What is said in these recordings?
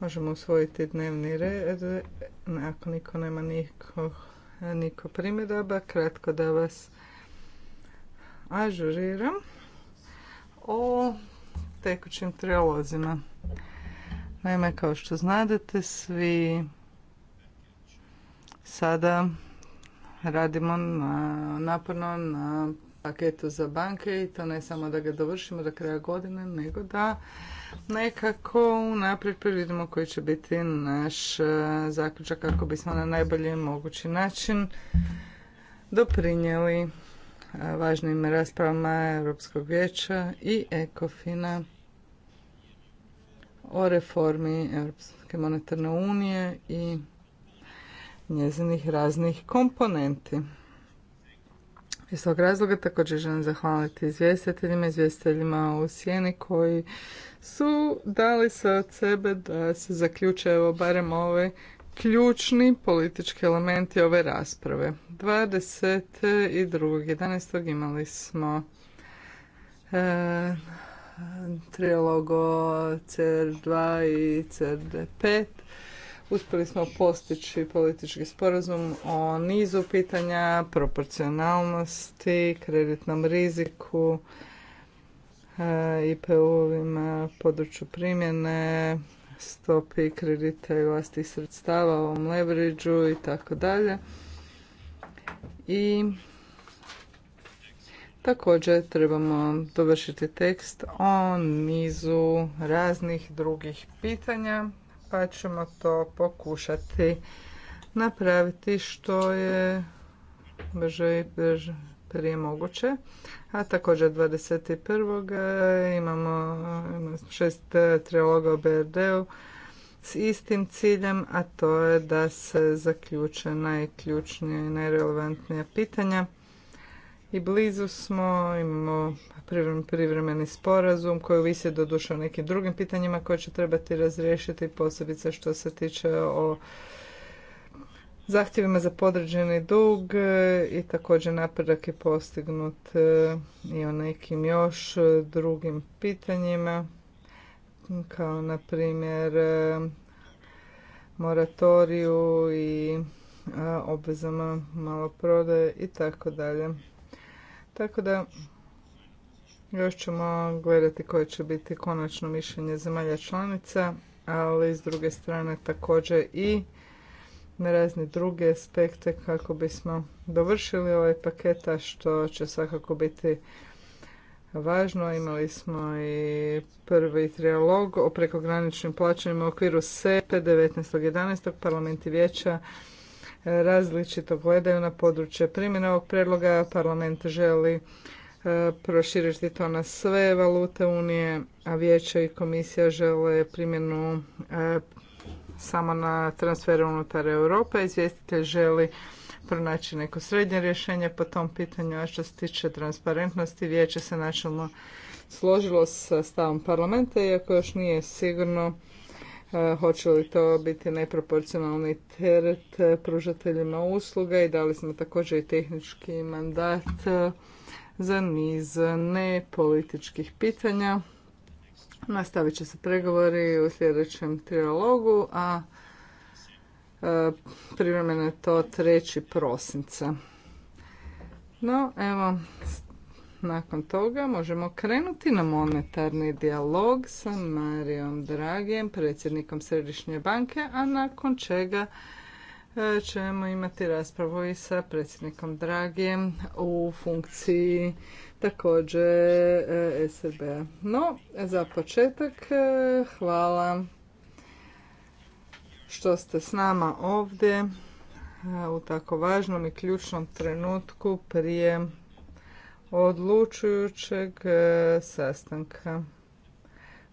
Možemo usvojiti dnevni red. Ako niko nema niko, niko primjedaba, kratko da vas ažuriram o tekućim triolozima Naime, kao što znadete, svi sada radimo na, naporno na paketu za banke i to ne samo da ga dovršimo do kraja godine, nego da nekako unaprijed predvidimo koji će biti naš e, zaključak kako bismo na najbolji mogući način doprinijeli e, važnim raspravama Europskog vijeća i ECOFINA o reformi Europske monetarne unije i njezinih raznih komponenti. Iz tog razloga također želim zahvaliti izvjestiteljima, izvjestiteljima u sjeni koji su dali se od sebe da se zaključe evo barem ove ključni politički elementi ove rasprave. 20. i imali smo e, trilog o CR2 i CRD5 uspjeli smo postići politički sporazum o nizu pitanja, proporcionalnosti, kreditnom riziku, e, IPU-ovima, e, području primjene, stopi kredita i vlastih sredstava, ovom leverageu i tako dalje. I također trebamo dovršiti tekst o nizu raznih drugih pitanja pa ćemo to pokušati napraviti što je brže i brže prije moguće. A također 21. imamo šest triloga BRD-u s istim ciljem, a to je da se zaključe najključnije i najrelevantnija pitanja i blizu smo, imamo privremeni sporazum koji ovisi doduše o nekim drugim pitanjima koje će trebati razriješiti, posebice što se tiče o zahtjevima za podređeni dug i također napredak je postignut e, i o nekim još drugim pitanjima kao na primjer e, moratoriju i e, obvezama maloprodaje i tako dalje. Tako da još ćemo gledati koje će biti konačno mišljenje zemalja članica, ali s druge strane također i na razne druge aspekte kako bismo dovršili ovaj paketa što će svakako biti važno. Imali smo i prvi trialog o prekograničnim plaćanjima u okviru SEPE 19.11. parlament i vijeća različito gledaju na područje primjene ovog predloga. Parlament želi e, proširiti to na sve valute Unije, a vijeće i komisija žele primjenu e, samo na transfere unutar Europe. Izvjestitelj želi pronaći neko srednje rješenje po tom pitanju, a što se tiče transparentnosti, vijeće se načelno složilo sa stavom parlamenta, iako još nije sigurno E, hoće li to biti neproporcionalni teret pružateljima usluga i dali smo također i tehnički mandat za niz nepolitičkih pitanja. Nastavit će se pregovori u sljedećem trialogu, a e, privremeno je to 3. prosinca. No, evo, nakon toga možemo krenuti na monetarni dijalog sa Marijom Dragijem, predsjednikom Središnje banke, a nakon čega e, ćemo imati raspravu i sa predsjednikom Dragijem u funkciji također e, SRB-a. No, za početak e, hvala što ste s nama ovdje u tako važnom i ključnom trenutku prije odlučujućeg e, sastanka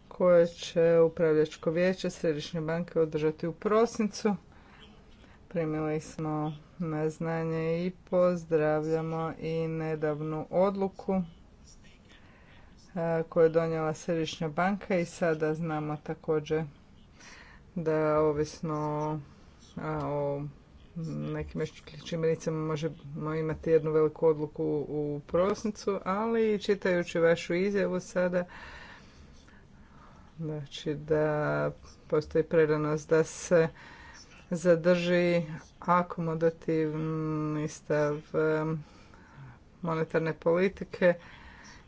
koje će upravljačko vijeće Središnje banke održati u prosincu. Primili smo na znanje i pozdravljamo i nedavnu odluku e, koju je donijela Središnja banka i sada znamo također da ovisno o nekim još možemo imati jednu veliku odluku u prosnicu, ali čitajući vašu izjavu sada, znači da postoji predanost da se zadrži akomodativni stav monetarne politike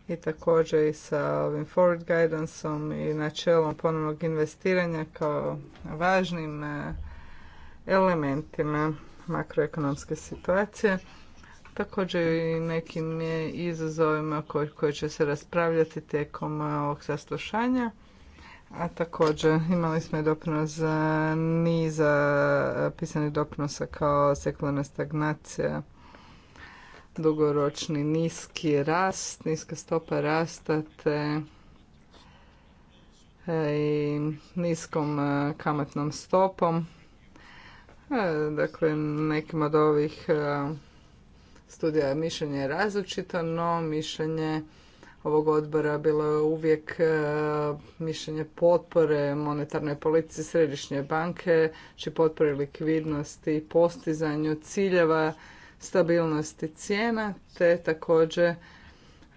i također i sa ovim forward guidanceom i načelom ponovnog investiranja kao važnim elementima makroekonomske situacije, također i nekim izazovima koji, će se raspravljati tijekom ovog saslušanja. A također imali smo i doprinos za niza pisanih doprinosa kao sekularna stagnacija, dugoročni niski rast, niska stopa rasta te e, i niskom kamatnom stopom E, dakle, nekim od ovih e, studija mišljenje je različito, no mišljenje ovog odbora bilo je uvijek e, mišljenje potpore monetarnoj politici Središnje banke, či znači potpore likvidnosti, i postizanju ciljeva, stabilnosti cijena, te također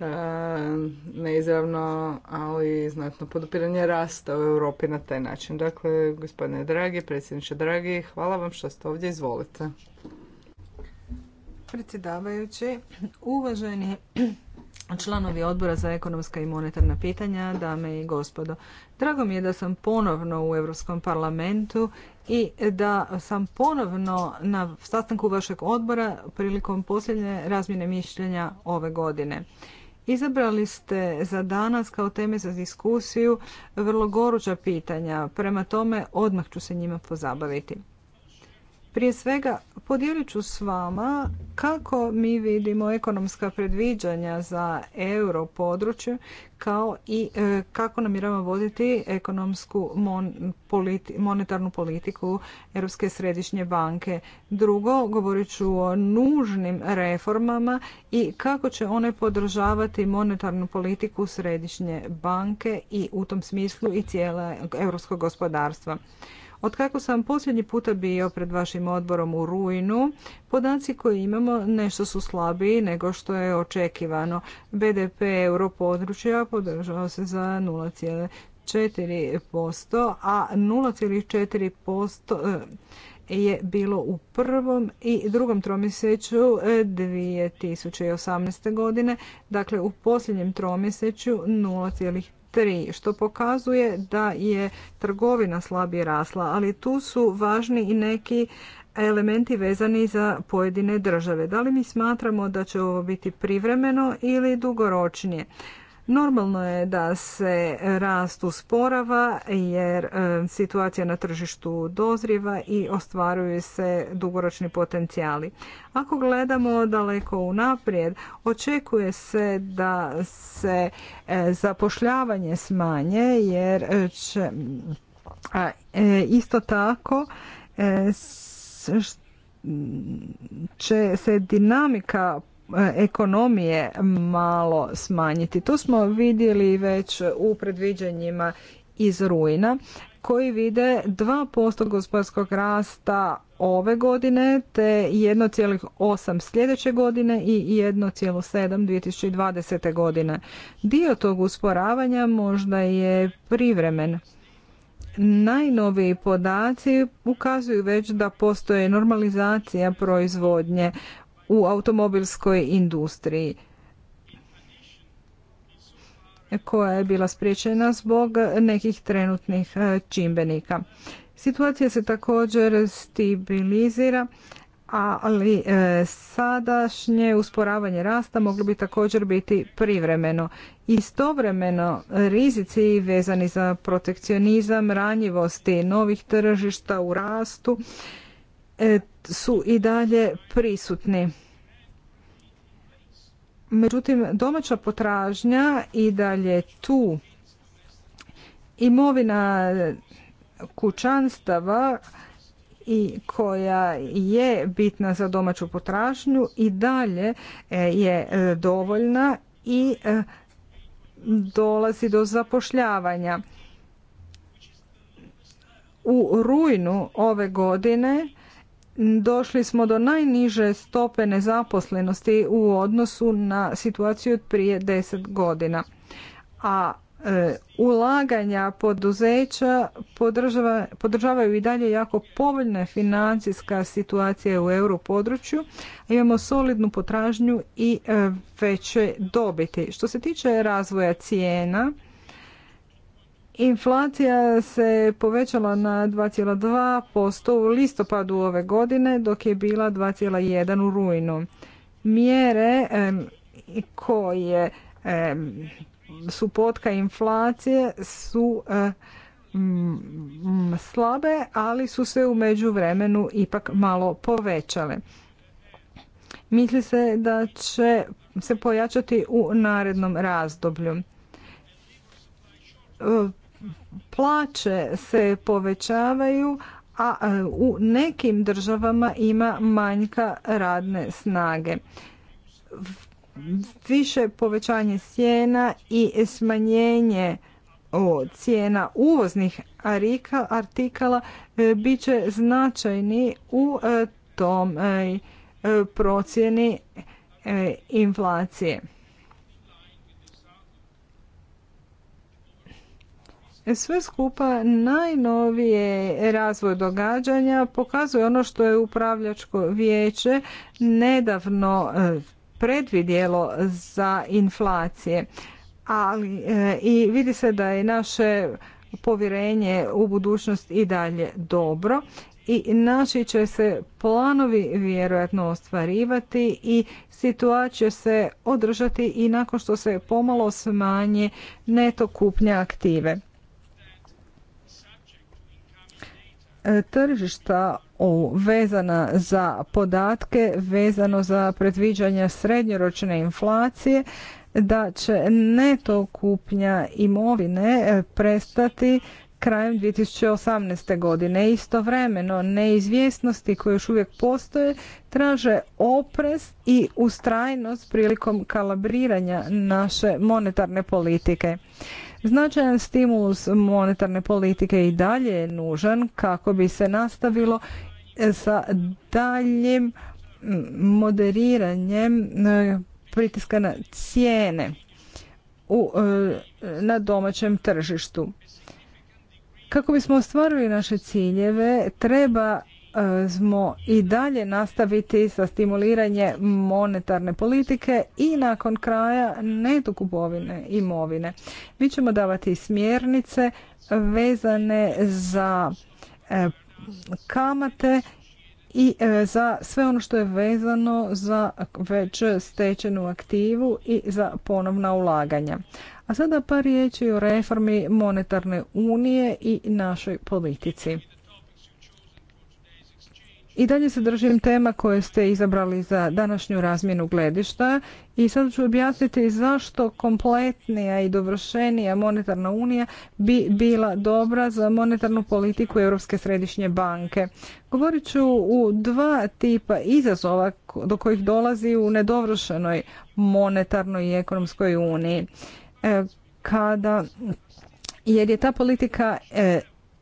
E, neizravno, ali znatno podupiranje rasta u Europi na taj način. Dakle, gospodine Dragi, predsjedniče Dragi, hvala vam što ste ovdje, izvolite. Predsjedavajući, uvaženi članovi odbora za ekonomska i monetarna pitanja, dame i gospodo. Drago mi je da sam ponovno u Europskom parlamentu i da sam ponovno na sastanku vašeg odbora prilikom posljednje razmjene mišljenja ove godine. Izabrali ste za danas kao teme za diskusiju vrlo goruća pitanja, prema tome odmah ću se njima pozabaviti. Prije svega podijelit ću s vama kako mi vidimo ekonomska predviđanja za euro područje kao i e, kako namiramo voditi ekonomsku monetarnu politiku Europske središnje banke. Drugo, govorit ću o nužnim reformama i kako će one podržavati monetarnu politiku središnje banke i u tom smislu i cijela europskog gospodarstva. Od kako sam posljednji puta bio pred vašim odborom u rujnu, podaci koje imamo nešto su slabiji nego što je očekivano. BDP europodručja podržao se za 0,4%, a 0,4% e, je bilo u prvom i drugom tromjesečju 2018. E, godine, dakle u posljednjem tromjesečju nula 3, što pokazuje da je trgovina slabije rasla, ali tu su važni i neki elementi vezani za pojedine države. Da li mi smatramo da će ovo biti privremeno ili dugoročnije? Normalno je da se rast usporava jer e, situacija na tržištu dozriva i ostvaruju se dugoročni potencijali. Ako gledamo daleko unaprijed, očekuje se da se e, zapošljavanje smanje jer e, će isto tako će se dinamika ekonomije malo smanjiti. To smo vidjeli već u predviđanjima iz rujna koji vide 2% gospodarskog rasta ove godine te 1,8 sljedeće godine i 1,7 2020. godine. Dio tog usporavanja možda je privremen. Najnoviji podaci ukazuju već da postoje normalizacija proizvodnje u automobilskoj industriji koja je bila spriječena zbog nekih trenutnih e, čimbenika. Situacija se također stabilizira, ali e, sadašnje usporavanje rasta moglo bi također biti privremeno. Istovremeno, rizici vezani za protekcionizam, ranjivosti novih tržišta u rastu, e, su i dalje prisutni. Međutim, domaća potražnja i dalje tu imovina kućanstava i koja je bitna za domaću potražnju i dalje e, je e, dovoljna i e, dolazi do zapošljavanja. U rujnu ove godine došli smo do najniže stope nezaposlenosti u odnosu na situaciju od prije deset godina. A e, ulaganja poduzeća podržava, podržavaju i dalje jako povoljna financijska situacija u europodručju. Imamo solidnu potražnju i e, veće dobiti. Što se tiče razvoja cijena, Inflacija se povećala na 2,2% u listopadu ove godine, dok je bila 2,1 u rujnu. Mjere koje su potka inflacije su slabe, ali su se u međuvremenu ipak malo povećale. Misli se da će se pojačati u narednom razdoblju plaće se povećavaju, a e, u nekim državama ima manjka radne snage. Više povećanje cijena i smanjenje cijena uvoznih artikala e, bit će značajni u e, tom procjeni inflacije. Sve skupa najnovije razvoj događanja pokazuje ono što je upravljačko vijeće nedavno e, predvidjelo za inflacije. Ali e, i vidi se da je naše povjerenje u budućnost i dalje dobro i naši će se planovi vjerojatno ostvarivati i situacija će se održati i nakon što se pomalo smanje neto kupnja aktive. E, tržišta vezana za podatke, vezano za predviđanja srednjoročne inflacije, da će neto kupnja imovine e, prestati krajem 2018. godine. Istovremeno neizvjesnosti koje još uvijek postoje traže oprez i ustrajnost prilikom kalabriranja naše monetarne politike. Značajan stimulus monetarne politike i dalje je nužan kako bi se nastavilo sa daljim moderiranjem e, pritiska na cijene e, na domaćem tržištu. Kako bismo ostvarili naše ciljeve, treba smo i dalje nastaviti sa stimuliranje monetarne politike i nakon kraja neto kupovine imovine. Mi ćemo davati smjernice vezane za e, kamate i e, za sve ono što je vezano za već stečenu aktivu i za ponovna ulaganja. A sada par riječi o reformi monetarne unije i našoj politici. I dalje se držim tema koje ste izabrali za današnju razmjenu gledišta i sad ću objasniti zašto kompletnija i dovršenija monetarna unija bi bila dobra za monetarnu politiku Europske središnje banke. Govorit ću u dva tipa izazova do kojih dolazi u nedovršenoj monetarnoj i ekonomskoj uniji. E, kada jer je ta politika e,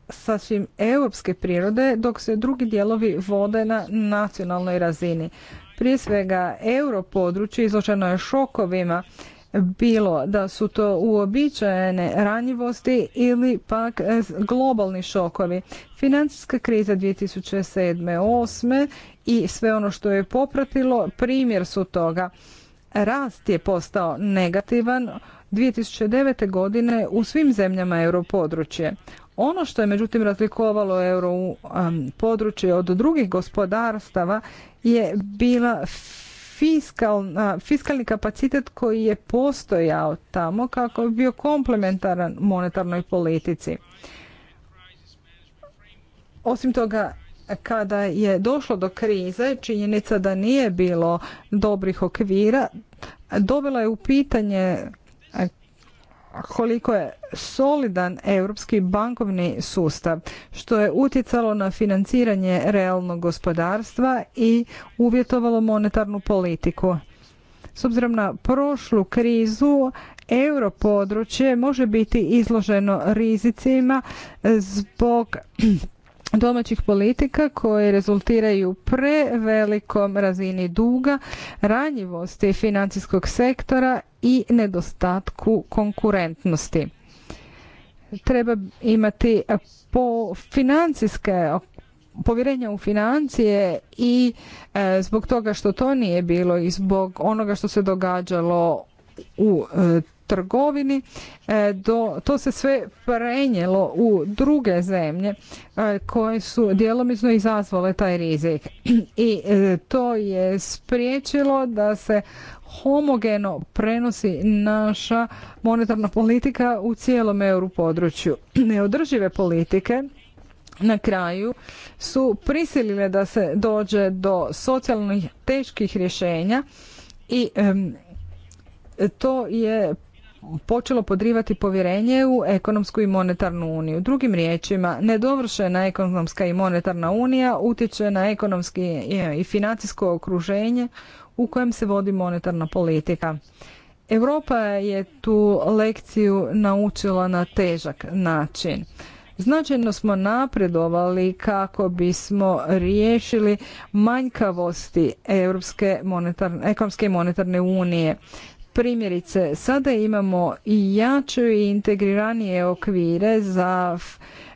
sasvim europske prirode, dok se drugi dijelovi vode na nacionalnoj razini. Prije svega, europodručje izloženo je šokovima, bilo da su to uobičajene ranjivosti ili pak e, globalni šokovi. Financijska kriza 2007. 2008. i sve ono što je popratilo primjer su toga. Rast je postao negativan 2009. godine u svim zemljama europodručje. Ono što je međutim razlikovalo euro područje od drugih gospodarstava je bila fiskalni kapacitet koji je postojao tamo kako bi bio komplementaran monetarnoj politici. Osim toga, kada je došlo do krize, činjenica da nije bilo dobrih okvira, dobila je u pitanje koliko je solidan europski bankovni sustav što je utjecalo na financiranje realnog gospodarstva i uvjetovalo monetarnu politiku. S obzirom na prošlu krizu europodručje može biti izloženo rizicima zbog domaćih politika koje rezultiraju prevelikom razini duga, ranjivosti financijskog sektora i nedostatku konkurentnosti. Treba imati po financijske povjerenja u financije i e, zbog toga što to nije bilo i zbog onoga što se događalo u e, trgovini, e, to se sve prenijelo u druge zemlje e, koje su djelomično izazvale taj rizik. I e, to je spriječilo da se homogeno prenosi naša monetarna politika u cijelom euro području. Neodržive politike na kraju su prisilile da se dođe do socijalnih teških rješenja i to je počelo podrivati povjerenje u ekonomsku i monetarnu uniju. Drugim riječima, nedovršena ekonomska i monetarna unija utječe na ekonomski e, i financijsko okruženje u kojem se vodi monetarna politika. Europa je tu lekciju naučila na težak način. Značajno smo napredovali kako bismo riješili manjkavosti Europske ekonomske i monetarne unije. Primjerice, sada imamo i jače i integriranije okvire za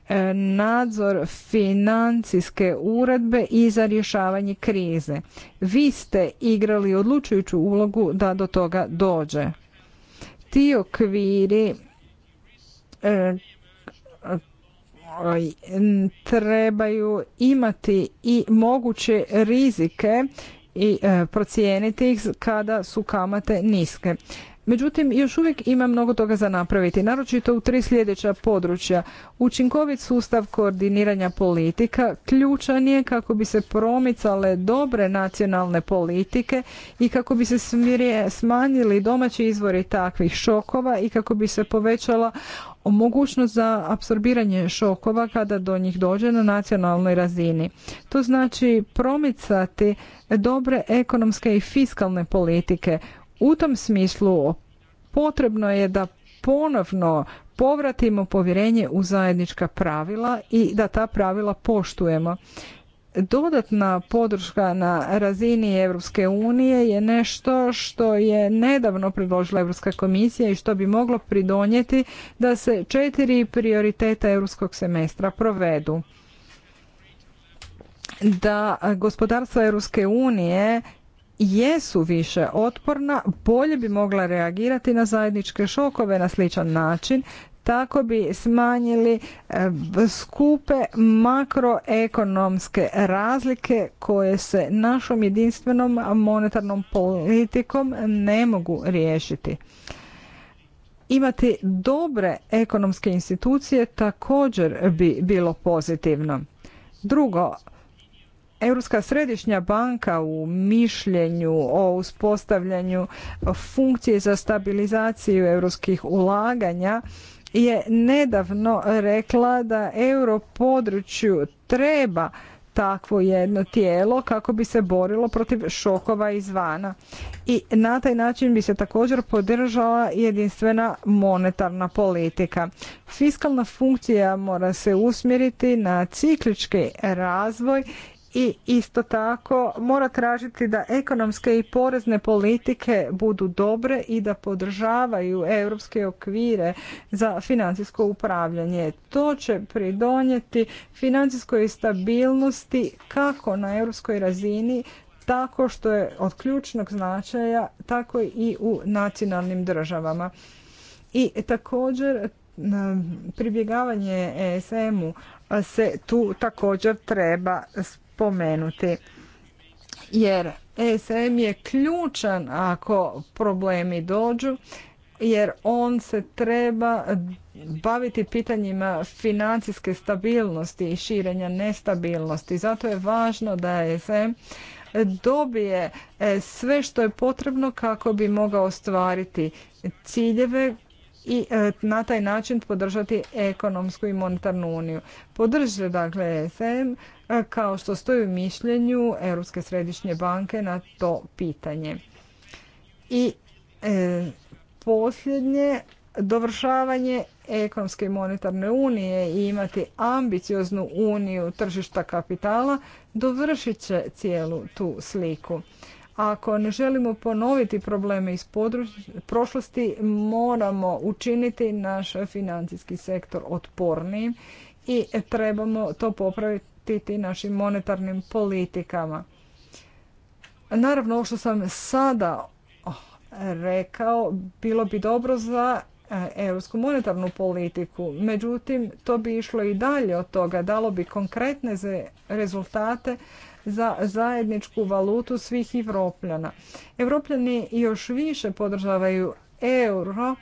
e, nadzor financijske uredbe i za rješavanje krize. Vi ste igrali odlučujuću ulogu da do toga dođe. Ti okviri e, e, trebaju imati i moguće rizike i e, procijeniti ih kada su kamate niske. Međutim, još uvijek ima mnogo toga za napraviti, naročito u tri sljedeća područja. Učinkovit sustav koordiniranja politika ključan je kako bi se promicale dobre nacionalne politike i kako bi se smanjili domaći izvori takvih šokova i kako bi se povećala mogućnost za apsorbiranje šokova kada do njih dođe na nacionalnoj razini. To znači promicati dobre ekonomske i fiskalne politike. U tom smislu potrebno je da ponovno povratimo povjerenje u zajednička pravila i da ta pravila poštujemo. Dodatna podrška na razini Europske unije je nešto što je nedavno predložila Europska komisija i što bi moglo pridonijeti da se četiri prioriteta europskog semestra provedu. Da gospodarstva Europske unije jesu više otporna, bolje bi mogla reagirati na zajedničke šokove na sličan način tako bi smanjili e, skupe makroekonomske razlike koje se našom jedinstvenom monetarnom politikom ne mogu riješiti. Imati dobre ekonomske institucije također bi bilo pozitivno. Drugo, Europska središnja banka u mišljenju o uspostavljanju funkcije za stabilizaciju europskih ulaganja je nedavno rekla da euro području treba takvo jedno tijelo kako bi se borilo protiv šokova izvana. I na taj način bi se također podržala jedinstvena monetarna politika. Fiskalna funkcija mora se usmjeriti na ciklički razvoj i isto tako mora tražiti da ekonomske i porezne politike budu dobre i da podržavaju europske okvire za financijsko upravljanje. To će pridonijeti financijskoj stabilnosti kako na europskoj razini tako što je od ključnog značaja tako i u nacionalnim državama. I također pribjegavanje ESM-u se tu također treba pomenuti. Jer ESM je ključan ako problemi dođu, jer on se treba baviti pitanjima financijske stabilnosti i širenja nestabilnosti. Zato je važno da ESM dobije e, sve što je potrebno kako bi mogao ostvariti ciljeve i e, na taj način podržati ekonomsku i monetarnu uniju. Podržite dakle ESM kao što stoji u mišljenju Europske središnje banke na to pitanje. I e, posljednje, dovršavanje ekonomske i monetarne unije i imati ambicioznu uniju tržišta kapitala dovršit će cijelu tu sliku. Ako ne želimo ponoviti probleme iz prošlosti, moramo učiniti naš financijski sektor otpornijim i trebamo to popraviti tim našim monetarnim politikama. Naravno, ovo što sam sada oh, rekao, bilo bi dobro za eh, europsku monetarnu politiku. Međutim, to bi išlo i dalje od toga. Dalo bi konkretne rezultate za zajedničku valutu svih Evropljana. Evropljani još više podržavaju euro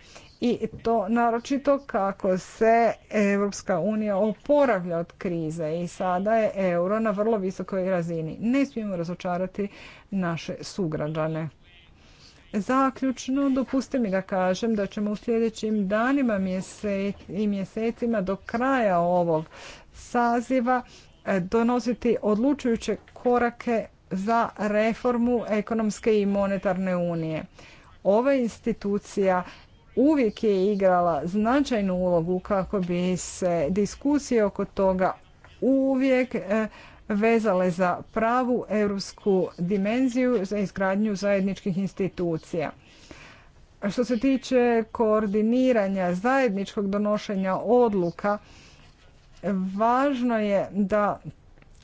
i to naročito kako se Europska unija oporavlja od krize i sada je euro na vrlo visokoj razini. Ne smijemo razočarati naše sugrađane. Zaključno, dopustite mi da kažem da ćemo u sljedećim danima i mjesecima do kraja ovog saziva e, donositi odlučujuće korake za reformu ekonomske i monetarne unije. Ova institucija uvijek je igrala značajnu ulogu kako bi se diskusije oko toga uvijek e, vezale za pravu europsku dimenziju za izgradnju zajedničkih institucija. Što se tiče koordiniranja zajedničkog donošenja odluka, važno je da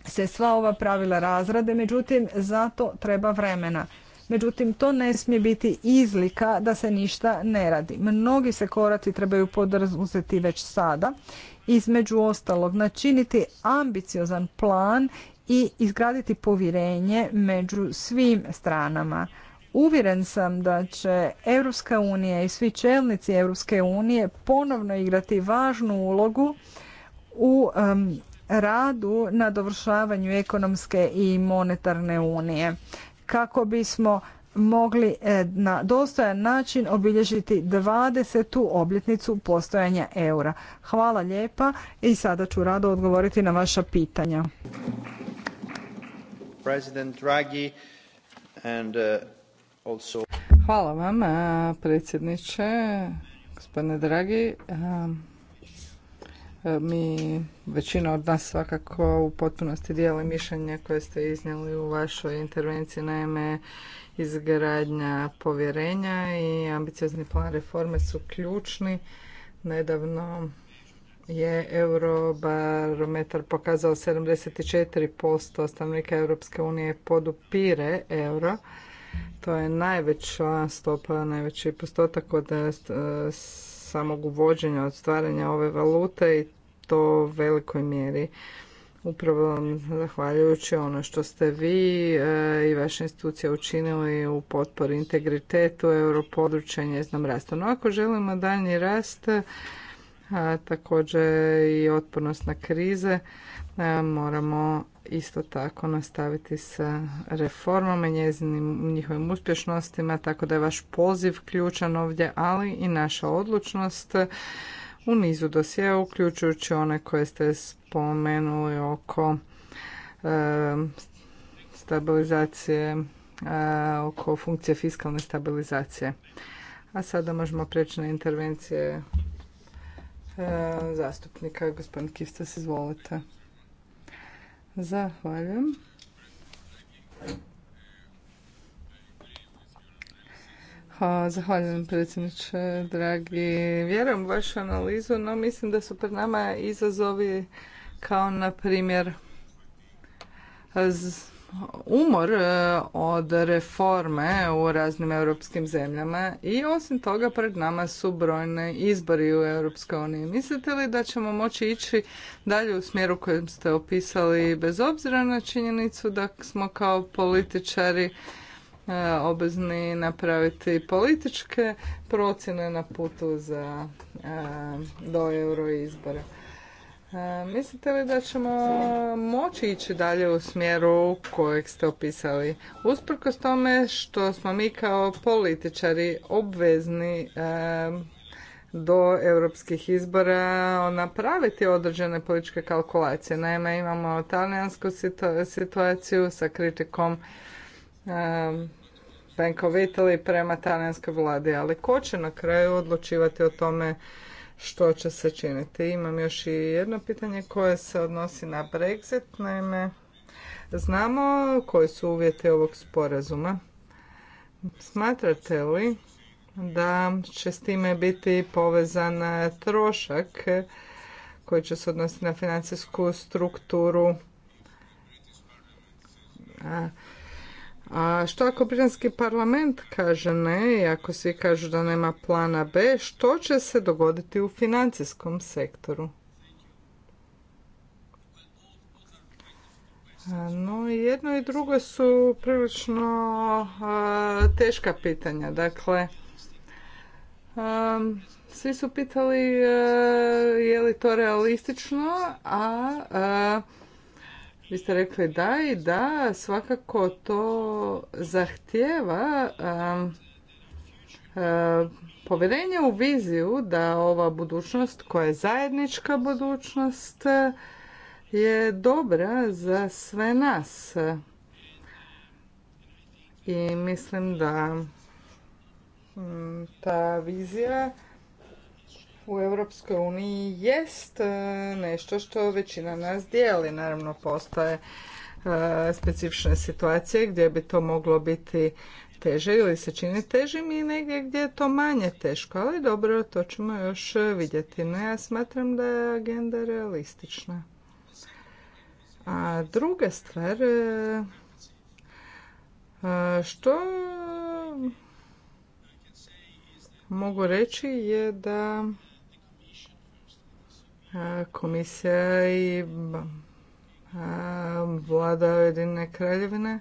se sva ova pravila razrade, međutim, zato treba vremena. Međutim, to ne smije biti izlika da se ništa ne radi. Mnogi se koraci trebaju podrazuzeti već sada. Između ostalog, načiniti ambiciozan plan i izgraditi povjerenje među svim stranama. Uvjeren sam da će Europska unija i svi čelnici Europske unije ponovno igrati važnu ulogu u radu na dovršavanju ekonomske i monetarne unije kako bismo mogli e, na dostojan način obilježiti 20. obljetnicu postojanja eura. Hvala lijepa i sada ću rado odgovoriti na vaša pitanja. Uh, Hvala vam predsjedniče, gospodine Dragi. E, mi, većina od nas svakako u potpunosti dijeli mišljenje koje ste iznijeli u vašoj intervenciji, naime izgradnja povjerenja i ambiciozni plan reforme su ključni. Nedavno je Eurobarometar pokazao 74% stanovnika Europske unije podupire euro. To je najveća stopa, najveći postotak od e, samog uvođenja, od stvaranja ove valute i to u velikoj mjeri upravo zahvaljujući ono što ste vi e, i vaša institucija učinili u potpori integritetu europodručja i njeznom rastu. No ako želimo dalji rast, a također i otpornost na krize, e, moramo isto tako nastaviti sa reformama, njezinim, njihovim uspješnostima, tako da je vaš poziv ključan ovdje, ali i naša odlučnost u nizu dosjea, uključujući one koje ste spomenuli oko e, stabilizacije, e, oko funkcije fiskalne stabilizacije. A sada možemo preći na intervencije e, zastupnika. Gospodin Kistas, izvolite. Zahvaljujem. zahvaljujem predsjedniče, dragi. Vjerujem vašu analizu, no mislim da su pred nama izazovi kao na primjer umor e, od reforme u raznim europskim zemljama i osim toga pred nama su brojne izbori u Europskoj uniji. Mislite li da ćemo moći ići dalje u smjeru kojem ste opisali bez obzira na činjenicu da smo kao političari E, obvezni napraviti političke procjene na putu za e, do euro izbora. E, mislite li da ćemo moći ići dalje u smjeru kojeg ste opisali? Usprkos tome što smo mi kao političari obvezni do europskih izbora napraviti određene političke kalkulacije. Naime, imamo talijansku situaciju sa kritikom Benkovitali prema talijanskoj vladi, ali ko će na kraju odlučivati o tome što će se činiti? Imam još i jedno pitanje koje se odnosi na Brexit, naime znamo koji su uvjeti ovog sporazuma. Smatrate li da će s time biti povezan trošak koji će se odnositi na financijsku strukturu a što ako britanski parlament kaže ne i ako svi kažu da nema plana B, što će se dogoditi u financijskom sektoru? No, jedno i drugo su prilično teška pitanja. Dakle, svi su pitali e, je li to realistično, a vi ste rekli da i da, svakako to zahtjeva povjerenje u viziju da ova budućnost koja je zajednička budućnost je dobra za sve nas. I mislim da mm, ta vizija u Europskoj uniji jest e, nešto što većina nas dijeli. Naravno postoje e, specifične situacije gdje bi to moglo biti teže ili se čini težim i negdje gdje je to manje teško, ali dobro, to ćemo još vidjeti. No ja smatram da je agenda realistična. A druga stvar, e, što mogu reći je da komisija i vlada Ujedinjene kraljevine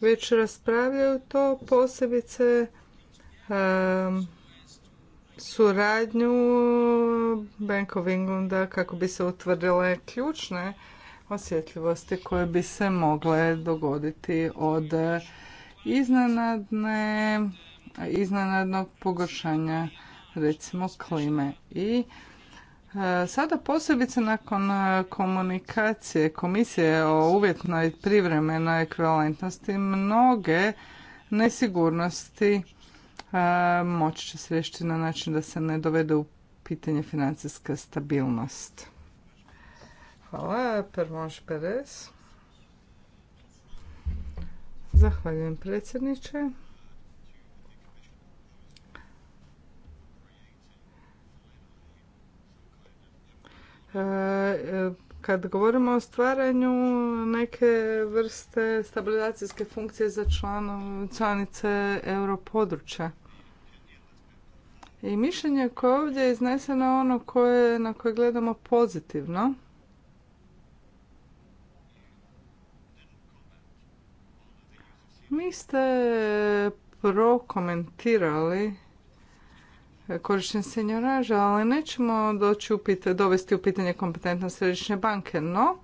već raspravljaju to posebice suradnju Bank of Englanda kako bi se utvrdile ključne osjetljivosti koje bi se mogle dogoditi od iznenadne, iznenadnog pogoršanja recimo klime i Sada posebice nakon e, komunikacije komisije o uvjetnoj privremenoj ekvivalentnosti mnoge nesigurnosti e, moći će se riješiti na način da se ne dovede u pitanje financijska stabilnost. Hvala, Permoš Perez. Zahvaljujem predsjedniče. kad govorimo o stvaranju neke vrste stabilizacijske funkcije za članice europodručja. I mišljenje koje ovdje je ovdje izneseno ono koje, na koje gledamo pozitivno. Mi ste prokomentirali korišten senjoraža, ali nećemo doći dovesti u pitanje kompetentnost središnje banke. No,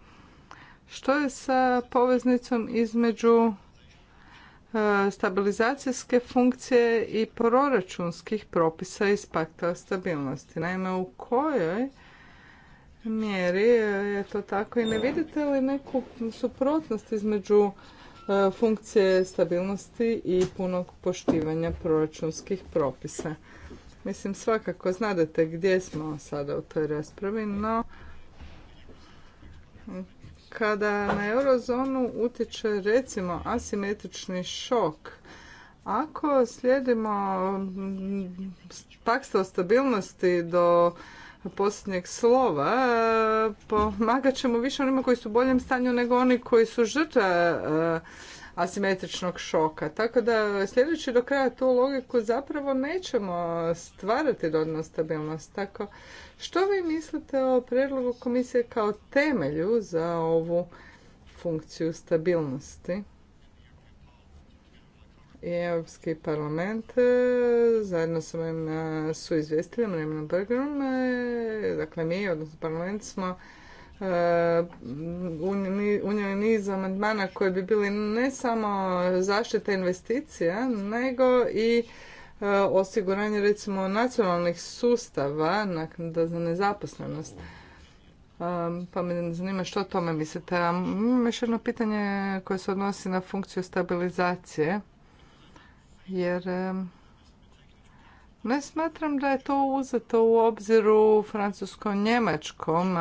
što je sa poveznicom između e, stabilizacijske funkcije i proračunskih propisa iz pakta stabilnosti. Naime, u kojoj mjeri je to tako i ne vidite li neku suprotnost između e, funkcije stabilnosti i punog poštivanja proračunskih propisa? Mislim, svakako znate gdje smo sada u toj raspravi, no kada na eurozonu utječe recimo asimetrični šok, ako slijedimo paksta o stabilnosti do posljednjeg slova, pomagat ćemo više onima koji su u boljem stanju nego oni koji su žrtve e, asimetričnog šoka. Tako da sljedeći do kraja tu logiku zapravo nećemo stvarati dodnu stabilnost. Tako što vi mislite o predlogu komisije kao temelju za ovu funkciju stabilnosti? i Europski parlament e, zajedno sa mojim e, suizvjestiteljem Remenom Bergerom, e, dakle mi, odnosno parlament, smo njoj niz amandmana koji bi bili ne samo zaštita investicija, nego i e, osiguranje recimo nacionalnih sustava naknada za nezaposlenost. E, pa me zanima što o tome mislite. A imam još jedno pitanje koje se odnosi na funkciju stabilizacije. Jer e, ne smatram da je to uzeto u obziru francusko-njemačkom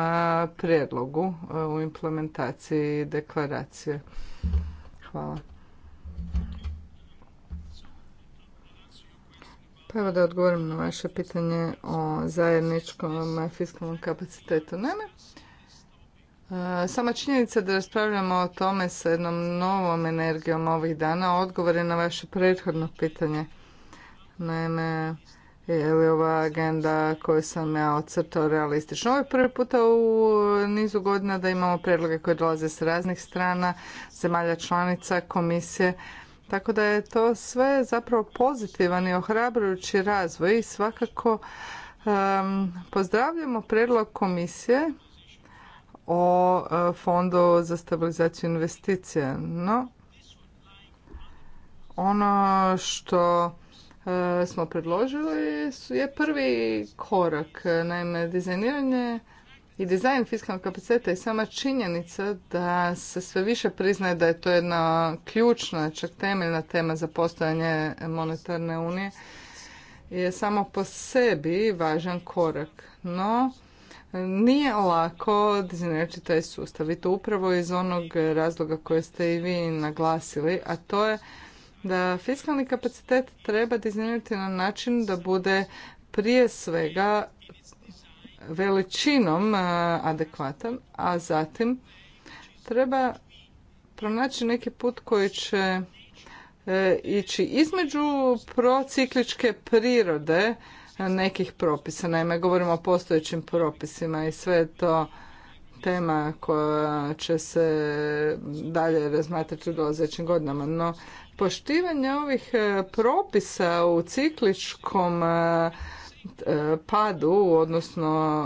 prijedlogu u implementaciji deklaracije. Hvala. Pa evo da odgovorim na vaše pitanje o zajedničkom fiskalnom kapacitetu. ne. sama činjenica da raspravljamo o tome sa jednom novom energijom ovih dana odgovore na vaše prethodno pitanje. Naime, je li ova agenda koju sam ja ocrtao realistično? Ovo je prvi puta u nizu godina da imamo predloge koje dolaze s raznih strana, zemalja članica, komisije. Tako da je to sve zapravo pozitivan i ohrabrujući razvoj i svakako pozdravljamo predlog komisije o e, fondu za stabilizaciju investicija. No, ono što E, smo predložili je prvi korak. Naime, dizajniranje i dizajn fiskalnog kapaciteta i sama činjenica da se sve više priznaje da je to jedna ključna, čak temeljna tema za postojanje monetarne unije, je samo po sebi važan korak. No, nije lako dizajnirati taj sustav i to upravo iz onog razloga koje ste i vi naglasili, a to je da fiskalni kapacitet treba dizajnirati na način da bude prije svega veličinom e, adekvatan, a zatim treba pronaći neki put koji će e, ići između procikličke prirode nekih propisa. Naime, govorimo o postojećim propisima i sve je to tema koja će se dalje razmatrati u dolazećim godinama. No, poštivanje ovih e, propisa u cikličkom e, e, padu, odnosno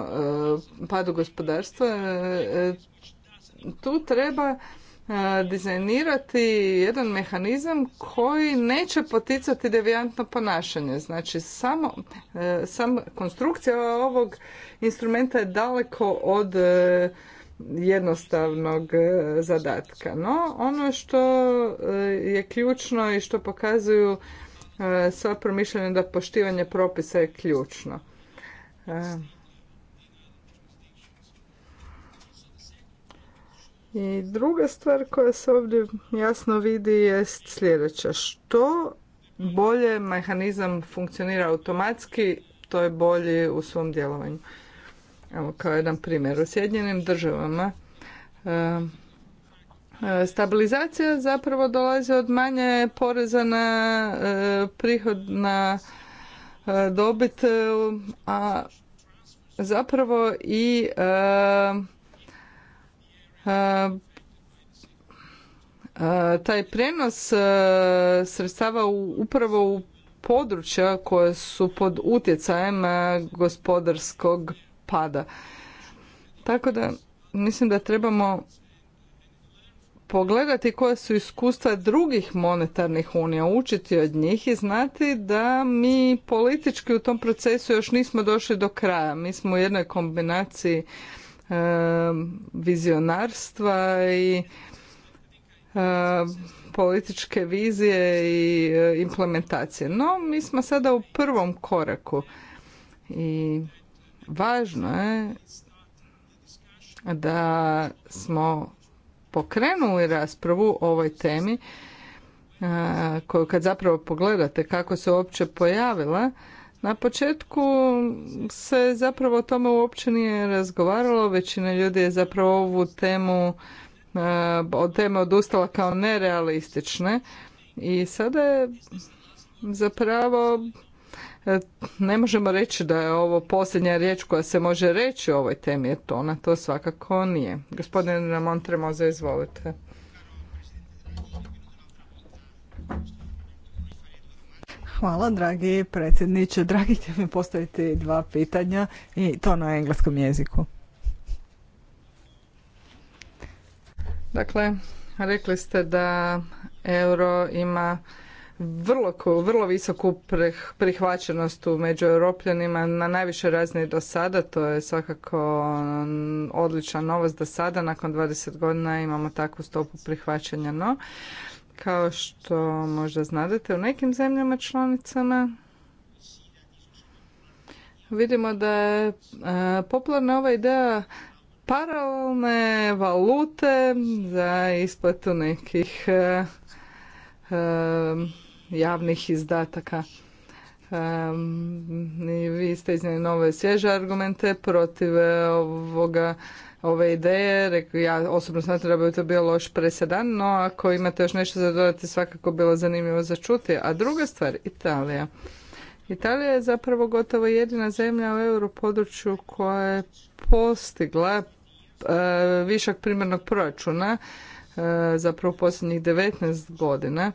padu gospodarstva, tu treba dizajnirati jedan mehanizam koji neće poticati devijantno ponašanje. Znači, samo, e, konstrukcija ovog instrumenta je daleko od e, jednostavnog e, zadatka. No, ono što je ključno i što pokazuju sva promišljanja da poštivanje propisa je ključno. I druga stvar koja se ovdje jasno vidi je sljedeća. Što bolje mehanizam funkcionira automatski, to je bolje u svom djelovanju. Evo kao jedan primjer. U Sjedinjenim državama ehm, e, stabilizacija zapravo dolazi od manje poreza na e, prihod na e, dobit, a zapravo i taj prenos e, sredstava upravo u područja koje su pod utjecajem e, gospodarskog pada. Tako da mislim da trebamo pogledati koja su iskustva drugih monetarnih unija, učiti od njih i znati da mi politički u tom procesu još nismo došli do kraja. Mi smo u jednoj kombinaciji vizionarstva i političke vizije i implementacije. No, mi smo sada u prvom koraku i važno je da smo pokrenuli raspravu o ovoj temi koju kad zapravo pogledate kako se uopće pojavila na početku se zapravo o tome uopće nije razgovaralo, većina ljudi je zapravo ovu temu eh, od teme odustala kao nerealistične i sada je zapravo eh, ne možemo reći da je ovo posljednja riječ koja se može reći o ovoj temi, jer to ona to svakako nije. Gospodine Montre, izvolite. Hvala, dragi predsjedniče. Dragi, će mi postaviti dva pitanja i to na engleskom jeziku. Dakle, rekli ste da euro ima vrlo, vrlo visoku prihvaćenost u među europljanima na najviše razine do sada. To je svakako um, odlična novost do sada nakon 20 godina imamo takvu stopu prihvaćanja. No, kao što možda znadete, u nekim zemljama članicama vidimo da je e, popularna ova ideja paralelne valute za isplatu nekih e, e, javnih izdataka. vi ste iznijeli nove svježe argumente protiv ovoga ove ideje. Rekao, ja osobno smatram da bi to bio loš presedan, no ako imate još nešto za dodati, svakako bilo zanimljivo za čuti. A druga stvar, Italija. Italija je zapravo gotovo jedina zemlja u europodručju koja je postigla e, višak primarnog proračuna e, zapravo posljednjih 19 godina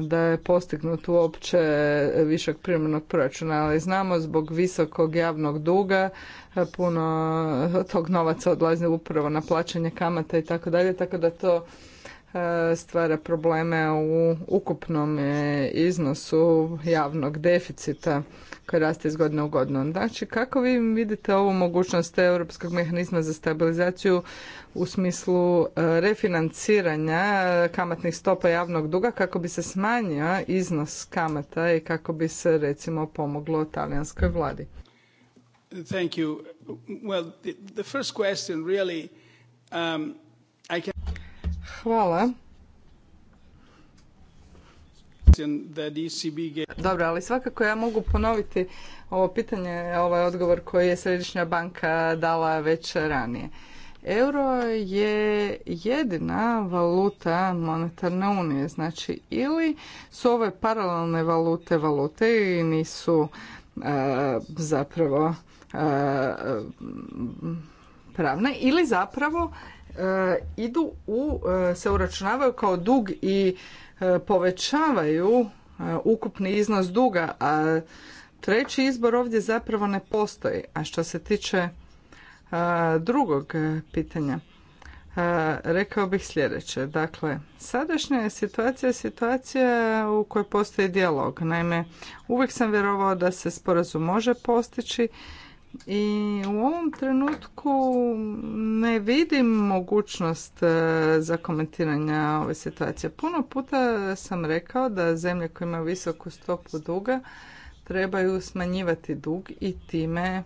da je postignut uopće višak primjernog proračuna, ali znamo zbog visokog javnog duga puno tog novaca odlazi upravo na plaćanje kamata i tako dalje, tako da to e, stvara probleme u ukupnom e, iznosu javnog deficita koji raste iz godine u godinu. Znači, kako vi vidite ovu mogućnost europskog mehanizma za stabilizaciju u smislu e, refinanciranja e, kamatnih stopa javnog duga kako bi se smanjio iznos kamata i kako bi se recimo pomoglo talijanskoj vladi? Thank you. Well, the, first question really um, I can... Hvala. Dobro, ali svakako ja mogu ponoviti ovo pitanje, ovaj odgovor koji je Središnja banka dala već ranije. Euro je jedina valuta monetarne unije, znači ili su ove paralelne valute valute i nisu e, zapravo e, pravne ili zapravo e, idu u, se uračunavaju kao dug i E, povećavaju e, ukupni iznos duga, a treći izbor ovdje zapravo ne postoji. A što se tiče e, drugog pitanja, rekao bih sljedeće. Dakle, sadašnja je situacija situacija u kojoj postoji dijalog. Naime, uvijek sam vjerovao da se sporazum može postići i u ovom trenutku ne vidim mogućnost e, za komentiranje ove situacije. Puno puta sam rekao da zemlje koje imaju visoku stopu duga trebaju smanjivati dug i time e,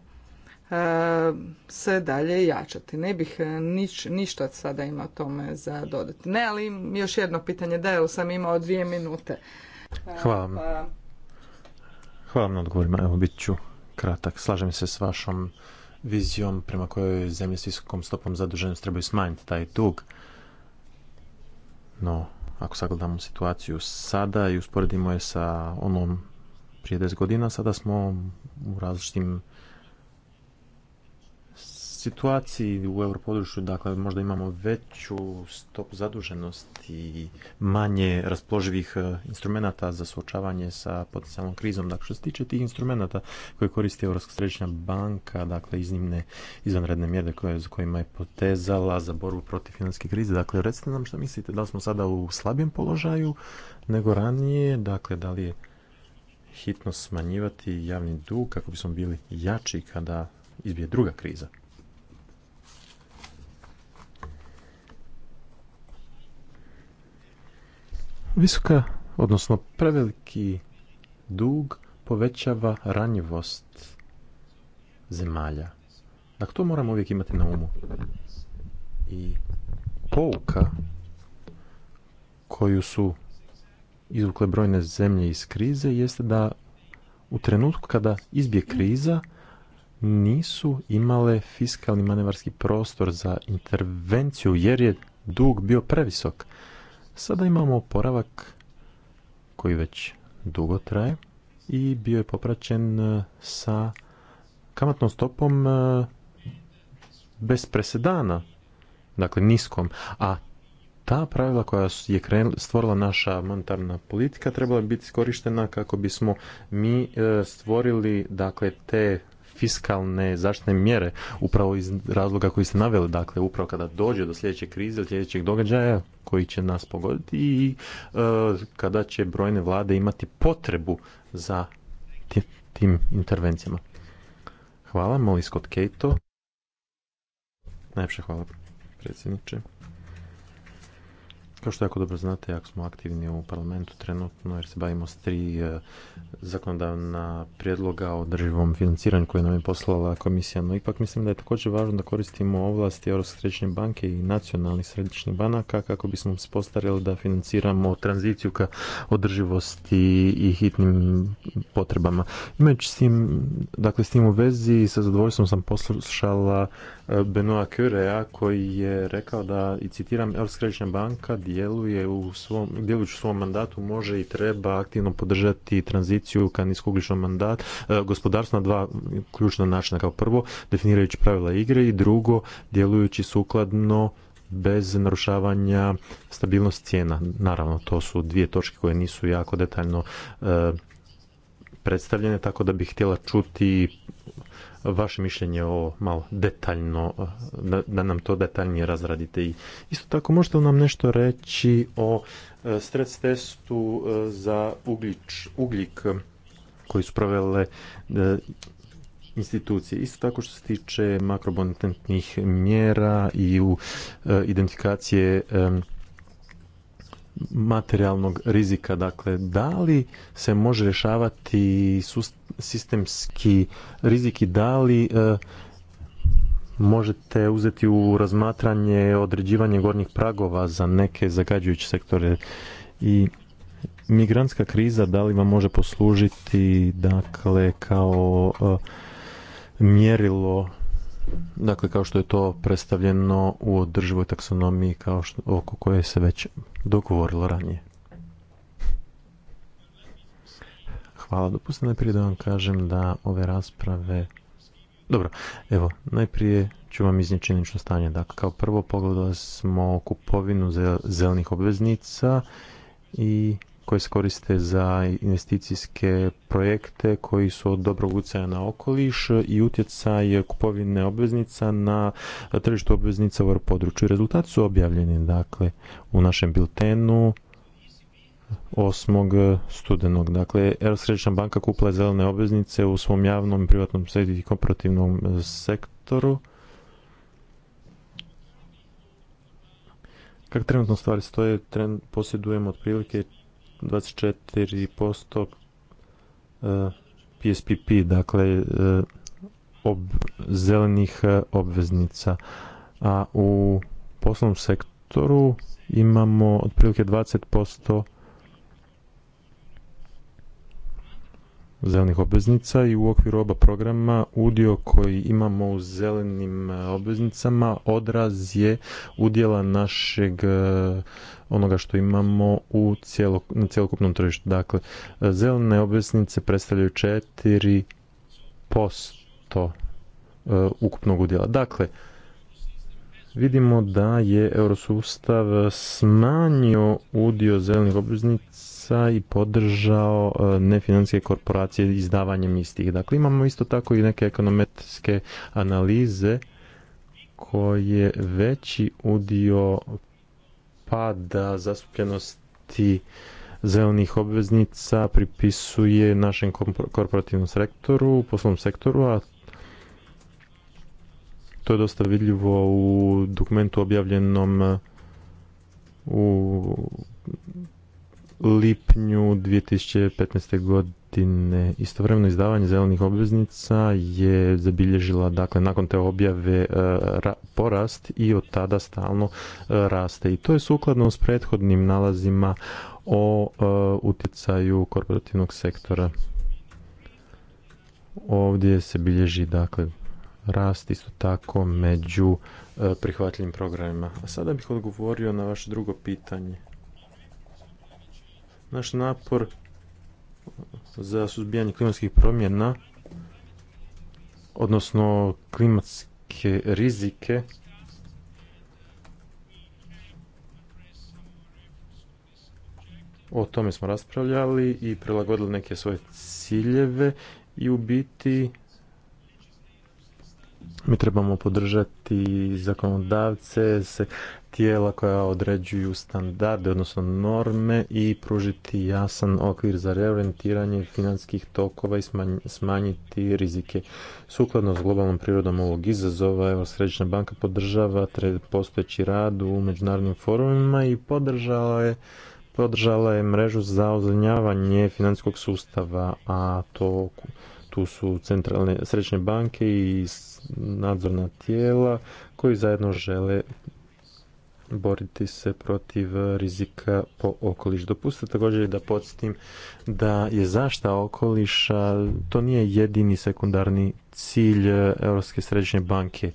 se dalje jačati. Ne bih e, nič, ništa sada ima tome za dodati. Ne, ali još jedno pitanje, da, jel sam imao dvije minute. Hvala. Hvala na odgovorima, evo bit ću kratak. Slažem se s vašom vizijom prema kojoj zemlje s visokom stopom zaduženosti trebaju smanjiti taj dug. No, ako sagledamo situaciju sada i usporedimo je sa onom prije 10 godina, sada smo u različitim situaciji u europodručju, dakle možda imamo veću stopu zaduženosti i manje raspoloživih e, instrumenata za suočavanje sa potencijalnom krizom. Dakle, što se tiče tih instrumenata koje koristi Europska središnja banka, dakle iznimne izvanredne mjere koje, za kojima je potezala za borbu protiv financijske krize, dakle recite nam što mislite, da li smo sada u slabijem položaju nego ranije, dakle da li je hitno smanjivati javni dug kako bismo bili jači kada izbije druga kriza. Visoka, odnosno preveliki dug povećava ranjivost zemalja. Dakle, to moramo uvijek imati na umu. I pouka koju su izvukle brojne zemlje iz krize jeste da u trenutku kada izbije kriza nisu imale fiskalni manevarski prostor za intervenciju jer je dug bio previsok. Sada imamo oporavak koji već dugo traje i bio je popraćen e, sa kamatnom stopom e, bez presedana, dakle niskom, a ta pravila koja je stvorila naša monetarna politika trebala biti iskorištena kako bismo mi e, stvorili dakle te fiskalne zaštitne mjere upravo iz razloga koji ste naveli, dakle upravo kada dođe do sljedeće krize ili sljedećeg događaja koji će nas pogoditi i e, kada će brojne vlade imati potrebu za tim intervencijama. Hvala, Molly Scott Cato. Najpše hvala, predsjedniče. Kao što jako dobro znate, jako smo aktivni u parlamentu trenutno jer se bavimo s tri e, zakonodavna prijedloga o održivom financiranju koje nam je poslala komisija, no ipak mislim da je također važno da koristimo ovlasti Europske središnje banke i nacionalnih središnjih banaka kako bismo se postarili da financiramo tranziciju ka održivosti i hitnim potrebama. Imajući s tim, dakle, s tim u vezi sa zadovoljstvom sam poslušala e, Benoa Curea koji je rekao da, i citiram, Europska banka djeluje u svom, djelujući u svom mandatu može i treba aktivno podržati tranziciju ka niskogličnom mandat e, gospodarstva na dva ključna načina. Kao prvo, definirajući pravila igre i drugo, djelujući sukladno bez narušavanja stabilnosti cijena. Naravno, to su dvije točke koje nisu jako detaljno e, predstavljene, tako da bih htjela čuti vaše mišljenje o malo detaljno, da, nam to detaljnije razradite. I isto tako možete li nam nešto reći o e, stres testu e, za ugljik koji su provele e, institucije. Isto tako što se tiče makrobonitentnih mjera i u identifikacije materijalnog rizika. Dakle, da li se može rješavati sistemski riziki? i da li e, možete uzeti u razmatranje određivanje gornjih pragova za neke zagađujuće sektore i migrantska kriza da li vam može poslužiti dakle kao e, mjerilo dakle kao što je to predstavljeno u održivoj taksonomiji kao oko koje se već dogovorilo ranije. Hvala, dopustite najprije da vam kažem da ove rasprave... Dobro, evo, najprije ću vam iznijeti činjenično stanje. Dakle, kao prvo pogledali smo kupovinu zelenih obveznica i koje se koriste za investicijske projekte koji su od dobrog utjecaja na okoliš i utjecaj kupovine obveznica na tržištu obveznica u području. Rezultati su objavljeni dakle u našem biltenu 8. studenog. Dakle, Središnja banka kupila zelene obveznice u svom javnom i privatnom sektoru i komparativnom sektoru. Kako trenutno stvari stoje, posjedujemo otprilike 24% PSPP, e, dakle e, ob, zelenih e, obveznica. A u poslovnom sektoru imamo otprilike 20% zelenih obveznica i u okviru oba programa udio koji imamo u zelenim e, obveznicama odraz je udjela našeg e, onoga što imamo u na cjelokupnom tržištu. Dakle, e, zelene obveznice predstavljaju 4% ukupnog udjela. Dakle, vidimo da je eurosustav smanjio udio zelenih obveznica i podržao e, nefinanske korporacije izdavanjem istih. Dakle, imamo isto tako i neke ekonometrijske analize koje veći udio pada zastupljenosti zelenih obveznica pripisuje našem korporativnom sektoru, poslovnom sektoru, a to je dosta vidljivo u dokumentu objavljenom u lipnju 2015. godine. Istovremeno izdavanje zelenih obveznica je zabilježila, dakle, nakon te objave e, porast i od tada stalno e, raste. I to je sukladno s prethodnim nalazima o e, utjecaju korporativnog sektora. Ovdje se bilježi, dakle, rast isto tako među prihvatljivim programima. A sada bih odgovorio na vaše drugo pitanje. Naš napor za suzbijanje klimatskih promjena, odnosno klimatske rizike, o tome smo raspravljali i prilagodili neke svoje ciljeve i u biti mi trebamo podržati zakonodavce, se tijela koja određuju standarde, odnosno norme i pružiti jasan okvir za reorientiranje financijskih tokova i smanjiti rizike. Sukladno s globalnom prirodom ovog izazova, Evo Središnja banka podržava postojeći rad u međunarodnim forumima i podržala je podržala je mrežu za ozanjavanje financijskog sustava, a to tu su centralne središnje banke i nadzorna tijela koji zajedno žele boriti se protiv rizika po okoliš. Dopustite također da podsjetim da je zašta okoliša, to nije jedini sekundarni cilj Europske središnje banke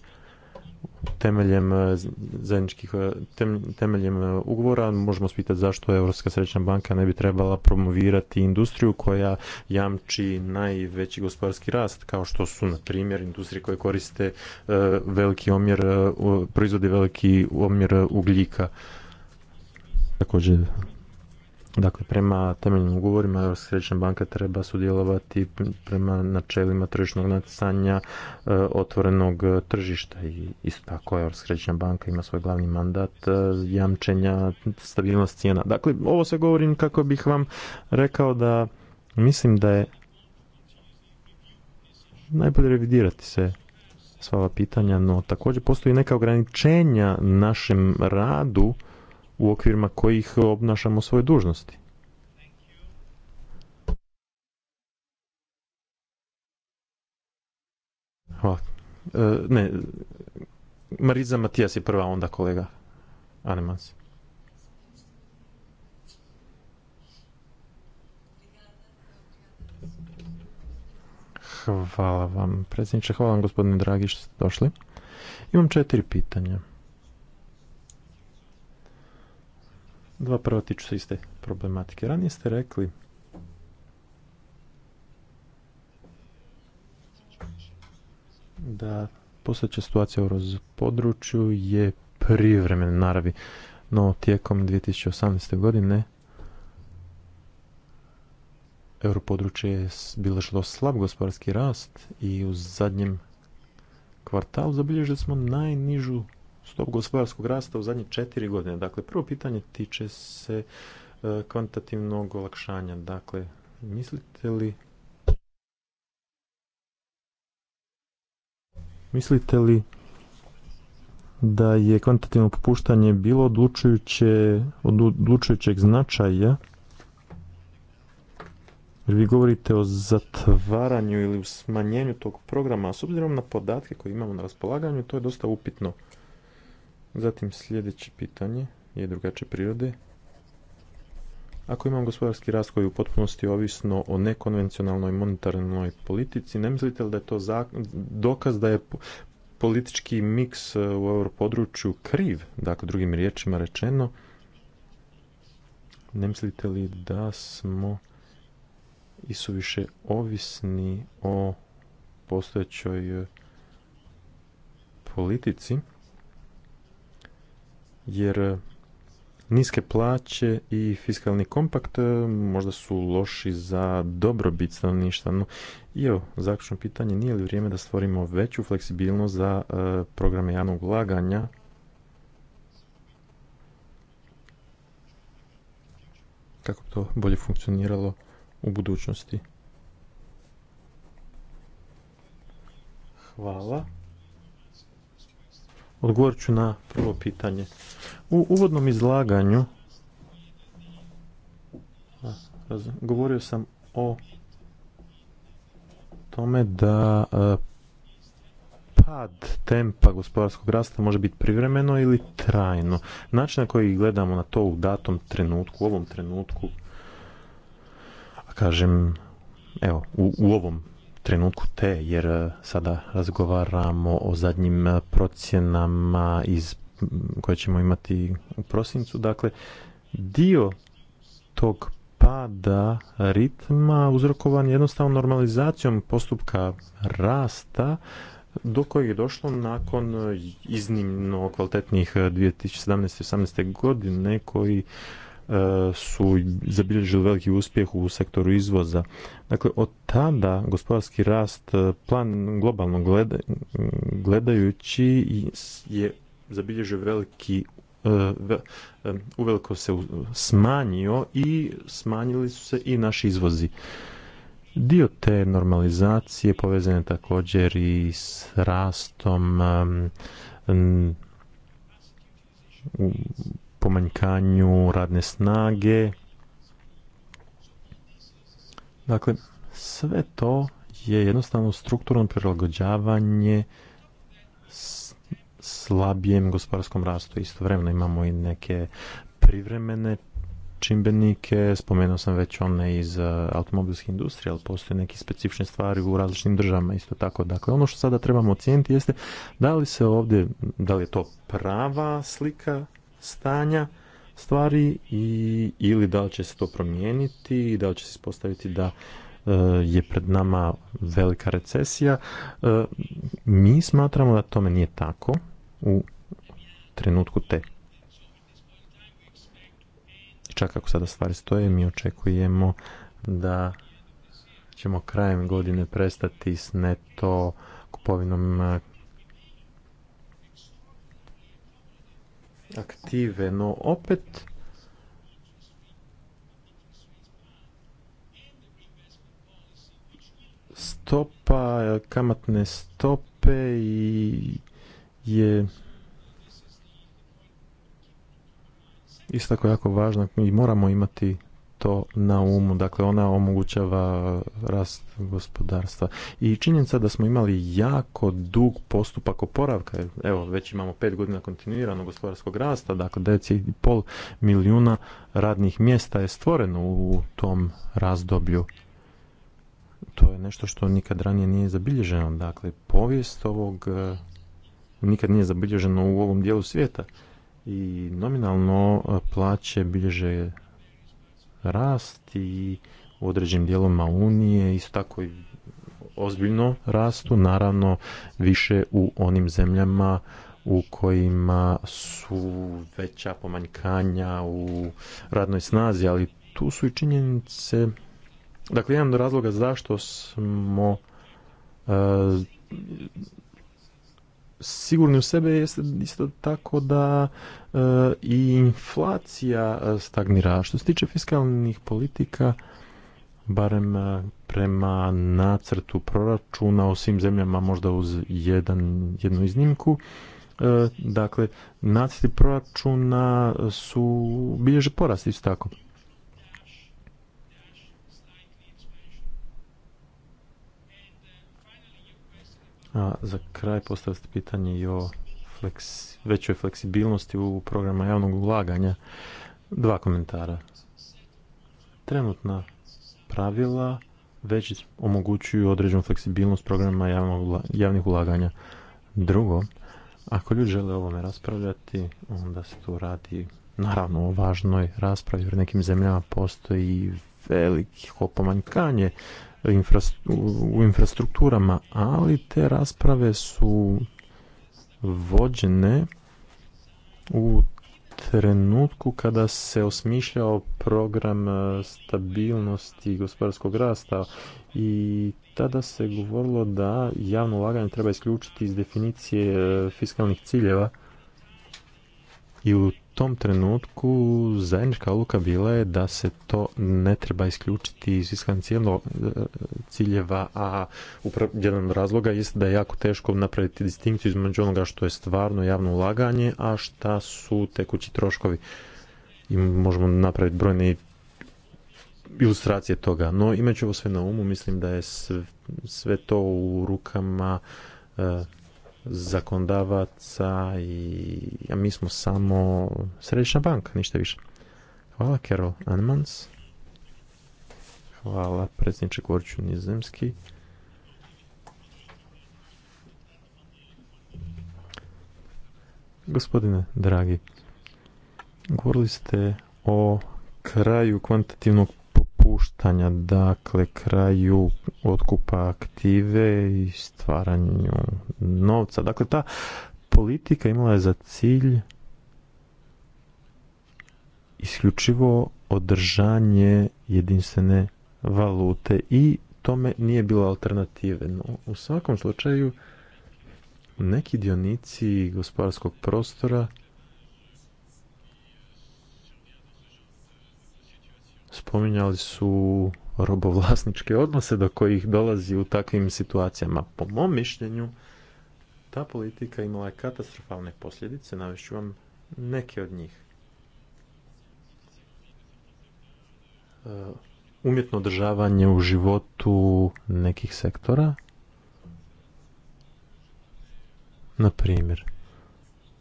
temeljem e, zajedničkih e, temeljem e, ugovora možemo spitati zašto Europska središnja banka ne bi trebala promovirati industriju koja jamči najveći gospodarski rast kao što su na primjer industrije koje koriste veliki omjer proizvode veliki omjer ugljika također Dakle, prema temeljnim ugovorima Europska središnja banka treba sudjelovati prema načelima tržišnog natjecanja e, otvorenog tržišta i isto tako Europska središnja banka ima svoj glavni mandat e, jamčenja stabilnost cijena. Dakle, ovo se govorim kako bih vam rekao da mislim da je najbolje revidirati se sva ova pitanja, no također postoji neka ograničenja našem radu u okvirima kojih obnašamo svoje dužnosti. Hvala. E, ne, Mariza Matijas je prva onda kolega Anemans. Hvala vam predsjedniče, hvala vam gospodine dragi što ste došli. Imam četiri pitanja. Dva prva tiču se iste problematike. Ranije ste rekli da postojeća situacija u području je privremena naravi, no tijekom 2018. godine europodručje je bilo slab gospodarski rast i u zadnjem kvartalu zabilježili smo najnižu Stop gospodarskog rasta u zadnje četiri godine. Dakle, prvo pitanje tiče se e, kvantitativnog olakšanja. Dakle, mislite li mislite li da je kvantitativno popuštanje bilo odlučujuće, odlučujućeg značaja jer vi govorite o zatvaranju ili smanjenju tog programa, a s obzirom na podatke koje imamo na raspolaganju, to je dosta upitno. Zatim sljedeće pitanje je drugačije prirode. Ako imam gospodarski rast koji je u potpunosti ovisno o nekonvencionalnoj monetarnoj politici, ne mislite li da je to dokaz da je politički miks e, u europodručju kriv? Dakle, drugim riječima rečeno, ne mislite li da smo i su više ovisni o postojećoj e, politici jer e, niske plaće i fiskalni kompakt e, možda su loši za dobrobit stanovništva. No, I evo, zaključno pitanje, nije li vrijeme da stvorimo veću fleksibilnost za e, programe javnog ulaganja kako bi to bolje funkcioniralo u budućnosti? Hvala. Odgovorit ću na prvo pitanje. U uvodnom izlaganju govorio sam o tome da pad tempa gospodarskog rasta može biti privremeno ili trajno. Način na koji gledamo na to u datom trenutku, u ovom trenutku, a kažem, evo, u, u ovom trenutku te jer e, sada razgovaramo o zadnjim e, procjenama iz, koje ćemo imati u prosincu. Dakle, dio tog pada ritma uzrokovan jednostavno normalizacijom postupka rasta do kojeg je došlo nakon e, iznimno kvalitetnih 2017-2018 godine koji E, su zabilježili veliki uspjeh u sektoru izvoza. Dakle, od tada gospodarski rast, e, plan globalno gledajući je zabilježio veliki e, uveliko se smanjio i smanjili su se i naši izvozi. Dio te normalizacije povezan je također i s rastom pomanjkanju radne snage. Dakle, sve to je jednostavno strukturno prilagođavanje slabijem gospodarskom rastu. Istovremeno imamo i neke privremene čimbenike, spomenuo sam već one iz e, automobilske industrije, ali postoje neke specifične stvari u različitim državama isto tako. Dakle, ono što sada trebamo ocijeniti jeste da li se ovdje, da li je to prava slika stanja stvari i, ili da li će se to promijeniti i da li će se ispostaviti da e, je pred nama velika recesija. E, mi smatramo da tome nije tako u trenutku te. Čak ako sada stvari stoje, mi očekujemo da ćemo krajem godine prestati s neto kupovinom e, aktive, no opet stopa, kamatne stope i je isto tako jako važno i moramo imati to na umu. Dakle, ona omogućava rast gospodarstva. I činjenica da smo imali jako dug postupak oporavka. Evo, već imamo pet godina kontinuiranog gospodarskog rasta, dakle pol milijuna radnih mjesta je stvoreno u tom razdoblju. To je nešto što nikad ranije nije zabilježeno. Dakle, povijest ovog e, nikad nije zabilježeno u ovom dijelu svijeta. I nominalno e, plaće bilježe rast i u određenim dijelovima Unije isto tako i ozbiljno rastu, naravno više u onim zemljama u kojima su veća pomanjkanja u radnoj snazi, ali tu su i činjenice, dakle jedan od razloga zašto smo e, sigurni u sebe je isto tako da e, i inflacija e, stagnira. Što se tiče fiskalnih politika, barem e, prema nacrtu proračuna u svim zemljama možda uz jedan, jednu iznimku. Dakle, nacrti proračuna su bilježe porast isto tako. A za kraj postavili pitanje i o većoj fleksibilnosti u programa javnog ulaganja. Dva komentara. Trenutna pravila već omogućuju određenu fleksibilnost programa javnog, javnih ulaganja. Drugo, ako ljudi žele o ovome raspravljati, onda se tu radi naravno o važnoj raspravi jer nekim zemljama postoji veliko pomanjkanje u infrastrukturama, ali te rasprave su vođene u trenutku kada se osmišljao program e, stabilnosti gospodarskog rasta i tada se govorilo da javno ulaganje treba isključiti iz definicije e, fiskalnih ciljeva i u tom trenutku zajednička odluka bila je da se to ne treba isključiti iz iskancijelno e, ciljeva, a jedan od razloga jest da je jako teško napraviti distinkciju između onoga što je stvarno javno ulaganje, a šta su tekući troškovi. I možemo napraviti brojne ilustracije toga. No, imajući ovo sve na umu, mislim da je sve to u rukama e, zakondavaca i a mi smo samo središnja banka, ništa više. Hvala Carol Anmans. Hvala predsjedniče Nizemski. Gospodine dragi, govorili ste o kraju kvantitativnog otpuštanja, dakle kraju otkupa aktive i stvaranju novca. Dakle, ta politika imala je za cilj isključivo održanje jedinstvene valute i tome nije bilo alternative. No, u svakom slučaju, neki dionici gospodarskog prostora spominjali su robovlasničke odnose do kojih dolazi u takvim situacijama. Po mom mišljenju, ta politika imala je katastrofalne posljedice, navešću vam neke od njih. E, umjetno održavanje u životu nekih sektora, na primjer,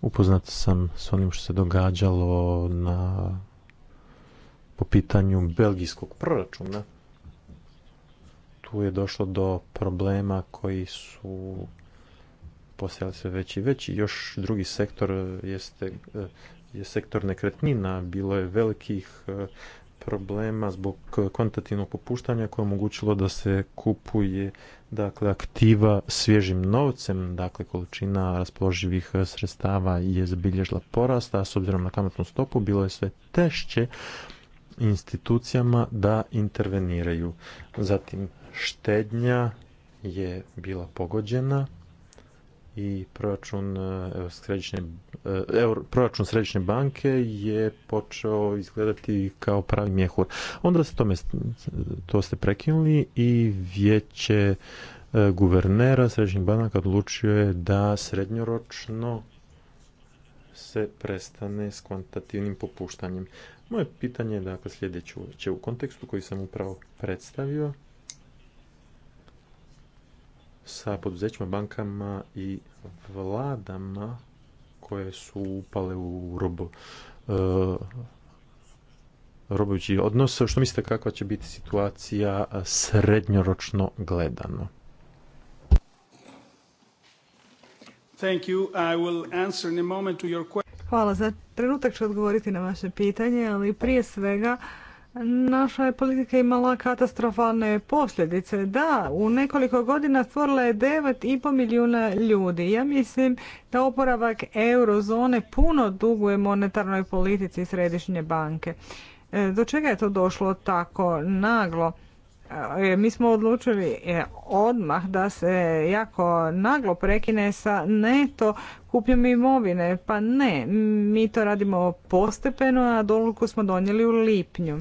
upoznat sam s onim što se događalo na po pitanju belgijskog proračuna. Tu je došlo do problema koji su postajali sve veći i veći. Još drugi sektor jeste, eh, je sektor nekretnina. Bilo je velikih eh, problema zbog kvantitativnog popuštanja koje je omogućilo da se kupuje dakle, aktiva svježim novcem, dakle količina raspoloživih eh, sredstava je zabilježila porasta. s obzirom na kamatnu stopu bilo je sve tešće institucijama da interveniraju. Zatim štednja je bila pogođena i proračun e, e, središnje, banke je počeo izgledati kao pravi mjehur. Onda se tome, to ste prekinuli i vijeće e, guvernera središnjih banaka odlučio je da srednjoročno se prestane s kvantitativnim popuštanjem. Moje pitanje je dakle sljedeće u kontekstu koji sam upravo predstavio sa poduzećima, bankama i vladama koje su upale u robu e, odnos. Što mislite kakva će biti situacija srednjoročno gledano? Thank you. I will answer in a moment Hvala. Za trenutak ću odgovoriti na vaše pitanje, ali prije svega naša je politika imala katastrofalne posljedice. Da, u nekoliko godina stvorila je 9,5 milijuna ljudi. Ja mislim da oporavak eurozone puno duguje monetarnoj politici Središnje banke. E, do čega je to došlo tako naglo? E, mi smo odlučili e, odmah da se jako naglo prekine sa neto kupnjom imovine. Pa ne, mi to radimo postepeno, a doluku smo donijeli u lipnju.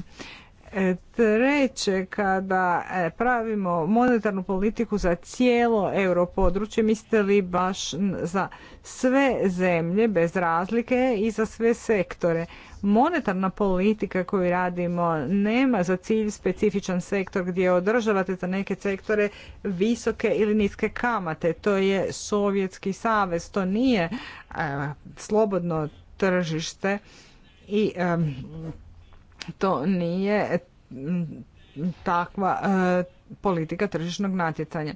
E, treće, kada e, pravimo monetarnu politiku za cijelo europodručje, mislite li baš za sve zemlje bez razlike i za sve sektore? Monetarna politika koju radimo nema za cilj specifičan sektor gdje održavate za neke sektore visoke ili niske kamate. To je Sovjetski savez, to nije e, slobodno tržište i to nije takva e, politika tržišnog natjecanja.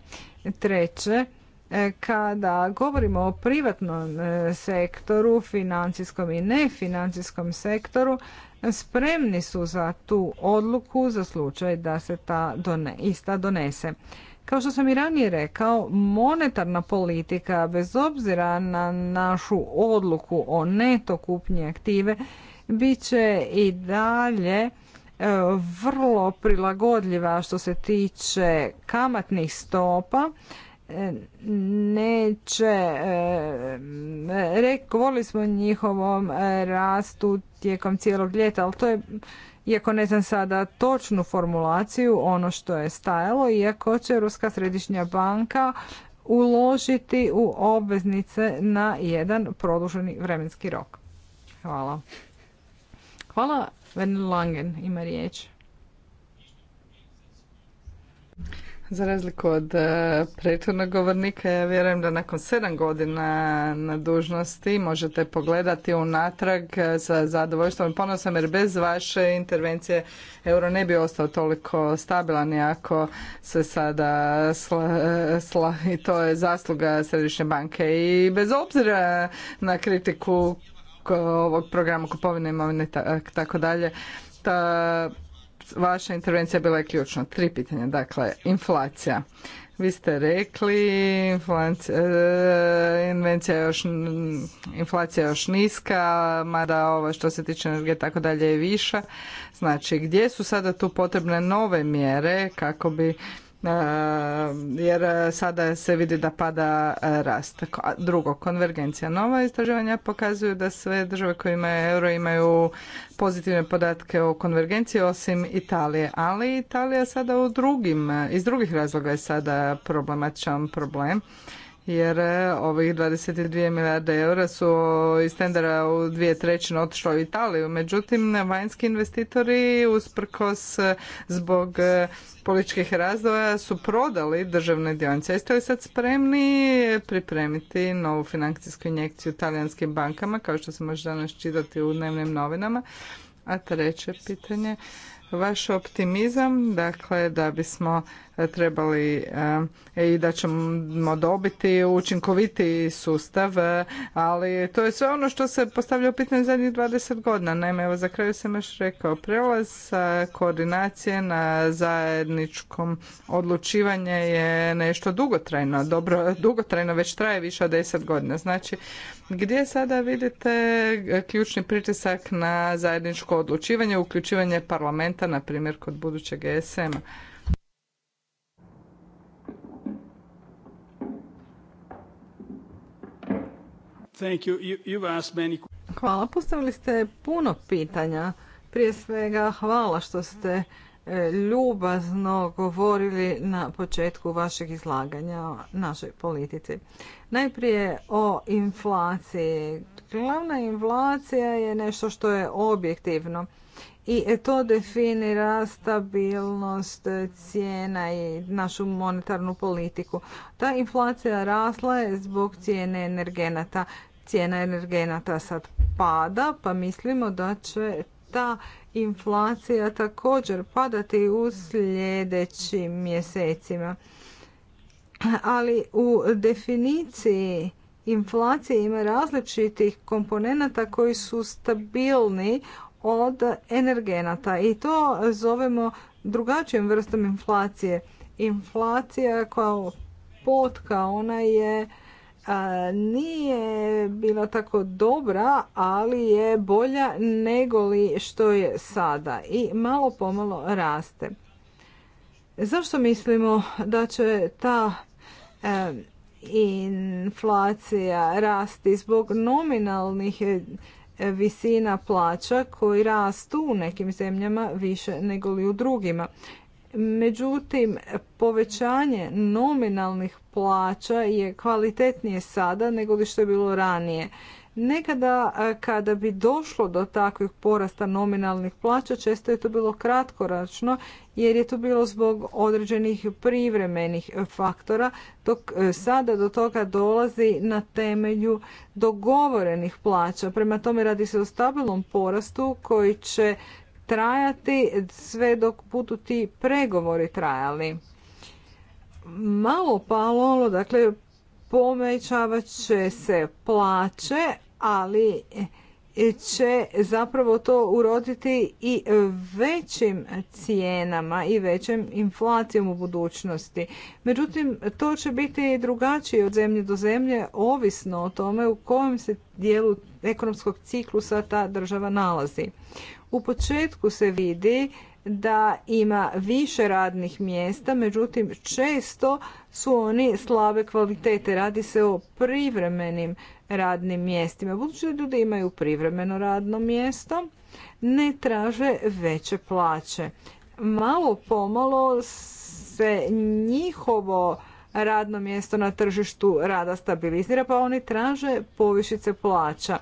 Treće, e, kada govorimo o privatnom e, sektoru, financijskom i nefinancijskom sektoru, spremni su za tu odluku za slučaj da se ta done, ista donese. Kao što sam i ranije rekao, monetarna politika, bez obzira na našu odluku o neto aktive, bit će i dalje e, vrlo prilagodljiva što se tiče kamatnih stopa e, neće e, govorili smo njihovom rastu tijekom cijelog ljeta ali to je iako ne znam sada točnu formulaciju ono što je stajalo iako će Ruska središnja banka uložiti u obveznice na jedan produženi vremenski rok. Hvala. Hvala. Werner Langen ima riječ. Za razliku od e, prethodnog govornika, ja vjerujem da nakon sedam godina na dužnosti možete pogledati unatrag e, sa zadovoljstvom i ponosom, jer bez vaše intervencije euro ne bi ostao toliko stabilan, iako se sada sla, e, sla, i to je zasluga Središnje banke. I bez obzira na kritiku ovog programa kupovine imovine tako dalje, ta vaša intervencija bila je ključna. Tri pitanja, dakle, inflacija. Vi ste rekli, inflacija, e, još, inflacija još niska, mada ovo što se tiče energije tako dalje je viša. Znači, gdje su sada tu potrebne nove mjere kako bi E, jer sada se vidi da pada e, rast. Drugo, konvergencija. Nova istraživanja pokazuju da sve države koje imaju euro imaju pozitivne podatke o konvergenciji osim Italije, ali Italija sada u drugim, iz drugih razloga je sada problematičan problem jer e, ovih 22 milijarde eura su iz tendera u dvije trećine otišlo u Italiju. Međutim, vanjski investitori usprkos e, zbog e, političkih razvoja su prodali državne dionice. Jeste li sad spremni pripremiti novu financijsku injekciju talijanskim bankama, kao što se može danas čitati u dnevnim novinama? A treće pitanje, vaš optimizam, dakle da bismo trebali eh, i da ćemo dobiti učinkoviti sustav, eh, ali to je sve ono što se postavlja u pitanju zadnjih 20 godina. Naime, evo za kraju sam još rekao, prelaz koordinacije na zajedničkom odlučivanje je nešto dugotrajno, dobro, dugotrajno već traje više od 10 godina. Znači, gdje sada vidite ključni pritisak na zajedničko odlučivanje, uključivanje parlamenta, na primjer, kod budućeg ESM-a? Thank Hvala, postavili ste puno pitanja. Prije svega hvala što ste e, ljubazno govorili na početku vašeg izlaganja o našoj politici. Najprije o inflaciji. Glavna inflacija je nešto što je objektivno i to definira stabilnost cijena i našu monetarnu politiku. Ta inflacija rasla je zbog cijene energenata. Cijena energenata sad pada, pa mislimo da će ta inflacija također padati u sljedećim mjesecima. Ali u definiciji inflacije ima različitih komponenata koji su stabilni od energenata i to zovemo drugačijim vrstom inflacije. Inflacija kao potka, ona je nije bila tako dobra, ali je bolja nego li što je sada i malo pomalo raste. Zašto mislimo da će ta e, inflacija rasti zbog nominalnih visina plaća koji rastu u nekim zemljama više nego li u drugima. Međutim, povećanje nominalnih plaća je kvalitetnije sada nego li što je bilo ranije. Nekada e, kada bi došlo do takvih porasta nominalnih plaća, često je to bilo kratkoračno jer je to bilo zbog određenih privremenih faktora, dok e, sada do toga dolazi na temelju dogovorenih plaća. Prema tome radi se o stabilnom porastu koji će trajati sve dok budu ti pregovori trajali. Malo palo ono, dakle, pomećavat će se plaće, ali e, će zapravo to uroditi i većim cijenama i većim inflacijom u budućnosti. Međutim, to će biti i drugačije od zemlje do zemlje, ovisno o tome u kojem se dijelu ekonomskog ciklusa ta država nalazi. U početku se vidi da ima više radnih mjesta, međutim često su oni slabe kvalitete. Radi se o privremenim radnim mjestima. Budući da ljudi imaju privremeno radno mjesto, ne traže veće plaće. Malo pomalo se njihovo radno mjesto na tržištu rada stabilizira, pa oni traže povišice plaća.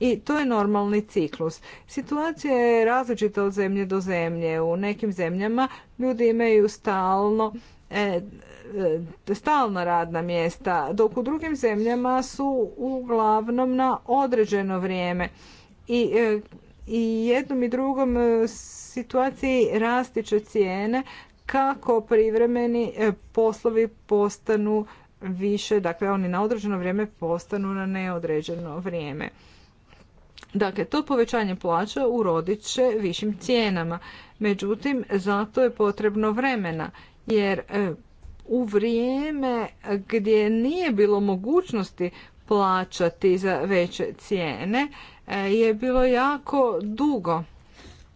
I to je normalni ciklus. Situacija je različita od zemlje do zemlje. U nekim zemljama ljudi imaju stalno e, E, stalna radna mjesta, dok u drugim zemljama su uglavnom na određeno vrijeme. I, e, i jednom i drugom e, situaciji rasti će cijene kako privremeni poslovi postanu više, dakle oni na određeno vrijeme postanu na neodređeno vrijeme. Dakle, to povećanje plaća urodit će višim cijenama. Međutim, zato je potrebno vremena jer u vrijeme gdje nije bilo mogućnosti plaćati za veće cijene e, je bilo jako dugo.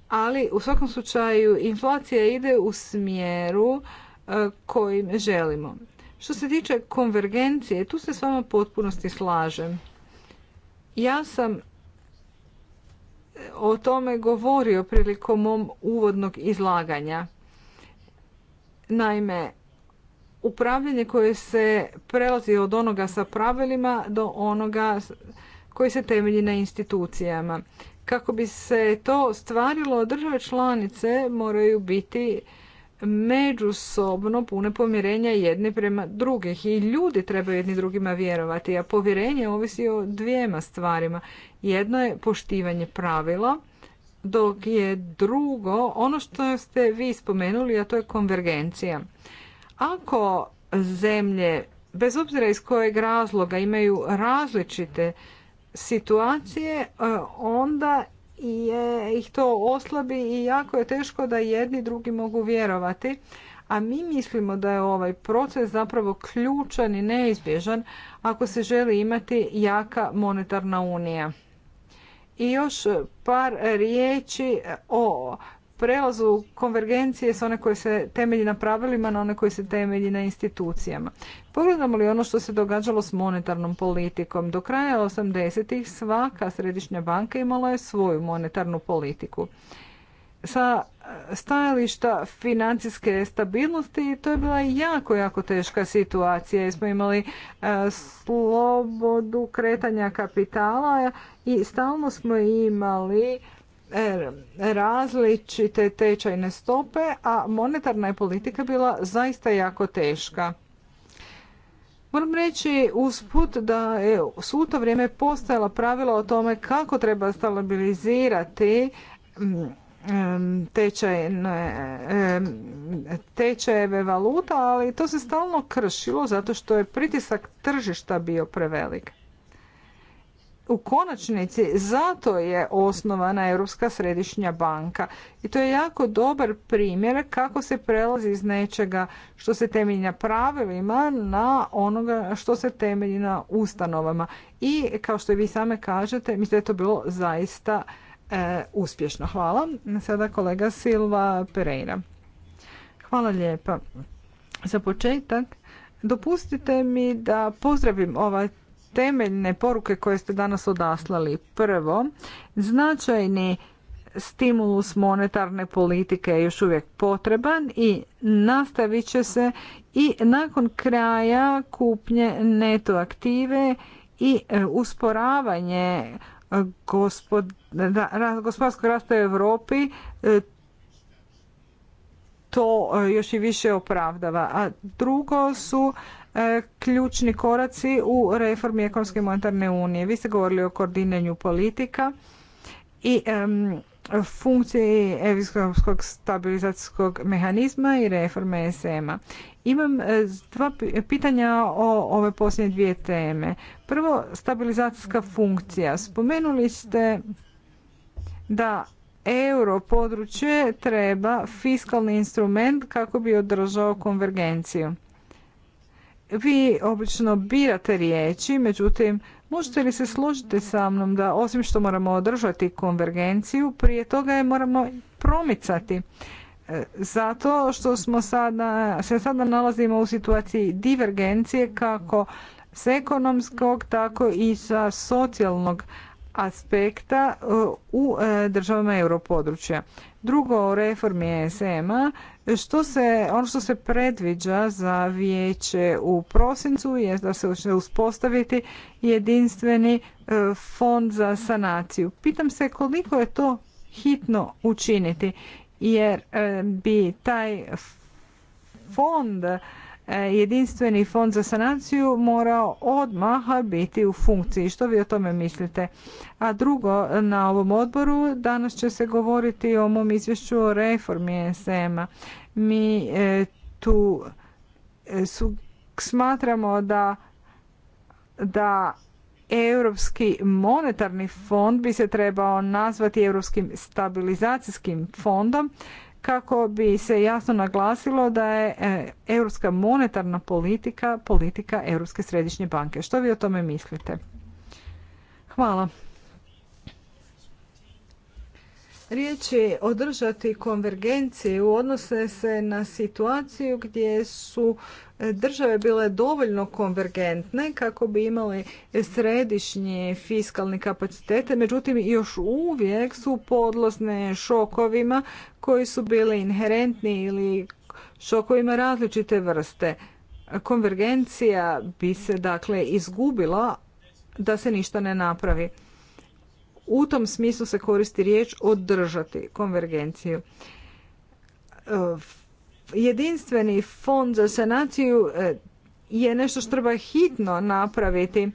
Ali u svakom slučaju inflacija ide u smjeru e, kojim želimo. Što se tiče konvergencije, tu se s vama potpunosti slažem. Ja sam e, o tome govorio prilikom mom uvodnog izlaganja. Naime, upravljanje koje se prelazi od onoga sa pravilima do onoga koji se temelji na institucijama. Kako bi se to stvarilo, države članice moraju biti međusobno pune pomjerenja jedne prema drugih i ljudi trebaju jedni drugima vjerovati, a povjerenje ovisi o dvijema stvarima. Jedno je poštivanje pravila, dok je drugo ono što ste vi spomenuli, a to je konvergencija. Ako zemlje, bez obzira iz kojeg razloga, imaju različite situacije, e, onda je, ih to oslabi i jako je teško da jedni drugi mogu vjerovati. A mi mislimo da je ovaj proces zapravo ključan i neizbježan ako se želi imati jaka monetarna unija. I još par riječi o prelazu konvergencije s one koje se temelji na pravilima na one koje se temelji na institucijama. Pogledamo li ono što se događalo s monetarnom politikom? Do kraja 80-ih svaka središnja banka imala je svoju monetarnu politiku. Sa stajališta financijske stabilnosti to je bila jako, jako teška situacija smo imali e, slobodu kretanja kapitala i stalno smo imali E, različite tečajne stope, a monetarna je politika bila zaista jako teška. Moram reći usput da je su to vrijeme postojala pravila o tome kako treba stabilizirati mm, tečajne, tečajeve valuta, ali to se stalno kršilo zato što je pritisak tržišta bio prevelik u konačnici zato je osnovana Europska središnja banka i to je jako dobar primjer kako se prelazi iz nečega što se temelji na pravilima na onoga što se temelji na ustanovama i kao što vi same kažete mislim da je to bilo zaista e, uspješno. Hvala. Sada kolega Silva Pereira. Hvala lijepa. Za početak dopustite mi da pozdravim ova temeljne poruke koje ste danas odaslali. Prvo, značajni stimulus monetarne politike je još uvijek potreban i nastavit će se i nakon kraja kupnje neto aktive i e, usporavanje e, gospodarskog rasta u Europi e, to još i više opravdava. A drugo su E, ključni koraci u reformi ekonomske monetarne unije. Vi ste govorili o koordiniranju politika i funkciji evropskog stabilizacijskog mehanizma i reforme SM-a. Imam e, dva pitanja o ove posljednje dvije teme. Prvo, stabilizacijska funkcija. Spomenuli ste da euro područje treba fiskalni instrument kako bi održao konvergenciju vi obično birate riječi, međutim, možete li se složiti sa mnom da osim što moramo održati konvergenciju, prije toga je moramo promicati. E, zato što smo sada, se sada nalazimo u situaciji divergencije kako s ekonomskog, tako i sa socijalnog aspekta e, u e, državama europodručja. Drugo o reformi ESM-a, što se, ono što se predviđa za vijeće u prosincu je da se će uspostaviti jedinstveni e, fond za sanaciju. Pitam se koliko je to hitno učiniti jer e, bi taj fond jedinstveni fond za sanaciju morao odmah biti u funkciji. Što vi o tome mislite? A drugo, na ovom odboru danas će se govoriti o mom izvješću o reformi SM-a. Mi e, tu e, su, smatramo da da Europski monetarni fond bi se trebao nazvati Europskim stabilizacijskim fondom kako bi se jasno naglasilo da je e, europska monetarna politika politika Europske središnje banke. Što vi o tome mislite? Hvala riječi održati u odnose se na situaciju gdje su e, države bile dovoljno konvergentne kako bi imale središnje fiskalne kapacitete, međutim još uvijek su podlozne šokovima koji su bili inherentni ili šokovima različite vrste. Konvergencija bi se dakle izgubila da se ništa ne napravi. U tom smislu se koristi riječ održati konvergenciju. E, jedinstveni fond za sanaciju e, je nešto što treba hitno napraviti.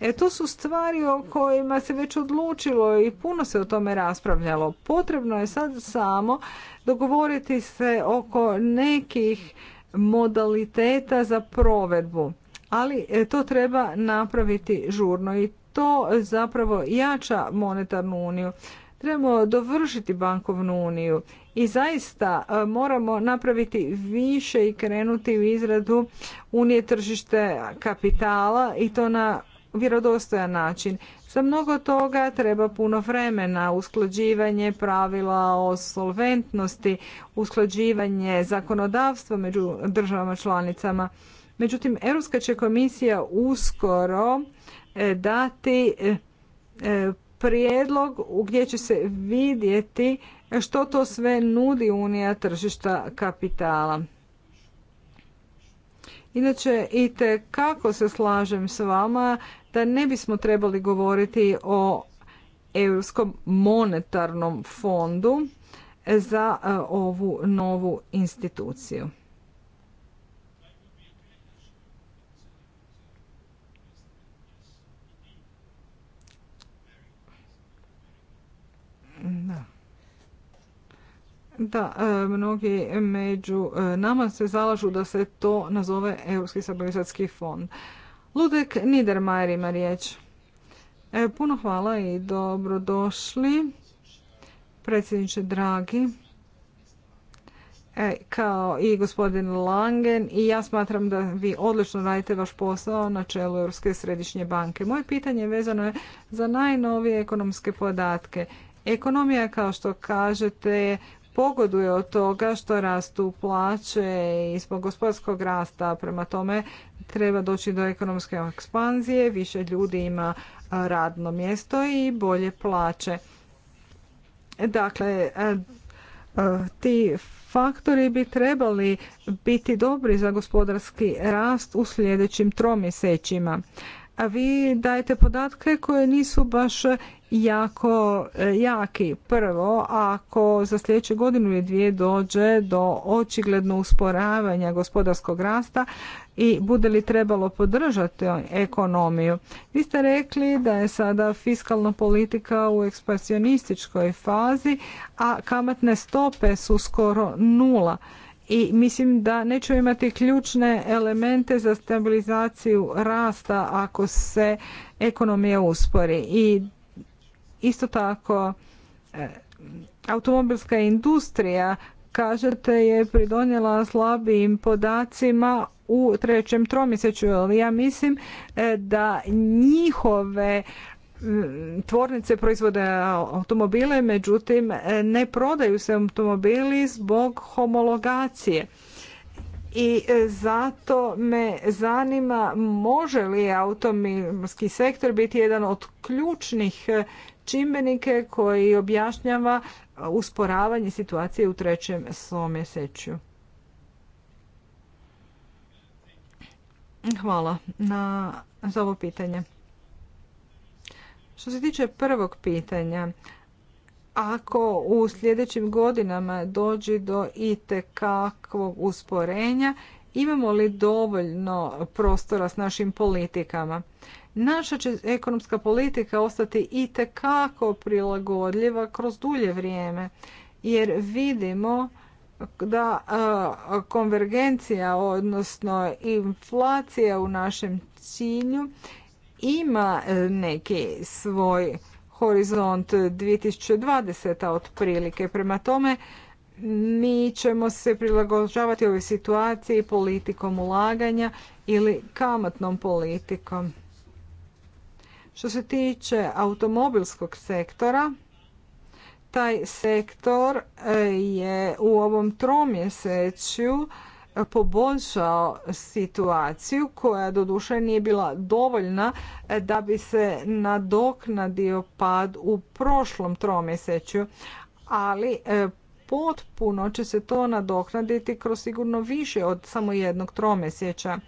E, to su stvari o kojima se već odlučilo i puno se o tome raspravljalo. Potrebno je sad samo dogovoriti se oko nekih modaliteta za provedbu. Ali to treba napraviti žurno i to zapravo jača monetarnu uniju. Trebamo dovršiti bankovnu uniju i zaista e, moramo napraviti više i krenuti u izradu unije tržište kapitala i to na vjerodostojan način. Za mnogo toga treba puno vremena, usklađivanje pravila o solventnosti, usklađivanje zakonodavstva među državama članicama. Međutim, Europska će komisija uskoro E, dati e, e, prijedlog gdje će se vidjeti što to sve nudi Unija tržišta kapitala. Inače, i kako se slažem s vama da ne bismo trebali govoriti o Europskom monetarnom fondu za ovu novu instituciju. Da. Da, e, mnogi među e, nama se zalažu da se to nazove Europski stabilizacijski fond. Ludek Niedermayer ima riječ. E, puno hvala i dobrodošli, predsjedniče dragi. kao i gospodin Langen i ja smatram da vi odlično radite vaš posao na čelu Europske središnje banke. Moje pitanje vezano je za najnovije ekonomske podatke. Ekonomija, kao što kažete, pogoduje od toga što rastu plaće i zbog gospodarskog rasta. Prema tome treba doći do ekonomske ekspanzije, više ljudi ima radno mjesto i bolje plaće. Dakle, ti faktori bi trebali biti dobri za gospodarski rast u sljedećim tromjesećima a vi dajete podatke koje nisu baš jako e, jaki. Prvo, ako za sljedeću godinu ili dvije dođe do očigledno usporavanja gospodarskog rasta i bude li trebalo podržati ekonomiju. Vi ste rekli da je sada fiskalna politika u ekspansionističkoj fazi, a kamatne stope su skoro nula i mislim da neću imati ključne elemente za stabilizaciju rasta ako se ekonomija uspori. I isto tako e, automobilska industrija kažete je pridonjela slabijim podacima u trećem tromjesečju, ali ja mislim e, da njihove tvornice proizvode automobile, međutim ne prodaju se automobili zbog homologacije. I e, zato me zanima može li automobilski sektor biti jedan od ključnih e, čimbenike koji objašnjava e, usporavanje situacije u trećem mjesečju. Hvala na, za ovo pitanje. Što se tiče prvog pitanja, ako u sljedećim godinama dođe do itekakvog usporenja, imamo li dovoljno prostora s našim politikama? Naša će ekonomska politika ostati itekako prilagodljiva kroz dulje vrijeme, jer vidimo da konvergencija, odnosno inflacija u našem cilju ima e, neki svoj horizont 2020. otprilike. Prema tome, mi ćemo se prilagođavati ovoj situaciji politikom ulaganja ili kamatnom politikom. Što se tiče automobilskog sektora, taj sektor e, je u ovom tromjesečju poboljšao situaciju koja doduše nije bila dovoljna da bi se nadoknadio pad u prošlom tromjesečju, ali e, potpuno će se to nadoknaditi kroz sigurno više od samo jednog tromjeseća.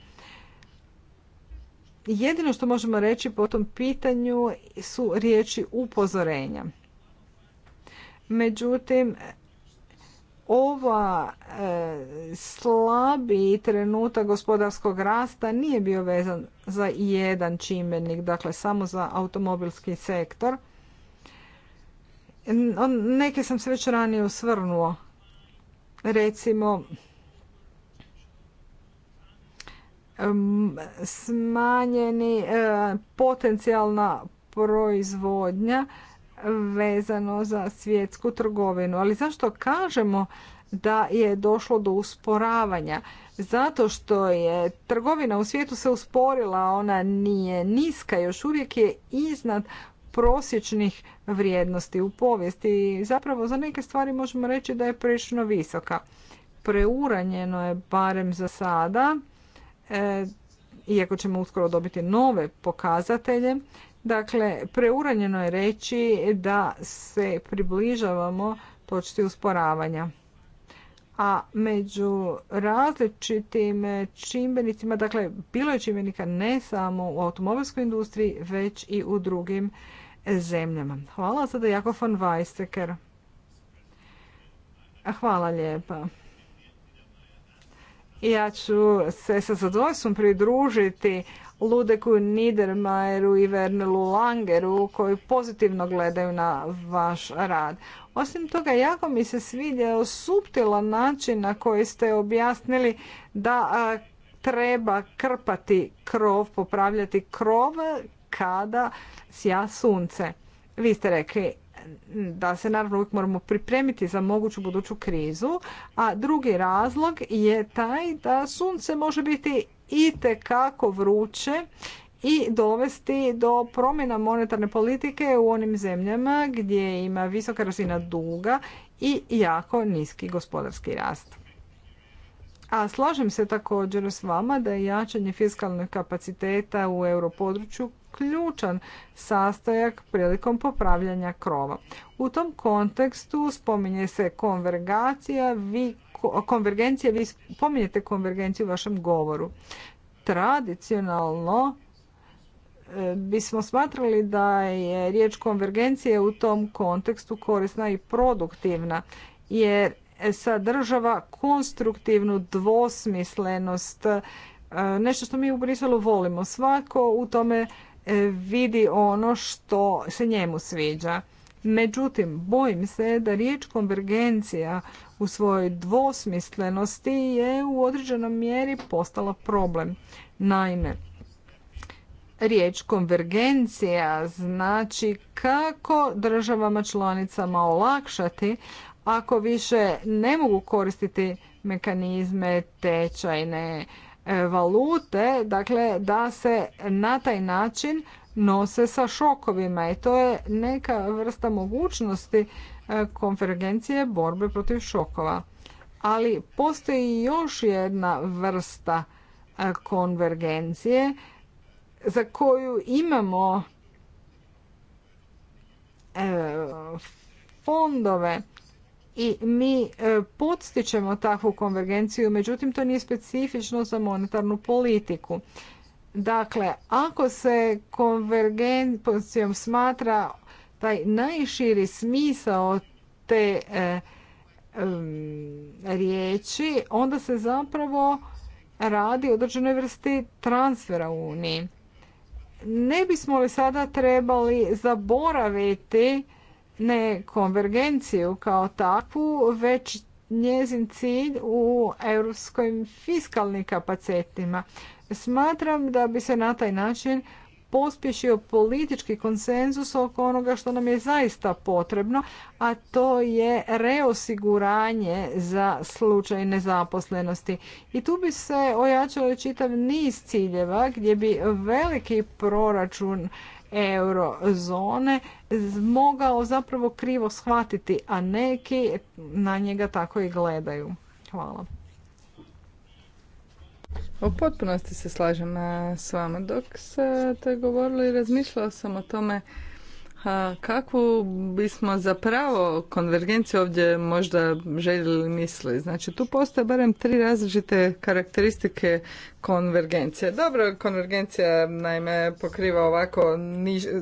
Jedino što možemo reći po tom pitanju su riječi upozorenja. Međutim, ova e, slabiji trenutak gospodarskog rasta nije bio vezan za jedan čimbenik, dakle samo za automobilski sektor. Neke sam se već ranije osvrnuo. Recimo, smanjeni e, potencijalna proizvodnja vezano za svjetsku trgovinu. Ali zašto kažemo da je došlo do usporavanja? Zato što je trgovina u svijetu se usporila, ona nije niska, još uvijek je iznad prosječnih vrijednosti u povijesti. Zapravo za neke stvari možemo reći da je prilično visoka. Preuranjeno je barem za sada, e, iako ćemo uskoro dobiti nove pokazatelje, Dakle, preuranjeno je reći da se približavamo točci usporavanja. A među različitim čimbenicima, dakle, bilo je čimbenika ne samo u automobilskoj industriji, već i u drugim zemljama. Hvala sada Jako von Weisteker. Hvala lijepa. Ja ću se sa zadovoljstvom pridružiti Ludeku Niedermayeru i Vernelu Langeru koji pozitivno gledaju na vaš rad. Osim toga, jako mi se svidio suptilan način na koji ste objasnili da treba krpati krov, popravljati krov kada sja sunce. Vi ste rekli da se naravno uvijek moramo pripremiti za moguću buduću krizu, a drugi razlog je taj da sunce može biti itekako vruće i dovesti do promjena monetarne politike u onim zemljama gdje ima visoka razina duga i jako niski gospodarski rast. A slažem se također s vama da je jačanje fiskalnog kapaciteta u europodručju ključan sastojak prilikom popravljanja krova. U tom kontekstu spominje se konvergacija, vi konvergencije, vi spominjete konvergenciju u vašem govoru. Tradicionalno e, bismo smatrali da je riječ konvergencije u tom kontekstu korisna i produktivna, jer sadržava konstruktivnu dvosmislenost, e, nešto što mi u Briselu volimo. Svako u tome e, vidi ono što se njemu sviđa. Međutim, bojim se da riječ konvergencija u svojoj dvosmislenosti je u određenom mjeri postala problem. Naime, riječ konvergencija znači kako državama članicama olakšati ako više ne mogu koristiti mekanizme tečajne e, valute, dakle da se na taj način nose sa šokovima i to je neka vrsta mogućnosti e, konvergencije borbe protiv šokova. Ali postoji još jedna vrsta e, konvergencije za koju imamo e, fondove i mi podstičemo takvu konvergenciju, međutim to nije specifično za monetarnu politiku. Dakle, ako se konvergencijom smatra taj najširi smisao te e, riječi, onda se zapravo radi o određenoj vrsti transfera u Uniji. Ne bismo li sada trebali zaboraviti ne konvergenciju kao takvu, već njezin cilj u europskim fiskalnim kapacetima. Smatram da bi se na taj način pospješio politički konsenzus oko onoga što nam je zaista potrebno, a to je reosiguranje za slučaj nezaposlenosti. I tu bi se ojačalo čitav niz ciljeva gdje bi veliki proračun eurozone mogao zapravo krivo shvatiti, a neki na njega tako i gledaju. Hvala. U potpunosti se slažem s vama. Dok se govorilo i razmišljala sam o tome kakvu bismo zapravo konvergenciju ovdje možda željeli misli. Znači tu postoje barem tri različite karakteristike konvergencije. Dobro, konvergencija naime pokriva ovako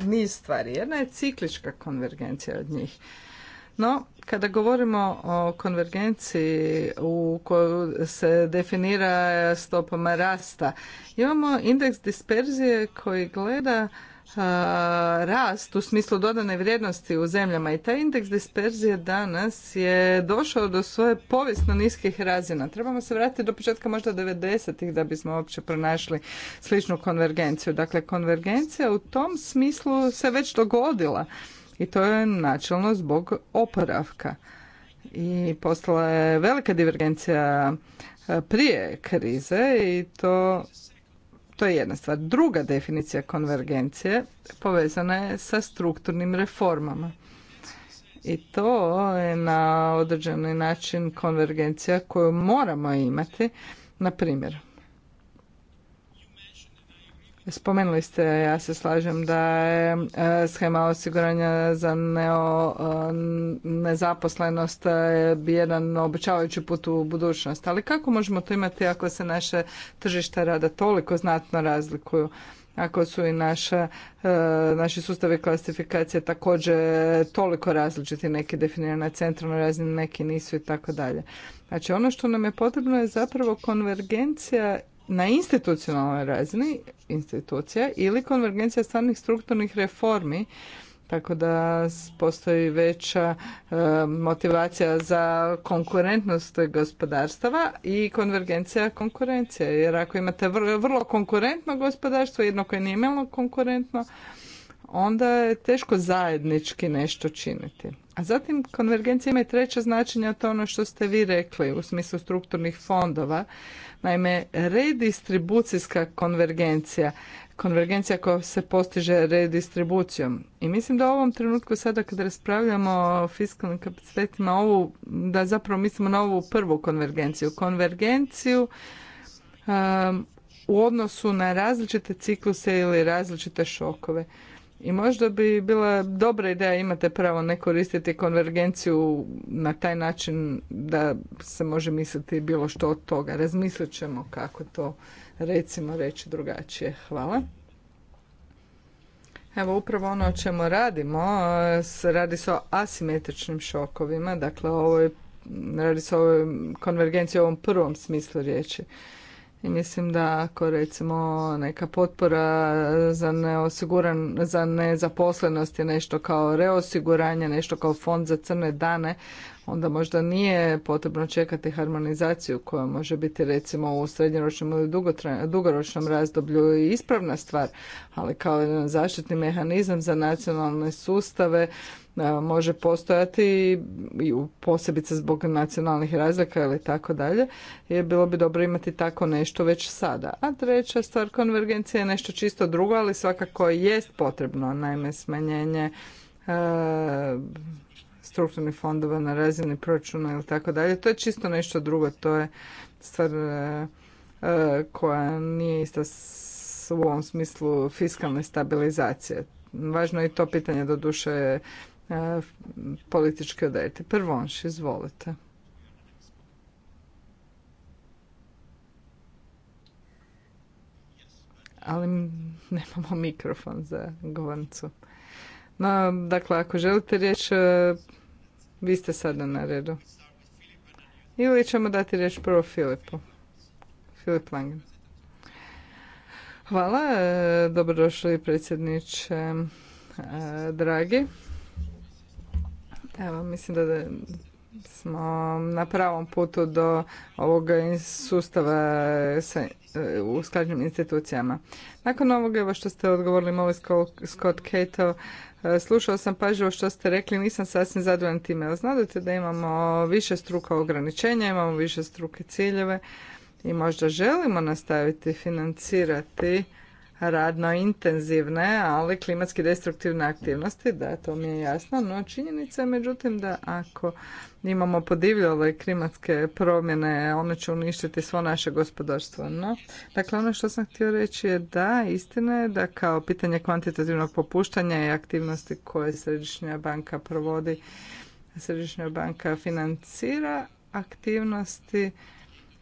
niz stvari. Jedna je ciklička konvergencija od njih. No, kada govorimo o konvergenciji u kojoj se definira stopama rasta, imamo indeks disperzije koji gleda rast u smislu dodane vrijednosti u zemljama i taj indeks disperzije danas je došao do svoje povijesno niskih razina. Trebamo se vratiti do početka možda 90-ih da bismo uopće pronašli sličnu konvergenciju. Dakle, konvergencija u tom smislu se već dogodila i to je načelno zbog oporavka. I postala je velika divergencija e, prije krize i to, to je jedna stvar. Druga definicija konvergencije povezana je sa strukturnim reformama. I to je na određeni način konvergencija koju moramo imati. Na primjer, Spomenuli ste, ja se slažem da je e, schema osiguranja za neo, e, nezaposlenost e, jedan obećavajući put u budućnost. Ali kako možemo to imati ako se naše tržišta rada toliko znatno razlikuju? Ako su i naša, naši sustavi klasifikacije također toliko različiti, neki definirani na centralnoj razini, neki nisu i tako dalje. Znači ono što nam je potrebno je zapravo konvergencija na institucionalnoj razini institucija ili konvergencija stvarnih strukturnih reformi tako da postoji veća e, motivacija za konkurentnost gospodarstava i konvergencija konkurencije. Jer ako imate vrlo konkurentno gospodarstvo, jedno koje nije imalo konkurentno, onda je teško zajednički nešto činiti. A zatim konvergencija ima i treće značenje, a to je ono što ste vi rekli u smislu strukturnih fondova. Naime, redistribucijska konvergencija, konvergencija koja se postiže redistribucijom. I mislim da u ovom trenutku sada kad raspravljamo o fiskalnim kapacitetima, ovu, da zapravo mislimo na ovu prvu konvergenciju. Konvergenciju um, u odnosu na različite cikluse ili različite šokove. I možda bi bila dobra ideja, imate pravo ne koristiti konvergenciju na taj način da se može misliti bilo što od toga. Razmislit ćemo kako to recimo reći drugačije. Hvala. Evo upravo ono o čemu radimo, radi se o asimetričnim šokovima, dakle ovo je, radi se o konvergenciji u ovom prvom smislu riječi. I mislim da ako recimo neka potpora za, neosiguran, za nezaposlenost je nešto kao reosiguranje, nešto kao fond za crne dane, onda možda nije potrebno čekati harmonizaciju koja može biti recimo u srednjoročnom ili dugoročnom razdoblju i ispravna stvar, ali kao jedan zaštitni mehanizam za nacionalne sustave e, može postojati i posebice zbog nacionalnih razlika ili tako dalje, je bilo bi dobro imati tako nešto već sada. A treća stvar, konvergencija je nešto čisto drugo, ali svakako jest potrebno, naime smanjenje e, strukturnih fondova na razini proračuna ili tako dalje. To je čisto nešto drugo, to je stvar e, e, koja nije ista u ovom smislu fiskalne stabilizacije. Važno je i to pitanje do duše političke odrediti. Prvonš, izvolite. ali nemamo mikrofon za govornicu. No, dakle, ako želite riječ, e, vi ste sada na redu. Ili ćemo dati riječ prvo Filipu. Filip Langen. Hvala, e, dobrodošli predsjedniče e, dragi. Evo, mislim da, da smo na pravom putu do ovog sustava sa usklađenim institucijama. Nakon ovoga evo što ste odgovorili Molly Scott Cato, e, slušao sam pažljivo što ste rekli, nisam sasvim zadovoljan time. Znate da imamo više struka ograničenja, imamo više struke ciljeve i možda želimo nastaviti financirati radno intenzivne, ali klimatski destruktivne aktivnosti, da, to mi je jasno, no činjenica je međutim da ako imamo podivljale klimatske promjene, one će uništiti svo naše gospodarstvo. No, dakle, ono što sam htio reći je da, istina je da kao pitanje kvantitativnog popuštanja i aktivnosti koje Središnja banka provodi, Središnja banka financira aktivnosti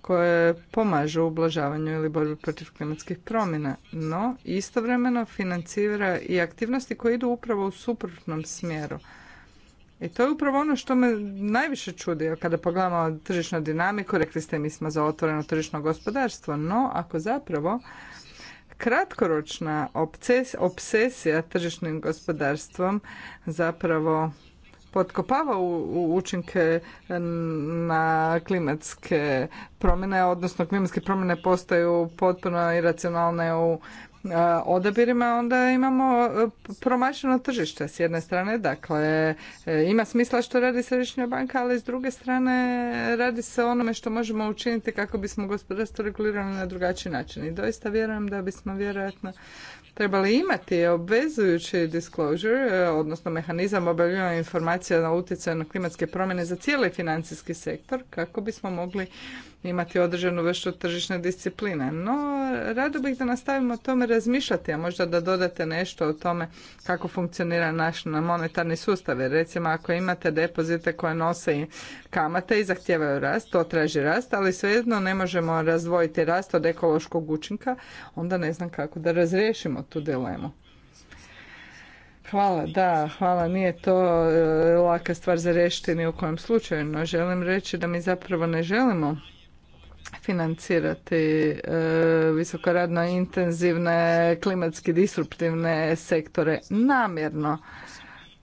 koje pomažu u ublažavanju ili borbi protiv klimatskih promjena, no istovremeno financira i aktivnosti koje idu upravo u suprotnom smjeru. I to je upravo ono što me najviše čudi kada pogledamo tržišnu dinamiku, rekli ste mi smo za otvoreno tržišno gospodarstvo, no ako zapravo kratkoročna obses, obsesija tržišnim gospodarstvom zapravo potkopava u učinke e, na klimatske promjene, odnosno klimatske promjene postaju potpuno iracionalne u E, odabirima, onda imamo e, promašeno tržište s jedne strane. Dakle, e, ima smisla što radi Središnja banka, ali s druge strane radi se onome što možemo učiniti kako bismo gospodarstvo regulirali na drugačiji način. I doista vjerujem da bismo vjerojatno trebali imati obvezujući disclosure, odnosno mehanizam objavljivanja informacija na utjecaju na klimatske promjene za cijeli financijski sektor kako bismo mogli imati određenu vrstu tržišne discipline. No, rado bih da nastavimo o tome razmišljati, a možda da dodate nešto o tome kako funkcionira naš monetarni sustav. Jer recimo ako imate depozite koje nose kamate i zahtijevaju rast, to traži rast, ali svejedno ne možemo razdvojiti rast od ekološkog učinka, onda ne znam kako da razriješimo tu dilemu. Hvala, da, hvala. Nije to e, laka stvar za rešiti ni u kojem slučaju, no želim reći da mi zapravo ne želimo financirati e, visokoradno intenzivne klimatski disruptivne sektore namjerno.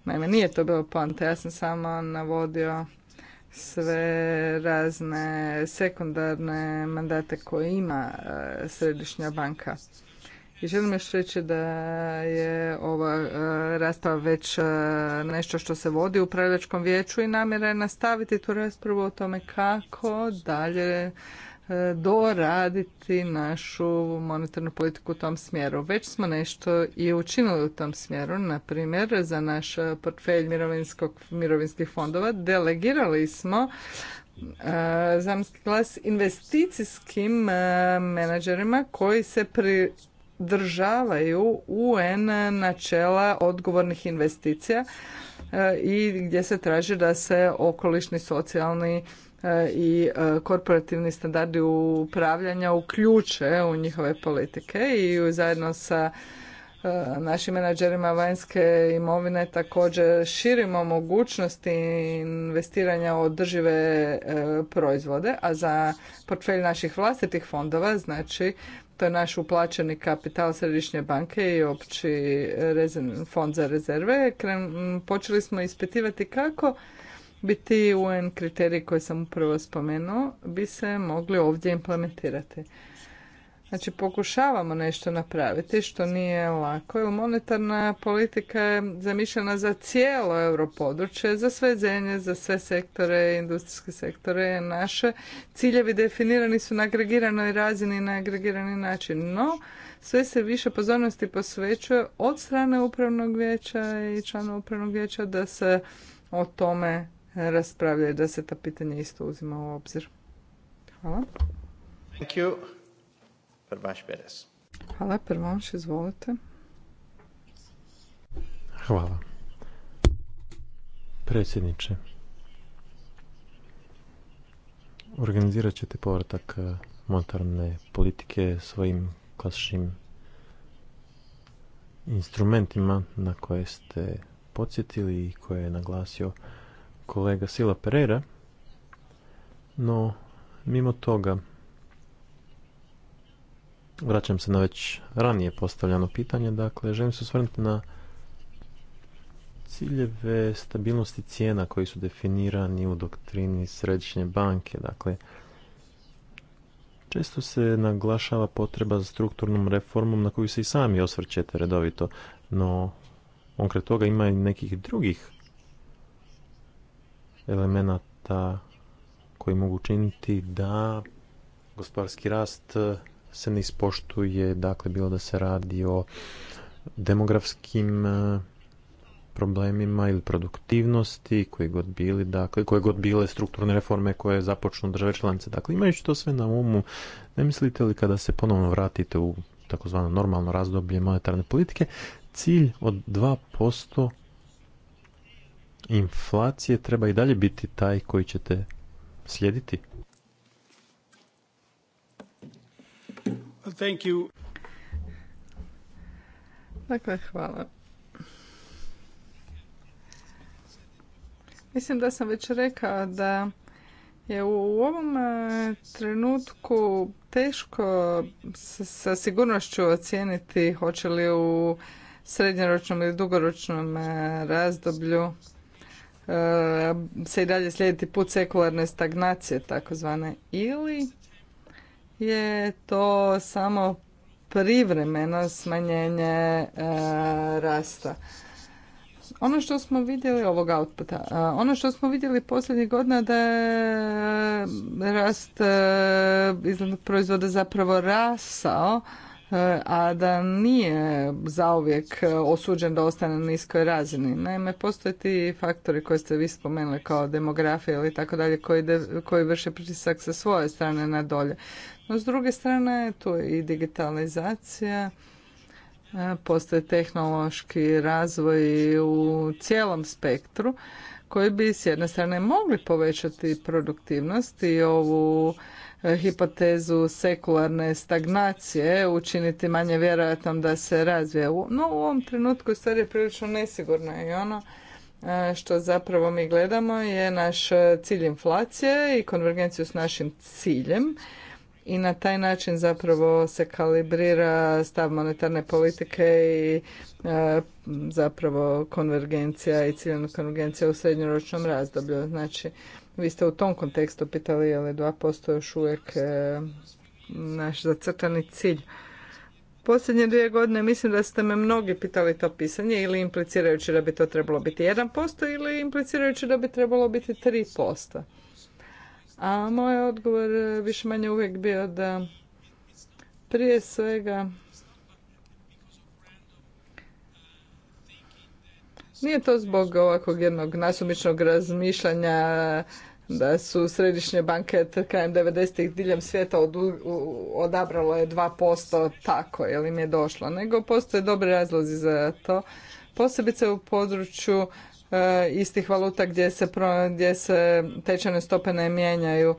Naime, nije to bilo poanta, ja sam samo navodio sve razne sekundarne mandate koje ima e, Središnja banka. I želim još reći da je ova e, rasprava već nešto što se vodi u upravljačkom vijeću i namjera je nastaviti tu raspravu o tome kako dalje E, doraditi našu monetarnu politiku u tom smjeru. Već smo nešto i učinili u tom smjeru, na primjer za naš portfelj mirovinskih fondova delegirali smo e, zamski glas investicijskim e, menadžerima koji se pridržavaju UN načela odgovornih investicija i gdje se traži da se okolišni socijalni E, i e, korporativni standardi upravljanja uključe u njihove politike i zajedno sa e, našim menadžerima vanjske imovine također širimo mogućnosti investiranja u održive proizvode, a za portfelj naših vlastitih fondova, znači to je naš uplaćeni kapital Središnje banke i opći fond za rezerve, počeli smo ispitivati kako biti UN kriteriji koje sam upravo spomenuo bi se mogli ovdje implementirati. Znači pokušavamo nešto napraviti što nije lako monetarna politika je zamišljena za cijelo europodručje, za sve zemlje, za sve sektore, industrijske sektore naše. Ciljevi definirani su na agregiranoj razini na agregirani način, no sve se više pozornosti posvećuje od strane upravnog vijeća i članova upravnog vijeća da se o tome raspravljaju da se ta pitanja isto uzima u obzir. Hvala. Thank you. Hvala, izvolite. Hvala. Predsjedniče, organizirat ćete povratak eh, monetarne politike svojim klasičnim instrumentima na koje ste podsjetili i koje je naglasio kolega Sila Pereira, no mimo toga vraćam se na već ranije postavljano pitanje, dakle želim se osvrnuti na ciljeve stabilnosti cijena koji su definirani u doktrini središnje banke. Dakle, često se naglašava potreba za strukturnom reformom na koju se i sami osvrćete redovito, no konkret toga ima i nekih drugih elemenata koji mogu činiti da gospodarski rast se ne ispoštuje, dakle bilo da se radi o demografskim e, problemima ili produktivnosti, koji god bili, dakle, koje god bile strukturne reforme koje započnu države članice. Dakle, imajući to sve na umu, ne mislite li kada se ponovno vratite u takozvano normalno razdoblje monetarne politike, cilj od 2% inflacije treba i dalje biti taj koji ćete slijediti? Dakle, hvala. Mislim da sam već rekao da je u ovom e, trenutku teško sa sigurnošću ocijeniti hoće li u srednjoročnom ili dugoročnom e, razdoblju se i dalje slijediti put sekularne stagnacije takozvane ili je to samo privremeno smanjenje e, rasta. Ono što smo vidjeli ovog outputa, e, ono što smo vidjeli posljednjih godina da je rast e, proizvoda zapravo rasao a da nije zauvijek osuđen da ostane na niskoj razini. Naime, postoje ti faktori koje ste vi spomenuli kao demografija ili tako dalje koji, koji vrše pritisak sa svoje strane na dolje. No, s druge strane, tu je i digitalizacija, postoje tehnološki razvoj u cijelom spektru koji bi s jedne strane mogli povećati produktivnost i ovu E, hipotezu sekularne stagnacije učiniti manje vjerojatnom da se razvija. No u ovom trenutku stvar je prilično nesigurna i ono e, što zapravo mi gledamo je naš cilj inflacije i konvergenciju s našim ciljem i na taj način zapravo se kalibrira stav monetarne politike i e, zapravo konvergencija i ciljna konvergencija u srednjoročnom razdoblju. Znači, vi ste u tom kontekstu pitali je li 2% još uvijek e, naš zacrtani cilj. Posljednje dvije godine mislim da ste me mnogi pitali to pisanje ili implicirajući da bi to trebalo biti 1% ili implicirajući da bi trebalo biti 3%. A moj odgovor e, više manje uvijek bio da prije svega Nije to zbog ovakvog jednog nasumičnog razmišljanja da su središnje banke krajem 90-ih diljem svijeta od, odabralo je 2% tako, jer im je došlo, nego postoje dobri razlozi za to. Posebice u području e, istih valuta gdje se, pro, gdje se tečajne stope ne mijenjaju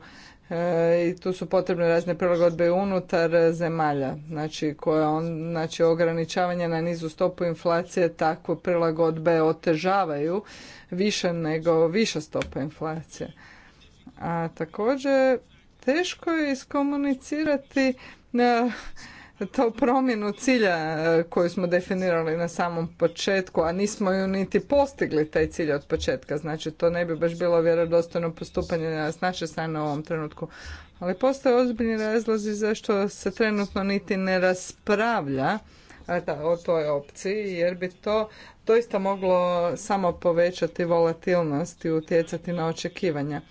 E, i tu su potrebne razne prilagodbe unutar zemalja. Znači, koje on, znači ograničavanje na nizu stopu inflacije takve prilagodbe otežavaju više nego viša stopa inflacije. A također teško je iskomunicirati na e, to promjenu cilja e, koju smo definirali na samom početku, a nismo ju niti postigli taj cilj od početka. Znači to ne bi baš bilo vjerodostojno postupanje s naše strane u ovom trenutku. Ali postoje ozbiljni razlozi zašto se trenutno niti ne raspravlja e, o toj opciji, jer bi to doista moglo samo povećati volatilnost i utjecati na očekivanja.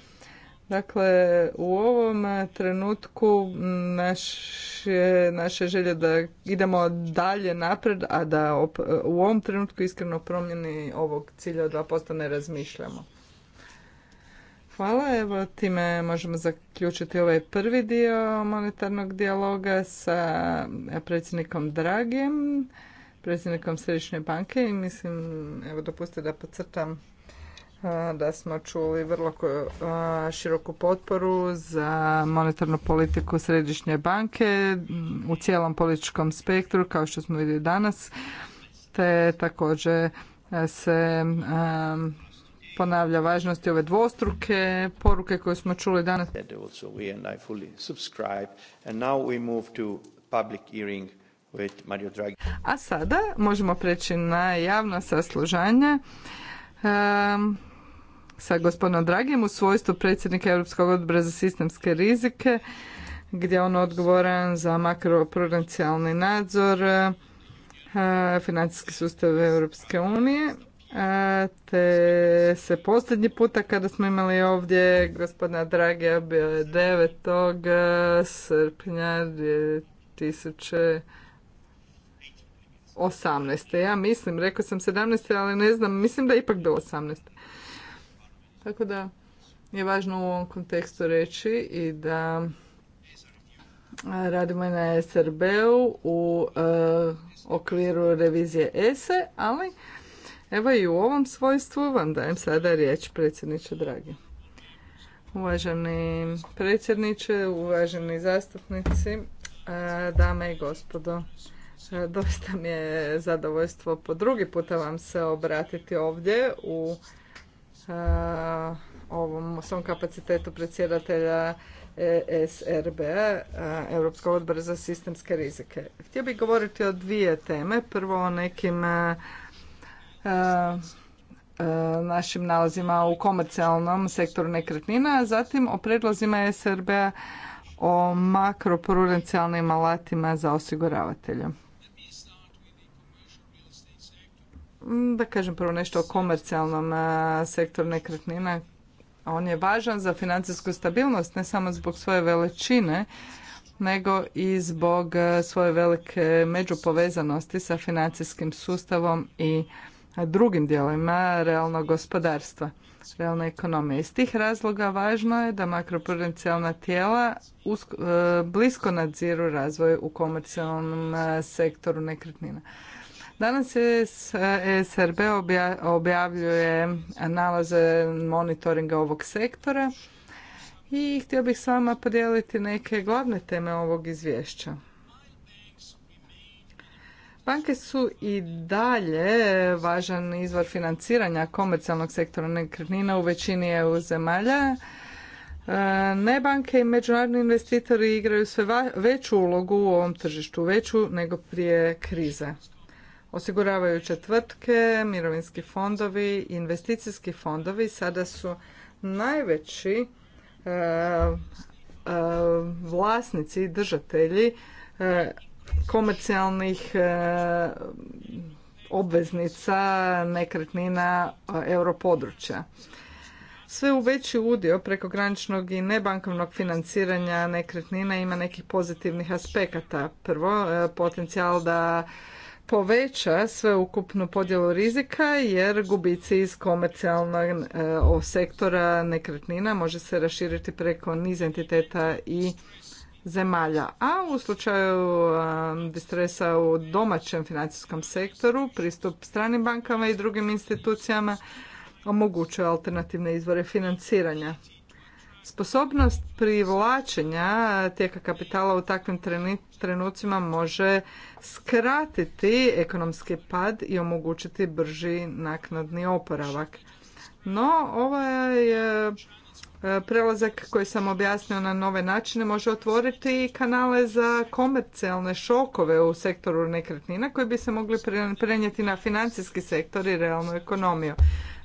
Dakle, u ovom trenutku naše, naše želje da idemo dalje napred, a da u ovom trenutku iskreno promjeni ovog cilja od 2% ne razmišljamo. Hvala, evo time možemo zaključiti ovaj prvi dio monetarnog dijaloga sa predsjednikom Dragim, predsjednikom Središnje banke i mislim, evo dopustite da podcrtam da smo čuli vrlo široku potporu za monetarnu politiku središnje banke u cijelom političkom spektru kao što smo vidjeli danas te također se ponavlja važnost ove dvostruke poruke koje smo čuli danas. A sada možemo preći na javno saslužanje sa gospodinom Dragim u svojstvu predsjednika Europskog odbora za sistemske rizike gdje on odgovoran za makroprudencijalni nadzor eh, financijski sustav Europske unije. Eh, te se posljednji puta kada smo imali ovdje gospodina Dragija bio je 9. Eh, srpnja 2000 18. Ja mislim, rekao sam 17. ali ne znam, mislim da ipak bilo 18. Tako da je važno u ovom kontekstu reći i da radimo na SRB-u u e, okviru revizije ESE, ali evo i u ovom svojstvu vam dajem sada riječ predsjedniče dragi. Uvaženi predsjedniče, uvaženi zastupnici, dame i gospodo. E, Dosta mi je zadovoljstvo po drugi puta vam se obratiti ovdje u e, ovom svom kapacitetu predsjedatelja ESRB, e, Europskog odbora za sistemske rizike. Htio bih govoriti o dvije teme. Prvo o nekim našim nalazima u komercijalnom sektoru nekretnina, a zatim o prijedlozima SRB-a o makroprudencijalnim alatima za osiguravatelje. Mm, da kažem prvo nešto o komercijalnom e, sektoru nekretnina. On je važan za financijsku stabilnost, ne samo zbog svoje veličine, nego i zbog e, svoje velike međupovezanosti sa financijskim sustavom i drugim dijelima realnog gospodarstva, realne ekonomije. Iz tih razloga važno je da makroprudencijalna tijela e, blisko nadziru razvoj u komercijalnom sektoru nekretnina. Danas je SRB e, objavljuje nalaze monitoringa ovog sektora i htio bih s vama podijeliti neke glavne teme ovog izvješća. Banke su i dalje važan izvor financiranja komercijalnog sektora nekretnina u većini EU zemalja. E, ne banke i međunarodni investitori igraju sve veću ulogu u ovom tržištu, veću nego prije krize. Osiguravajuće tvrtke, mirovinski fondovi, investicijski fondovi sada su najveći e, e, vlasnici i držatelji e, komercijalnih obveznica nekretnina europodručja. Sve u veći udio prekograničnog i nebankovnog financiranja nekretnina ima nekih pozitivnih aspekata. Prvo, potencijal da poveća sveukupnu podjelu rizika jer gubici iz komercijalnog e, sektora nekretnina može se raširiti preko niz entiteta i zemalja. A u slučaju e, distresa u domaćem financijskom sektoru, pristup stranim bankama i drugim institucijama omogućuje alternativne izvore financiranja. Sposobnost privlačenja tijeka kapitala u takvim trenucima može skratiti ekonomski pad i omogućiti brži naknadni oporavak. No, ovaj prelazak koji sam objasnio na nove načine može otvoriti i kanale za komercijalne šokove u sektoru nekretnina koji bi se mogli prenijeti na financijski sektor i realnu ekonomiju.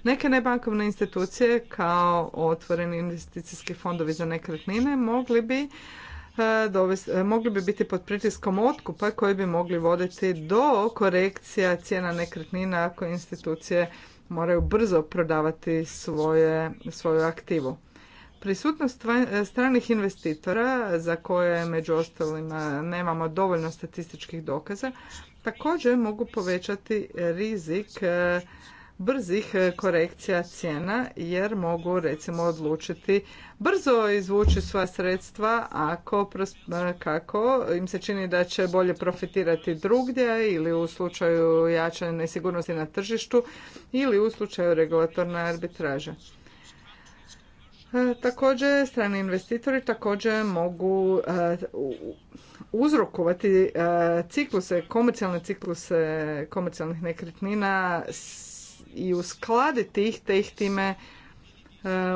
Neke nebankovne institucije kao otvoreni investicijski fondovi za nekretnine mogli bi e, e, mogli bi biti pod pritiskom otkupa koji bi mogli voditi do korekcija cijena nekretnina ako institucije moraju brzo prodavati svoje, svoju aktivu. Prisutnost e, stranih investitora za koje među ostalima nemamo dovoljno statističkih dokaza također mogu povećati rizik brzih e, korekcija cijena jer mogu recimo odlučiti brzo izvući sva sredstva ako e, kako im se čini da će bolje profitirati drugdje ili u slučaju jačanja nesigurnosti na tržištu ili u slučaju regulatorne arbitraže. E, također, strani investitori također mogu uzrokovati cikluse, komercijalne cikluse komercijalnih nekretnina s i uskladiti ih te ih time e,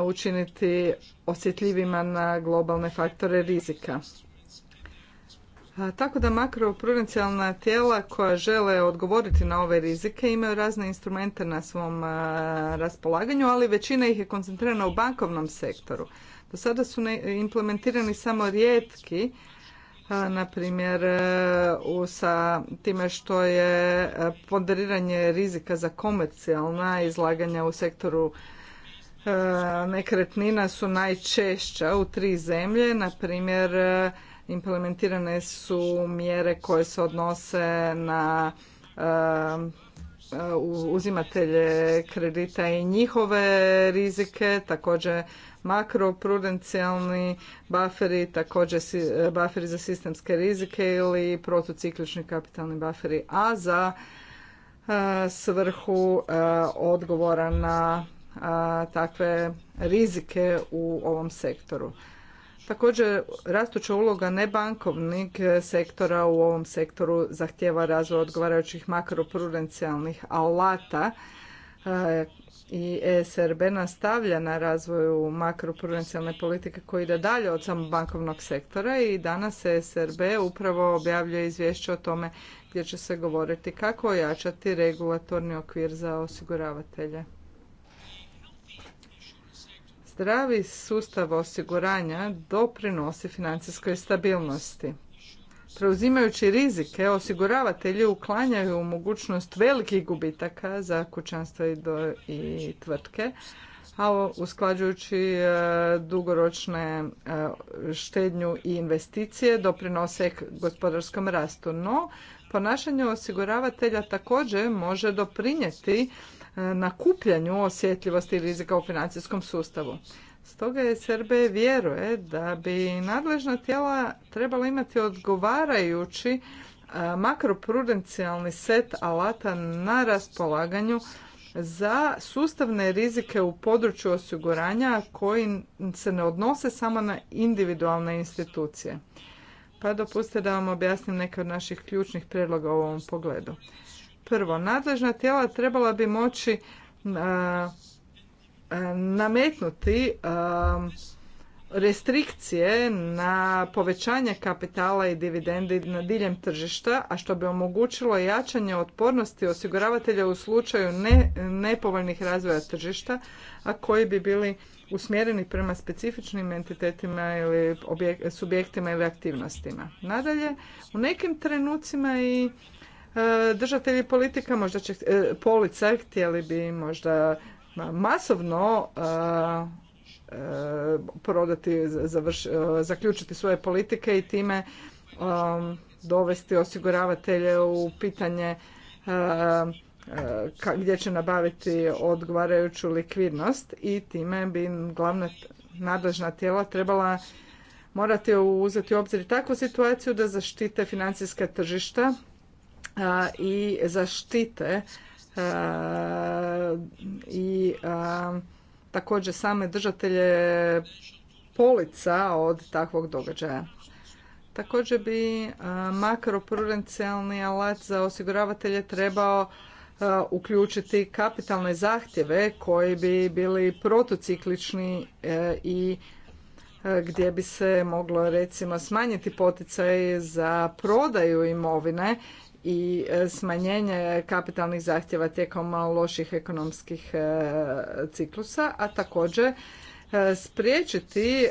učiniti osjetljivima na globalne faktore rizika. E, tako da makroprudencijalna tijela koja žele odgovoriti na ove rizike imaju razne instrumente na svom e, raspolaganju, ali većina ih je koncentrirana u bankovnom sektoru. Do sada su implementirani samo rijetki na primjer e, sa time što je e, ponderiranje rizika za komercijalna izlaganja u sektoru e, nekretnina su najčešća u tri zemlje, na primjer implementirane su mjere koje se odnose na uzimatelje kredita i njihove rizike, također makroprudencijalni bufferi, također e, bufferi za sistemske rizike ili protociklični kapitalni bufferi, a za e, svrhu e, odgovora na takve rizike u ovom sektoru. Također, rastuća uloga nebankovnih sektora u ovom sektoru zahtjeva razvoj odgovarajućih makroprudencijalnih alata i e SRB nastavlja na razvoju makroprudencijalne politike koji ide dalje od samog bankovnog sektora i danas e SRB upravo objavljuje izvješće o tome gdje će se govoriti kako ojačati regulatorni okvir za osiguravatelje. Zdravi sustav osiguranja doprinosi financijskoj stabilnosti preuzimajući rizike, osiguravatelji uklanjaju mogućnost velikih gubitaka za kućanstva i, tvrtke, a usklađujući e, dugoročne e, štednju i investicije doprinose gospodarskom rastu. No, ponašanje osiguravatelja također može doprinijeti e, nakupljanju osjetljivosti rizika u financijskom sustavu. Stoga je SRB vjeruje da bi nadležna tijela trebala imati odgovarajući makroprudencijalni set alata na raspolaganju za sustavne rizike u području osiguranja koji se ne odnose samo na individualne institucije. Pa dopustite da vam objasnim neke od naših ključnih prijedloga u ovom pogledu. Prvo, nadležna tijela trebala bi moći nametnuti um, restrikcije na povećanje kapitala i dividendi na diljem tržišta, a što bi omogućilo jačanje otpornosti osiguravatelja u slučaju nepovoljnih razvoja tržišta, a koji bi bili usmjereni prema specifičnim entitetima ili subjektima ili aktivnostima. Nadalje, u nekim trenucima i e, držatelji politika možda će, e, polica htjeli bi možda masovno e, e, prodati, završ, e, zaključiti svoje politike i time dovesti osiguravatelje u pitanje gdje će nabaviti odgovarajuću likvidnost i time bi glavna nadležna tijela trebala morati uzeti u obzir takvu situaciju da zaštite financijska tržišta i zaštite E, i također same držatelje polica od takvog događaja. Također bi makroprudencijalni alat za osiguravatelje trebao uključiti kapitalne zahtjeve koji bi bili protociklični e, i e, gdje bi se moglo recimo smanjiti poticaj za prodaju imovine i e, smanjenje kapitalnih zahtjeva tijekom loših ekonomskih e, ciklusa, a također e, spriječiti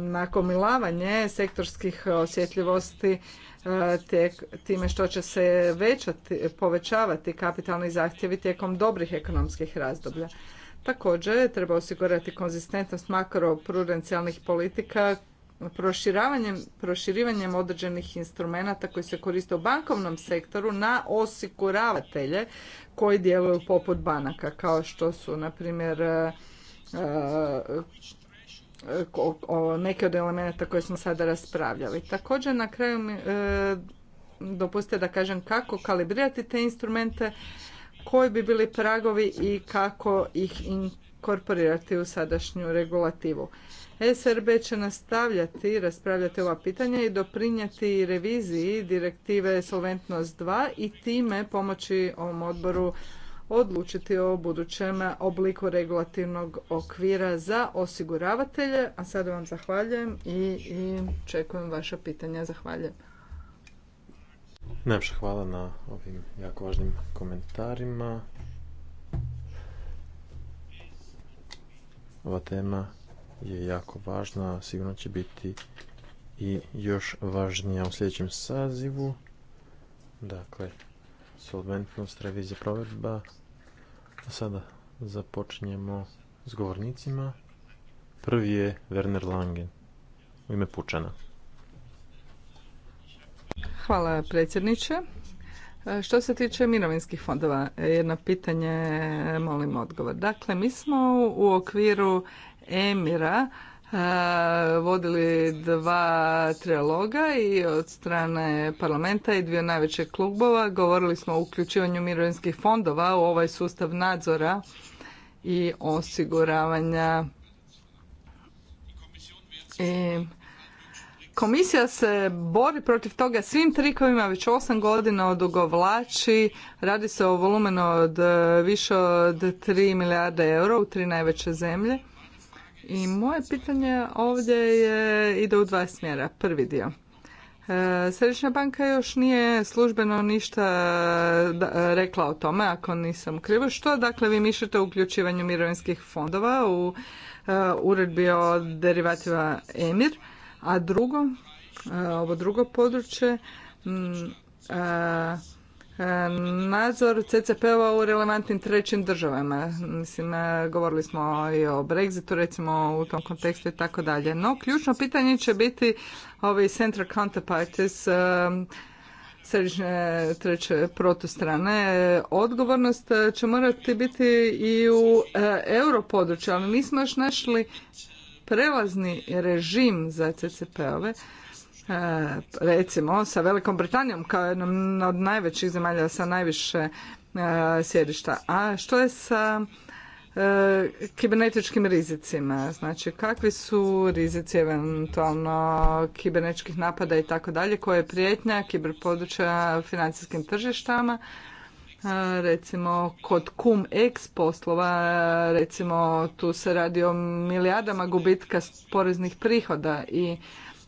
nakomilavanje sektorskih osjetljivosti time što će se većati, povećavati kapitalni zahtjevi tijekom dobrih ekonomskih razdoblja. Također treba osigurati konzistentnost makroprudencijalnih politika proširivanjem određenih instrumenata koji se koriste u bankovnom sektoru na osiguravatelje koji djeluju poput banaka, kao što su, na primjer, e, e, neke od elemenata koje smo sada raspravljali. Također, na kraju mi e, dopustite da kažem kako kalibrirati te instrumente, koji bi bili pragovi i kako ih inkorporirati u sadašnju regulativu. SRB će nastavljati raspravljati ova pitanja i doprinijeti reviziji direktive Solventnost 2 i time pomoći ovom odboru odlučiti o budućem obliku regulativnog okvira za osiguravatelje. A sada vam zahvaljujem i, i čekujem vaša pitanja. Zahvaljujem. hvala na ovim jako važnim komentarima. Ova tema je jako važna, sigurno će biti i još važnija u sljedećem sazivu. Dakle, solventnost, revizija, provedba. A sada započinjemo s govornicima. Prvi je Werner Langen u ime Pučana. Hvala predsjedniče. Što se tiče mirovinskih fondova, jedno pitanje, molim odgovor. Dakle, mi smo u okviru Emira e, vodili dva trialoga i od strane parlamenta i dvije najveće klubova govorili smo o uključivanju mirovinskih fondova u ovaj sustav nadzora i osiguravanja i Komisija se bori protiv toga svim trikovima, već osam godina odugovlači, radi se o volumenu od e, više od tri milijarde eura u tri najveće zemlje. I moje pitanje ovdje je, ide u dva smjera. Prvi dio. E, Središnja banka još nije službeno ništa e, rekla o tome, ako nisam krivo. Što dakle vi mišljate o uključivanju mirovinskih fondova u uredbi o derivativa EMIR? A drugo, e, ovo drugo područje, mm, e, e, nadzor CCP-ova u relevantnim trećim državama. Mislim, govorili smo i o Brexitu, recimo u tom kontekstu i tako dalje. No, ključno pitanje će biti ovi central counterparties središnje treće protustrane. Odgovornost će morati biti i u europodručju, ali nismo još našli prelazni režim za CCP-ove, e, recimo sa Velikom Britanijom kao jednom od najvećih zemalja sa najviše e, sjedišta. A što je sa e, kibernetičkim rizicima? Znači, kakvi su rizici eventualno kibernetičkih napada i tako dalje, koja je prijetnja kiberpodručja financijskim tržištama, recimo kod kum ex poslova, recimo tu se radi o milijardama gubitka poreznih prihoda i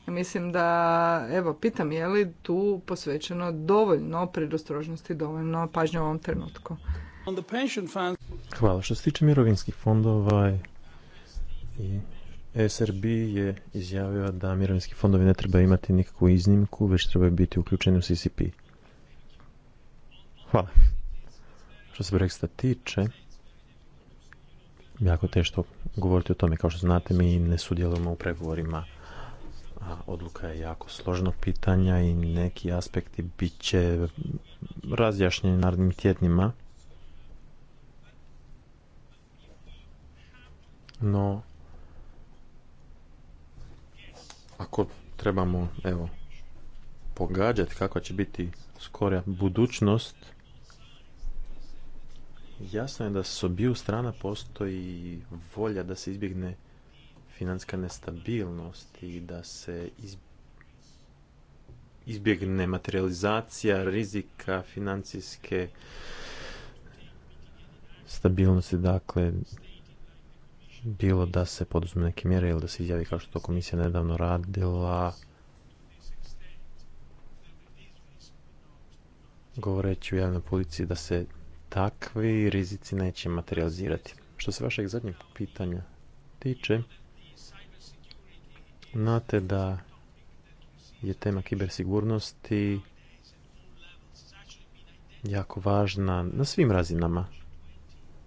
mislim da, evo, pitam je li tu posvećeno dovoljno predostrožnosti, dovoljno pažnje u ovom trenutku. Hvala. Što se tiče mirovinskih fondova e, i SRB je izjavio da mirovinski fondovi ne treba imati nikakvu iznimku, već trebaju biti uključeni u CCP. Hvala. Što se Brexita tiče, jako teško govoriti o tome. Kao što znate, mi ne sudjelujemo u pregovorima. A odluka je jako složno pitanja i neki aspekti bit će razjašnjeni narednim tjednima. No, ako trebamo, evo, pogađati kako će biti skorja budućnost, Jasno je da s obiju strana postoji volja da se izbjegne financijska nestabilnost i da se izbjegne materializacija rizika financijske stabilnosti, dakle, bilo da se poduzme neke mjere ili da se izjavi kao što to komisija nedavno radila, govoreći u javnoj policiji da se takvi rizici neće materializirati. Što se vašeg zadnjeg pitanja tiče, znate da je tema kibersigurnosti jako važna na svim razinama.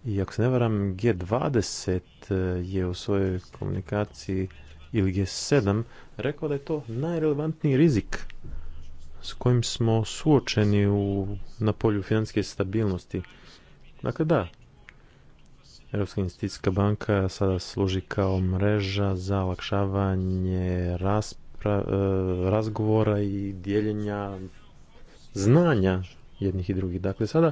I ako se ne varam, G20 je u svojoj komunikaciji ili G7 rekao da je to najrelevantniji rizik s kojim smo suočeni u, na polju financijske stabilnosti. Dakle, da, Europska investicijska banka sada služi kao mreža za olakšavanje e, razgovora i dijeljenja znanja jednih i drugih. Dakle, sada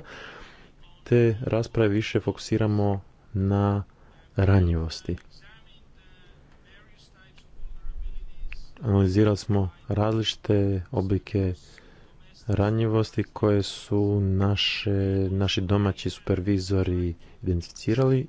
te rasprave više fokusiramo na ranjivosti. analizirali smo različite oblike ranjivosti koje su naše, naši domaći supervizori identificirali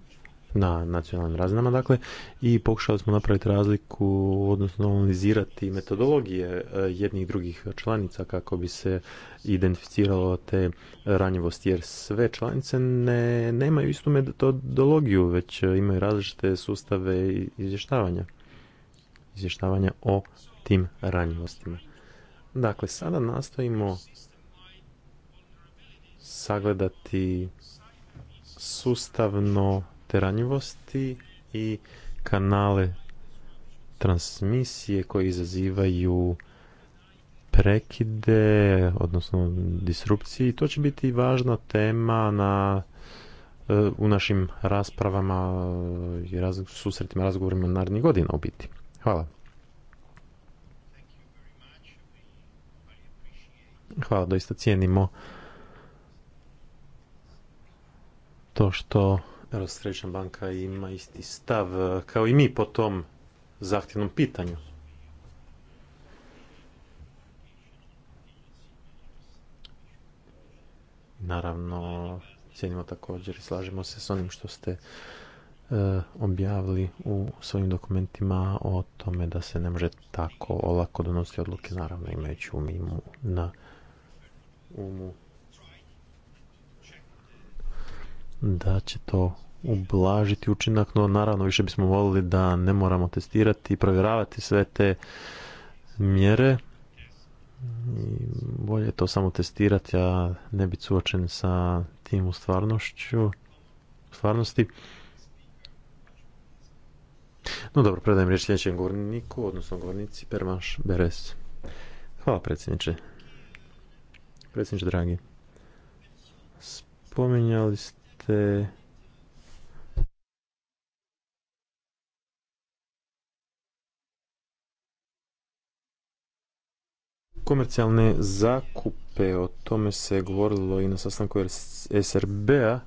na nacionalnim razinama dakle i pokušali smo napraviti razliku odnosno analizirati metodologije e, jednih drugih članica kako bi se identificiralo te ranjivosti jer sve članice ne, nemaju istu metodologiju već imaju različite sustave izvještavanja izvještavanja o tim ranjivostima. Dakle, sada nastojimo sagledati sustavno te ranjivosti i kanale transmisije koje izazivaju prekide, odnosno disrupcije i to će biti važna tema na e, u našim raspravama i susretima, razgovorima narednih godina u biti. Hvala. Hvala, doista cijenimo to što Europska banka ima isti stav eh, kao i mi po tom zahtjevnom pitanju. Naravno, cijenimo također i slažemo se s onim što ste E, objavili u svojim dokumentima o tome da se ne može tako olako donositi odluke, naravno imajući u na umu da će to ublažiti učinak, no naravno više bismo volili da ne moramo testirati i provjeravati sve te mjere. I bolje to samo testirati, a ne biti suočen sa tim u stvarnošću, u stvarnosti. No dobro, predajem riječ sljedećem govorniku, odnosno govornici Permaš Beres. Hvala predsjedniče. Predsjedniče dragi, spominjali ste komercijalne zakupe, o tome se govorilo i na sastanku SRB-a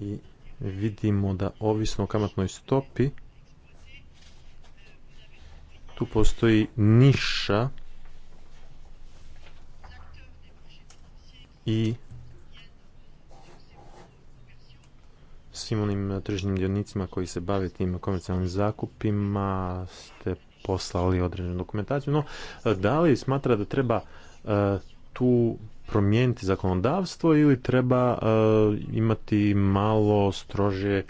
i vidimo da ovisno o kamatnoj stopi tu postoji niša i svim onim tržnim djelnicima koji se bave tim komercijalnim zakupima ste poslali određenu dokumentaciju. No, da li smatra da treba e, tu promijeniti zakonodavstvo ili treba e, imati malo strože e,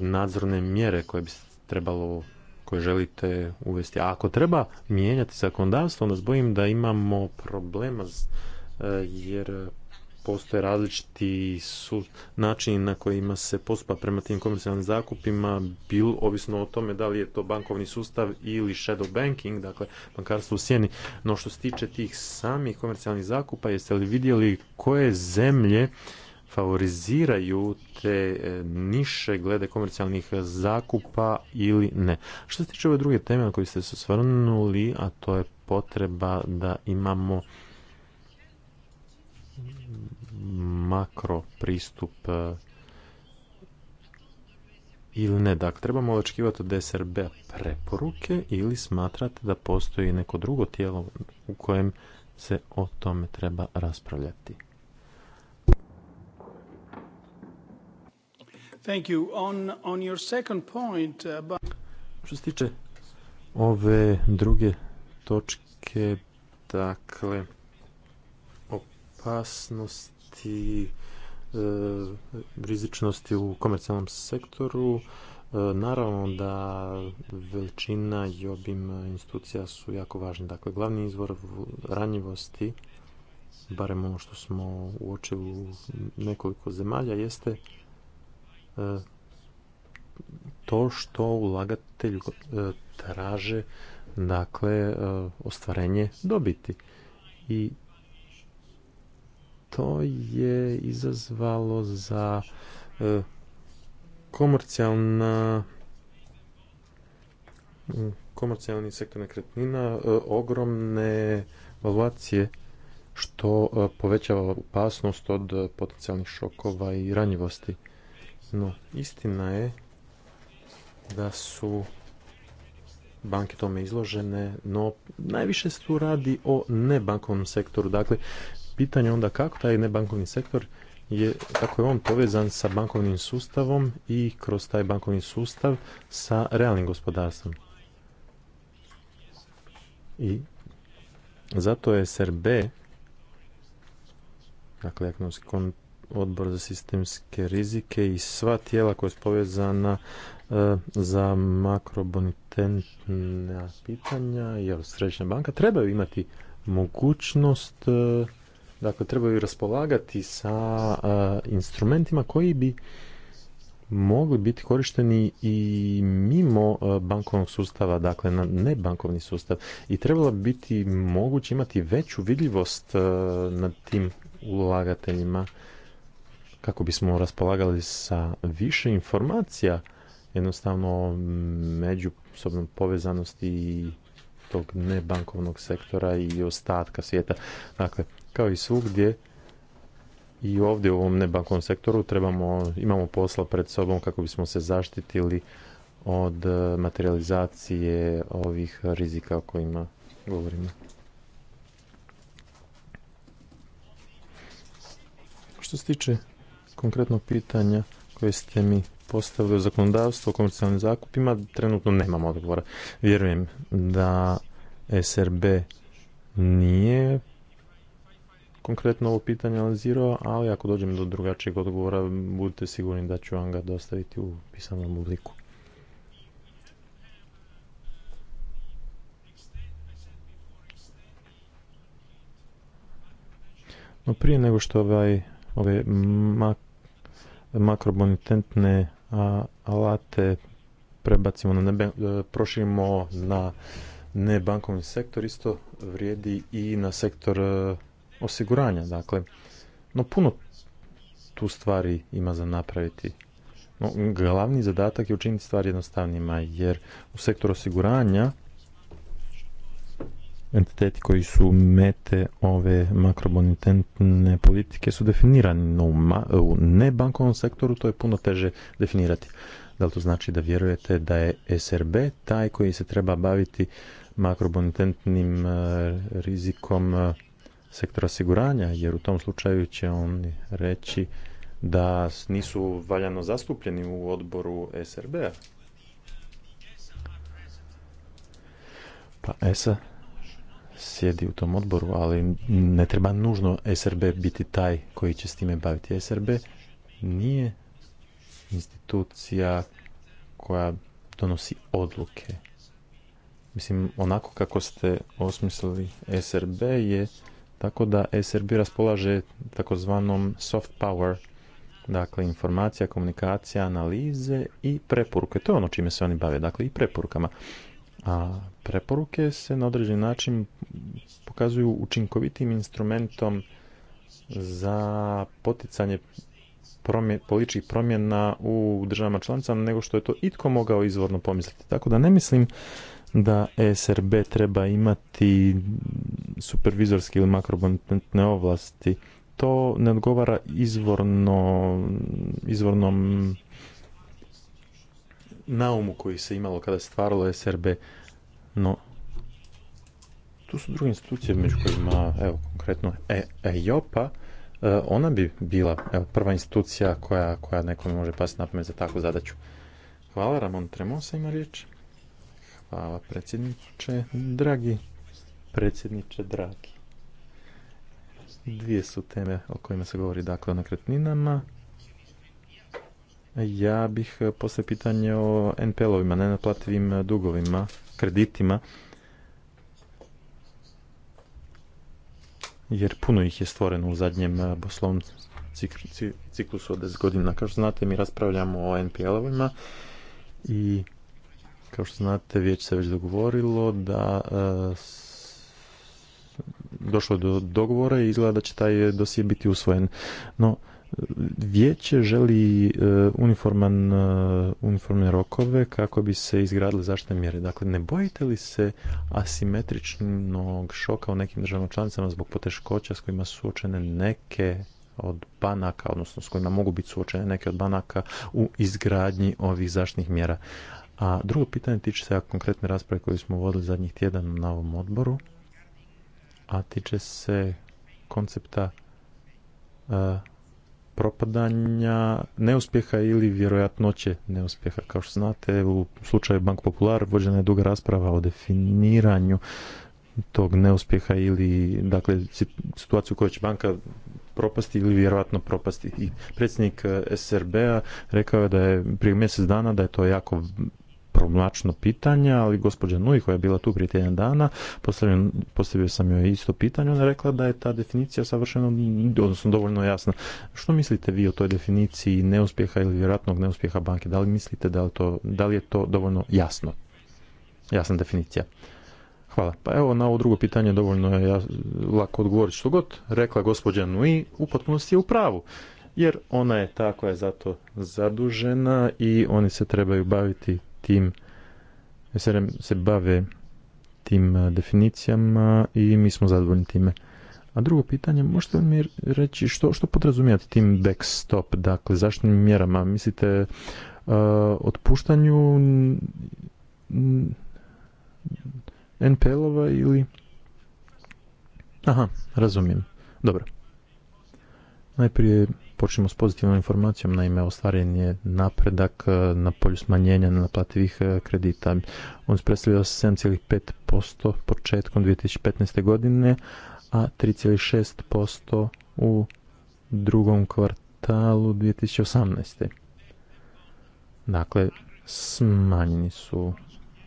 nadzorne mjere koje bi trebalo koje želite uvesti. A ako treba mijenjati zakonodavstvo, onda zbojim da imamo problema e, jer postoje različiti su načini na kojima se postupa prema tim komercijalnim zakupima, bilo ovisno o tome da li je to bankovni sustav ili shadow banking, dakle bankarstvo u sjeni. No što se tiče tih samih komercijalnih zakupa, jeste li vidjeli koje zemlje favoriziraju te e, niše glede komercijalnih zakupa ili ne. Što se tiče ove druge teme na koju ste se svrnuli, a to je potreba da imamo makro pristup e, ili ne. Dakle, trebamo očekivati od SRB preporuke ili smatrate da postoji neko drugo tijelo u kojem se o tome treba raspravljati. On, uh, Što se tiče ove druge točke, dakle, opasnosti, e, rizičnosti u komercijalnom sektoru. E, naravno da veličina i obim institucija su jako važni. Dakle, glavni izvor ranjivosti, barem ono što smo uočili u nekoliko zemalja, jeste e, to što ulagatelj traže dakle ostvarenje dobiti i to je izazvalo za e, komercijalna komercijalni sektor nekretnina e, ogromne valuacije što e, povećava opasnost od potencijalnih šokova i ranjivosti. No, istina je da su banke tome izložene, no najviše se tu radi o nebankovnom sektoru. Dakle, pitanje onda kako taj nebankovni sektor je, kako je on povezan sa bankovnim sustavom i kroz taj bankovni sustav sa realnim gospodarstvom. I zato je SRB, dakle ekonomski odbor za sistemske rizike i sva tijela koja je povezana e, za makrobonitentna pitanja jer Središnja banka trebaju imati mogućnost e, Dakle, trebaju raspolagati sa instrumentima koji bi mogli biti korišteni i mimo bankovnog sustava, dakle na nebankovni sustav. I trebalo biti moguće imati veću vidljivost nad tim ulagateljima kako bismo raspolagali sa više informacija jednostavno međusobnom povezanosti i tog nebankovnog sektora i ostatka svijeta. Dakle, kao i svugdje, i ovdje u ovom nebankovnom sektoru trebamo, imamo posla pred sobom kako bismo se zaštitili od e, materializacije ovih rizika o kojima govorimo. Što se tiče konkretnog pitanja koje ste mi postavili zakonodavstvo o komercijalnim zakupima, trenutno nemamo odgovora. Vjerujem da SRB nije konkretno ovo pitanje analizirao, ali ako dođem do drugačijeg odgovora, budite sigurni da ću vam ga dostaviti u pisanom obliku. No prije nego što ovaj, ove makrobonitentne alate prebacimo na nebe, e, proširimo na nebankovni sektor, isto vrijedi i na sektor e, osiguranja. Dakle, no puno tu stvari ima za napraviti. No, glavni zadatak je učiniti stvari jednostavnijima, jer u sektoru osiguranja entiteti koji su mete ove makrobonitentne politike su definirani no u nebankovnom sektoru to je puno teže definirati da li to znači da vjerujete da je SRB taj koji se treba baviti makrobonitentnim e, rizikom e, sektora osiguranja jer u tom slučaju će on reći da nisu valjano zastupljeni u odboru SRB-a. Pa ESA sjedi u tom odboru, ali ne treba nužno SRB biti taj koji će s time baviti. SRB nije institucija koja donosi odluke. Mislim, onako kako ste osmislili SRB je tako da SRB raspolaže takozvanom soft power, dakle informacija, komunikacija, analize i preporuke. To je ono čime se oni bave, dakle i preporukama. A preporuke se na određen način pokazuju učinkovitim instrumentom za poticanje političkih promjena u državama članicama nego što je to itko mogao izvorno pomisliti. Tako da ne mislim da e SRB treba imati supervizorske ili makrobonitne ovlasti. To ne odgovara izvorno, izvornom naumu koji se imalo kada se stvaralo SRB, no tu su druge institucije među kojima, evo, konkretno EIOPA, e, ona bi bila prva institucija koja, koja nekome može pasiti na za takvu zadaću. Hvala, Ramon Tremosa ima riječ. Hvala, predsjedniče, dragi predsjedniče, dragi. Dvije su teme o kojima se govori, dakle, o nekretninama ja bih e, posle pitanje o NPL-ovima, nenaplativim e, dugovima, kreditima. Jer puno ih je stvoreno u zadnjem boslovnom e, ciklusu od 10 godina. Kao što znate, mi raspravljamo o NPL-ovima i kao što znate, već se već dogovorilo da došlo do dogovora i izgleda da će taj dosije biti usvojen. No, Vijeće želi e, uniforman, e, uniformne rokove kako bi se izgradile zaštitne mjere. Dakle, ne bojite li se asimetričnog šoka u nekim državnim članicama zbog poteškoća s kojima su suočene neke od banaka, odnosno s kojima mogu biti suočene neke od banaka u izgradnji ovih zaštitnih mjera? A drugo pitanje tiče se konkretne rasprave koju smo vodili zadnjih tjedan na ovom odboru, a tiče se koncepta e, propadanja, neuspjeha ili vjerojatnoće neuspjeha. Kao što znate, u slučaju Bank Popular vođena je duga rasprava o definiranju tog neuspjeha ili dakle situaciju u kojoj će banka propasti ili vjerojatno propasti. I predsjednik eh, SRB-a rekao je da je prije mjesec dana da je to jako problemačno pitanja, ali gospođa Nui koja je bila tu prije tjedan dana, postavio, sam joj isto pitanje, ona je rekla da je ta definicija savršeno, odnosno dovoljno jasna. Što mislite vi o toj definiciji neuspjeha ili vjerojatnog neuspjeha banke? Da li mislite da li, to, da li je to dovoljno jasno? Jasna definicija. Hvala. Pa evo na ovo drugo pitanje dovoljno je lako odgovoriti što god rekla gospođa Nui, u potpunosti je u pravu jer ona je ta koja je zato zadužena i oni se trebaju baviti tim SRM se bave tim eh, definicijama i mi smo zadovoljni time. A drugo pitanje, možete li mi reći što, što podrazumijate tim backstop, dakle zaštitnim mjerama? Mislite uh, otpuštanju NPL-ova ili... Aha, razumijem. Dobro. Najprije Počnemo s pozitivnom informacijom, naime ostvaren je napredak e, na polju smanjenja naplativih e, kredita. On se predstavljao 7,5% početkom 2015. godine, a 3,6% u drugom kvartalu 2018. Dakle, smanjeni su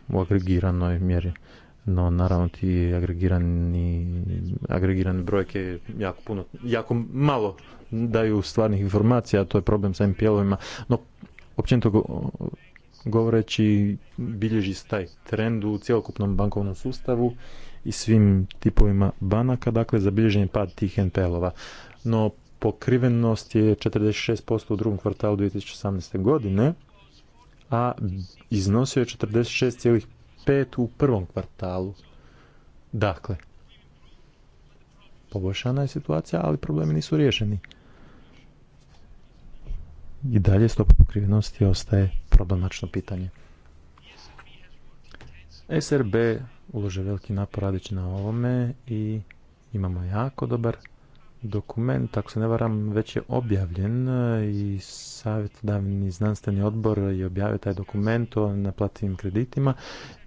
u agregiranoj mjeri no naravno ti agregirani, agregirane brojke jako, puno, jako malo daju stvarnih informacija, a to je problem sa MPL-ovima, no općenito govoreći bilježi se taj trend u cjelokupnom bankovnom sustavu i svim tipovima banaka, dakle zabilježen je pad tih NPL-ova. No pokrivenost je 46% u drugom kvartalu 2018. godine, a iznosio je 46,5% u prvom kvartalu. Dakle, poboljšana je situacija, ali problemi nisu riješeni. I dalje stopa pokrivenosti ostaje problemačno pitanje. SRB ulože veliki napor radići na ovome i imamo jako dobar dokument, ako se ne varam, već je objavljen i savjetodavni znanstveni odbor je objavio taj dokument o naplativim kreditima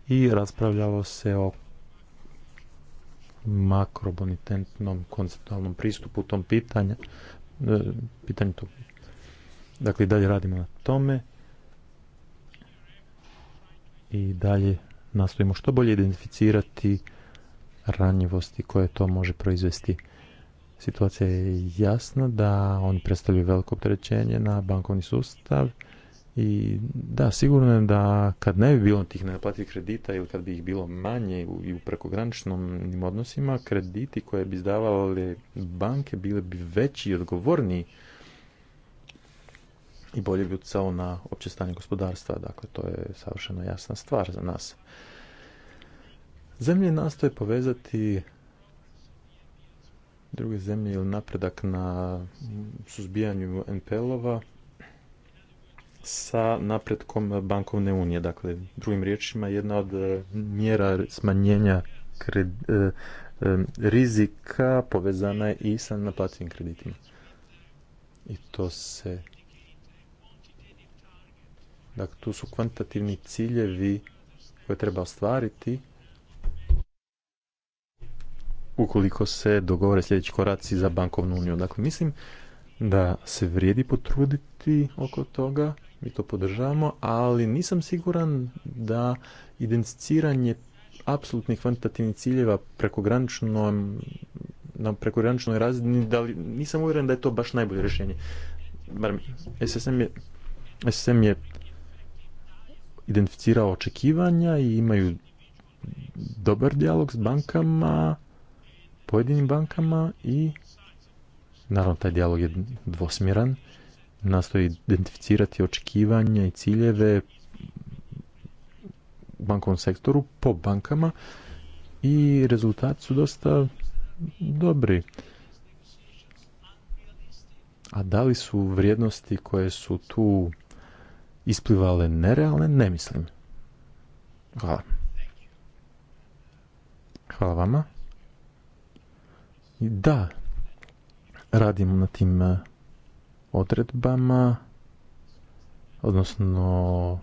i raspravljalo se o makrobonitentnom konceptualnom pristupu tom e, pitanju, pitanju Dakle, i dalje radimo na tome i dalje nastojimo što bolje identificirati ranjivosti koje to može proizvesti. Situacija je jasna da oni predstavljaju veliko opterećenje na bankovni sustav i da, sigurno je da kad ne bi bilo tih nenaplativih kredita ili kad bi ih bilo manje i u prekograničnim odnosima, krediti koje bi izdavale banke bile bi veći i odgovorniji i bolje bi utjecao na opće stanje gospodarstva. Dakle, to je savršeno jasna stvar za nas. Zemlje nastoje povezati druge zemlje ili napredak na suzbijanju NPL-ova sa napretkom bankovne unije. Dakle, drugim riječima, jedna od e, mjera smanjenja e, e, rizika povezana je i sa naplativim kreditima. I to se... Dakle, tu su kvantitativni ciljevi koje treba ostvariti ukoliko se dogovore sljedeći koraci za bankovnu uniju. Dakle, mislim da se vrijedi potruditi oko toga mi to podržavamo, ali nisam siguran da identificiranje apsolutnih kvantitativnih ciljeva na prekograničnoj razini, da li, nisam uvjeren da je to baš najbolje rješenje. Bar SSM je, SSM je identificirao očekivanja i imaju dobar dijalog s bankama, pojedinim bankama i naravno taj dijalog je dvosmjeran nastoji identificirati očekivanja i ciljeve u bankovnom sektoru po bankama i rezultati su dosta dobri. A da li su vrijednosti koje su tu isplivale nerealne? Ne mislim. Hvala. Hvala vama. I da, radimo na tim eh, odredbama, odnosno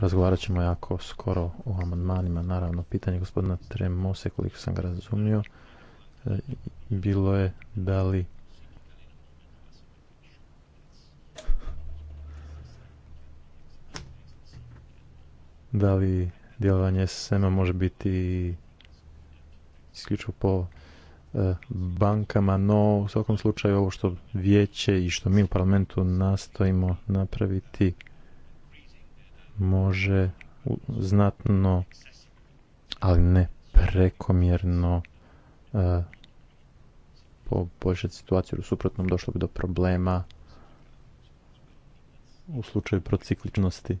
razgovarat ćemo jako skoro o amandmanima. Naravno, pitanje gospodina Tremose, koliko sam ga razumio, e, bilo je da li da li djelovanje SM-a može biti isključivo po E, bankama, no u svakom slučaju ovo što vijeće i što mi u parlamentu nastojimo napraviti može znatno, ali ne prekomjerno e, poboljšati situaciju, u suprotnom došlo bi do problema u slučaju procikličnosti.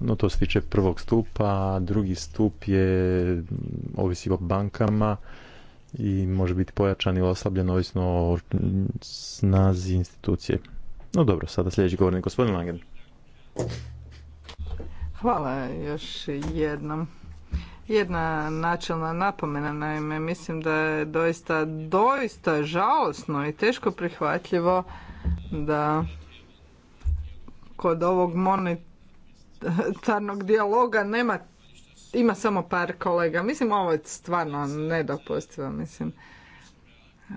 no to se tiče prvog stupa, drugi stup je mm, ovisi o bankama i može biti pojačan ili oslabljen ovisno o snazi institucije. No dobro, sada sljedeći govornik, gospodin Langen Hvala još jednom. Jedna načelna napomena, naime, mislim da je doista, doista žalosno i teško prihvatljivo da kod ovog monit parlamentarnog dijaloga nema, ima samo par kolega. Mislim, ovo je stvarno nedopustivo, mislim.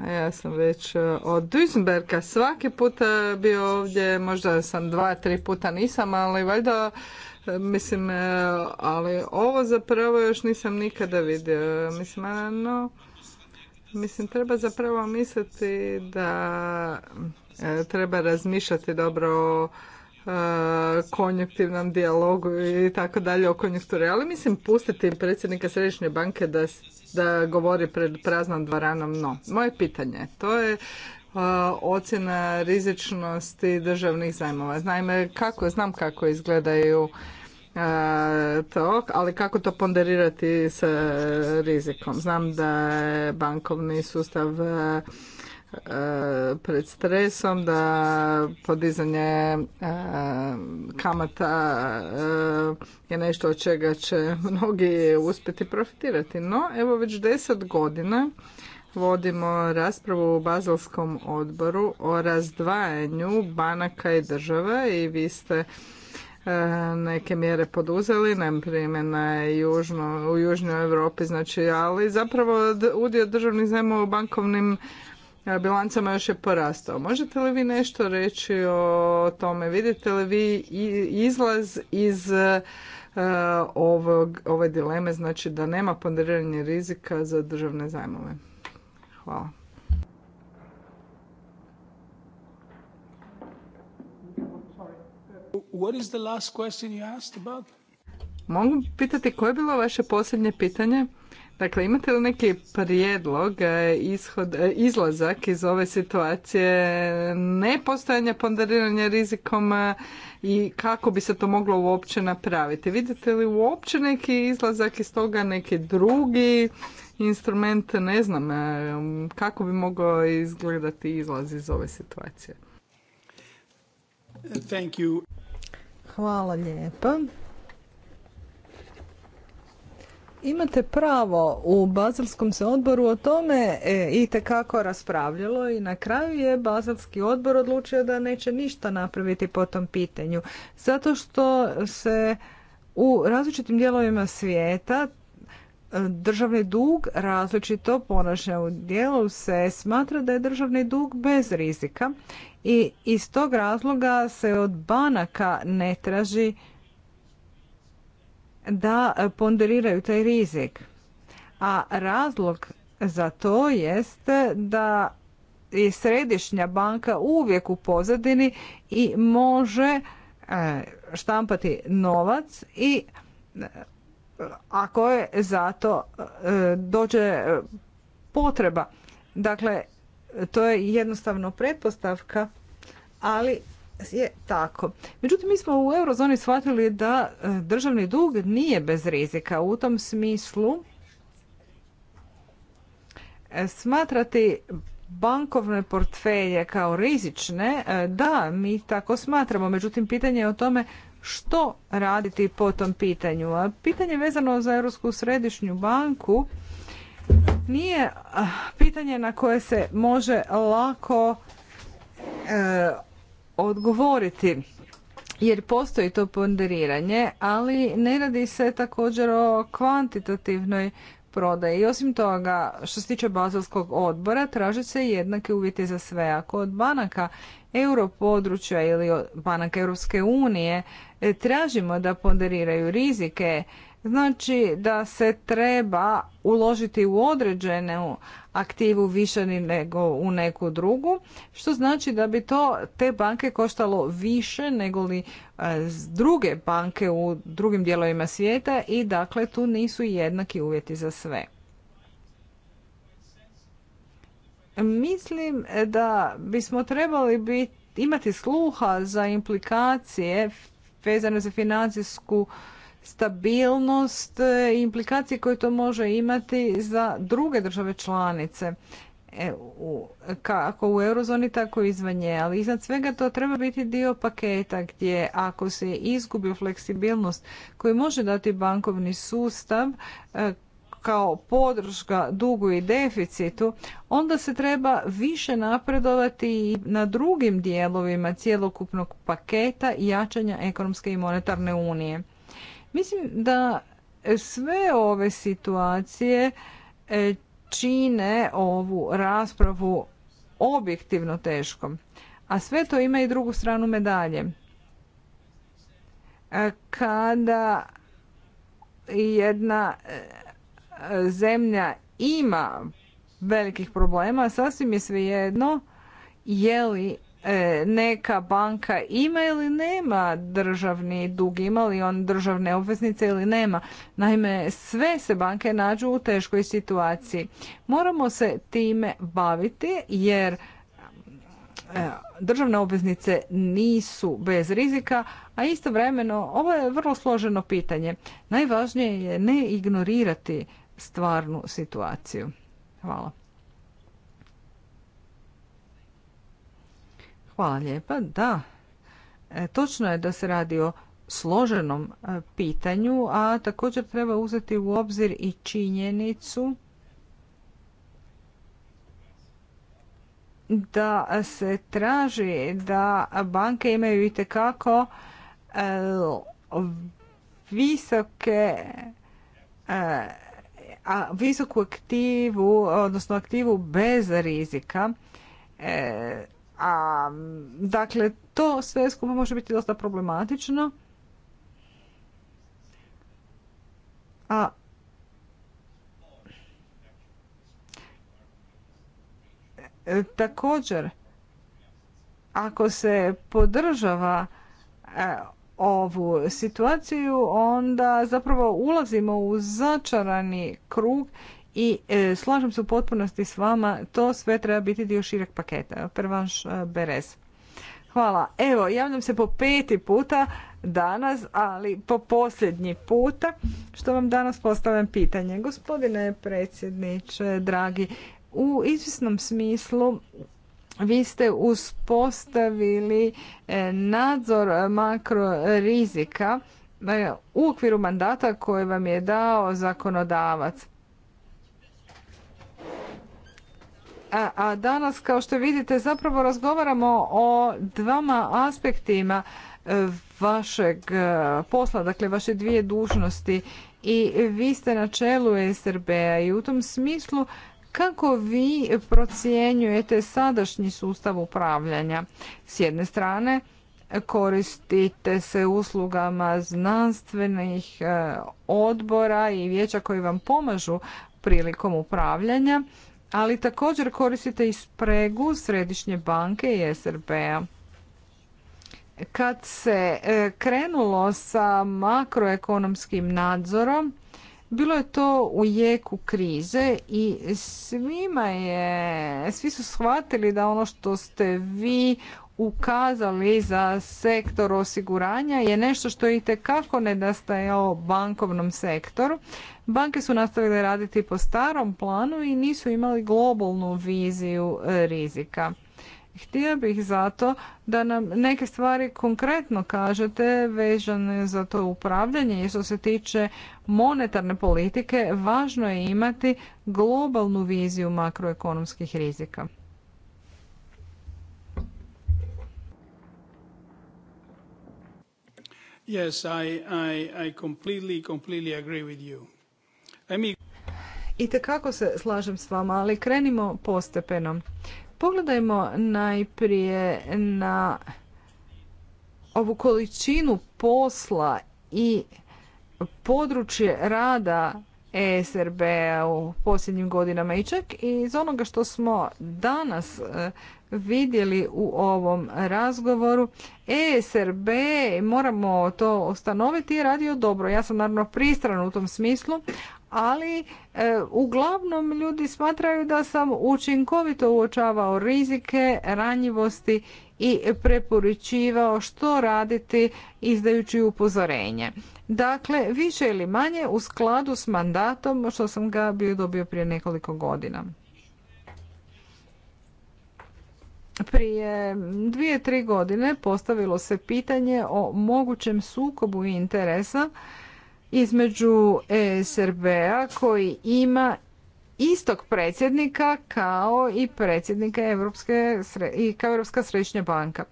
Ja sam već e, od Duisenberga svaki puta e, bio ovdje, možda sam dva, tri puta nisam, ali valjda e, mislim, ali ovo zapravo još nisam nikada vidio. Mislim, no, mislim, treba zapravo misliti da treba razmišljati dobro o E, konjektivnom dijalogu i tako dalje o konjunkturi. Ali mislim pustiti predsjednika Središnje banke da, da govori pred praznom dvaranom. No, moje pitanje, to je e, ocjena rizičnosti državnih zajmova. Znajme, kako, znam kako izgledaju e, to, ali kako to ponderirati sa rizikom? Znam da je bankovni sustav pred stresom, da podizanje e, kamata e, je nešto od čega će mnogi uspjeti profitirati. No, evo već deset godina vodimo raspravu u Bazelskom odboru o razdvajanju banaka i države i vi ste e, neke mjere poduzeli, na primjer na u Južnoj Europi, znači, ali zapravo udio državnih zajmova u bankovnim E, bilancama još je porastao. Možete li vi nešto reći o tome? Vidite li vi izlaz iz e, ovog, ove dileme, znači da nema ponderiranje rizika za državne zajmove? Hvala. What is the last question you asked about? Mogu pitati koje je bilo vaše posljednje pitanje? Dakle, imate li neki prijedlog, e, ishod, e, izlazak iz ove situacije nepostojanja ponderiranja rizikom e, i kako bi se to moglo uopće napraviti? Vidite li uopće neki izlazak iz toga, neki drugi instrument, ne znam, kako bi mogao izgledati izlaz iz ove situacije? Thank you. Hvala lijepa. Imate pravo, u Bazelskom se odboru o tome e, i tekako raspravljalo i na kraju je Bazelski odbor odlučio da neće ništa napraviti po tom pitanju. Zato što se u različitim dijelovima svijeta e, državni dug različito ponaša u dijelu se smatra da je državni dug bez rizika i iz tog razloga se od banaka ne traži da ponderiraju taj rizik. A razlog za to jest da i središnja banka uvijek u pozadini i može e, štampati novac i e, ako je zato e, dođe potreba. Dakle, to je jednostavno pretpostavka, ali je tako. Međutim, mi smo u eurozoni shvatili da e, državni dug nije bez rizika. U tom smislu e, smatrati bankovne portfelje kao rizične, e, da, mi tako smatramo. Međutim, pitanje je o tome što raditi po tom pitanju. A pitanje vezano za Europsku središnju banku nije pitanje na koje se može lako odgovoriti jer postoji to ponderiranje, ali ne radi se također o kvantitativnoj prodaji. I osim toga, što se tiče bazalskog odbora, traže se jednake uvjete za sve. Ako od banaka europodručja ili od banaka Europske unije e, tražimo da ponderiraju rizike, Znači da se treba uložiti u određenu aktivu više nego u neku drugu, što znači da bi to te banke koštalo više nego li e, druge banke u drugim dijelovima svijeta i dakle tu nisu jednaki uvjeti za sve. Mislim da bismo trebali biti imati sluha za implikacije vezane za financijsku stabilnost e, i implikacije koje to može imati za druge države članice e, kako u eurozoni, tako i izvan nje. Ali iznad svega to treba biti dio paketa gdje ako se izgubi fleksibilnost koju može dati bankovni sustav e, kao podrška dugu i deficitu, onda se treba više napredovati i na drugim dijelovima cjelokupnog paketa jačanja ekonomske i monetarne unije. Mislim da sve ove situacije e, čine ovu raspravu objektivno teškom. A sve to ima i drugu stranu medalje. E, kada jedna e, zemlja ima velikih problema, sasvim je svejedno je li E, neka banka ima ili nema državni dug, ima li on državne obveznice ili nema. Naime, sve se banke nađu u teškoj situaciji. Moramo se time baviti jer e, državne obveznice nisu bez rizika, a istovremeno ovo je vrlo složeno pitanje. Najvažnije je ne ignorirati stvarnu situaciju. Hvala. Hvala lijepa. Da, e, točno je da se radi o složenom e, pitanju, a također treba uzeti u obzir i činjenicu da se traži da banke imaju i tekako e, visoke a visoku aktivu, odnosno aktivu bez rizika a, dakle, to sve skupa može biti dosta problematično. A, e, također, ako se podržava e, ovu situaciju, onda zapravo ulazimo u začarani krug i e, slažem se u potpunosti s vama, to sve treba biti dio šireg paketa. Prvanš e, Berez. Hvala. Evo, javljam se po peti puta danas, ali po posljednji puta, što vam danas postavljam pitanje. Gospodine predsjedniče, dragi, u izvisnom smislu vi ste uspostavili e, nadzor makro rizika e, u okviru mandata koje vam je dao zakonodavac. E, a danas kao što vidite zapravo razgovaramo o dvama aspektima e, vašeg e, posla, dakle vaše dvije dužnosti i vi ste na čelu SRB-a i u tom smislu kako vi procjenjujete sadašnji sustav upravljanja? S jedne strane koristite se uslugama znanstvenih odbora i vijeća koji vam pomažu prilikom upravljanja, ali također koristite i spregu Središnje banke i SRB-a. P-a. Kad se e, krenulo sa makroekonomskim nadzorom, bilo je to u jeku krize i svima je, svi su shvatili da ono što ste vi ukazali za sektor osiguranja je nešto što je itekako nedostajalo bankovnom sektoru. Banke su nastavile raditi po starom planu i nisu imali globalnu viziju rizika. Htio bih zato da nam neke stvari konkretno kažete vezane za to upravljanje i što se tiče monetarne politike, važno je imati globalnu viziju makroekonomskih rizika. Yes, I, se slažem s vama, ali krenimo postepeno. Pogledajmo najprije na ovu količinu posla i područje rada E SRB u posljednjim godinama i čak iz onoga što smo danas e, vidjeli u ovom razgovoru ESRB moramo to ustanoviti je radio dobro. Ja sam naravno pristrana u tom smislu, ali e, uglavnom ljudi smatraju da sam učinkovito uočavao rizike, ranjivosti i preporučivao što raditi izdajući upozorenje. Dakle, više ili manje u skladu s mandatom što sam ga bio dobio prije nekoliko godina. Prije dvije, tri godine postavilo se pitanje o mogućem sukobu interesa između e, SRB-a koji ima istog predsjednika kao i predsjednika Evropske i kao Europska središnja banka.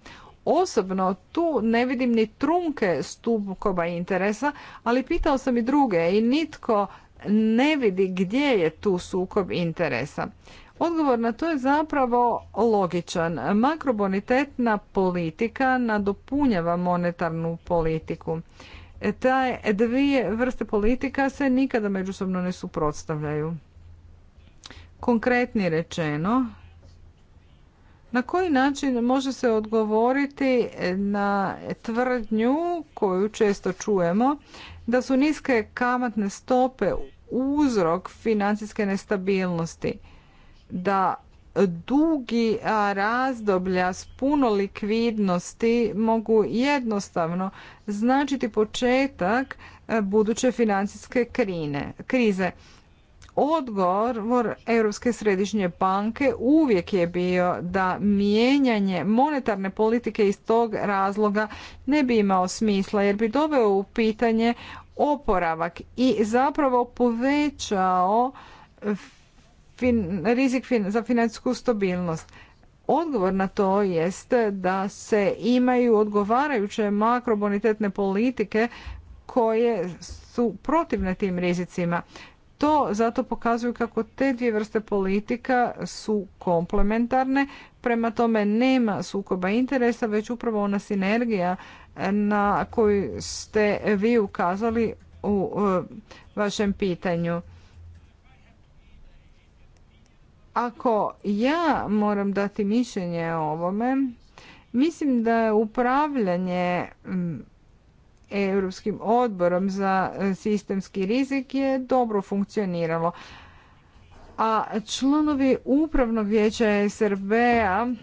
Osobno tu ne vidim ni trunke stukoba interesa, ali pitao sam i druge i nitko ne vidi gdje je tu sukob interesa. Odgovor na to je zapravo logičan. Makrobonitetna politika nadopunjava monetarnu politiku. Te dvije vrste politika se nikada međusobno ne suprotstavljaju. Konkretni rečeno, na koji način može se odgovoriti na tvrdnju koju često čujemo da su niske kamatne stope uzrok financijske nestabilnosti, da dugi razdoblja s puno likvidnosti mogu jednostavno značiti početak buduće financijske krine, krize. Odgovor Europske središnje banke uvijek je bio da mijenjanje monetarne politike iz tog razloga ne bi imao smisla jer bi doveo u pitanje oporavak i zapravo povećao fin, rizik za financijsku stabilnost. Odgovor na to jest da se imaju odgovarajuće makrobonitetne politike koje su protivne tim rizicima. To zato pokazuju kako te dvije vrste politika su komplementarne, prema tome nema sukoba interesa, već upravo ona sinergija e, na koju ste vi ukazali u e, vašem pitanju. Ako ja moram dati mišljenje o ovome, mislim da je upravljanje mm, Europskim odborom za e, sistemski rizik je dobro funkcioniralo. A članovi upravnog vijeća SRB-a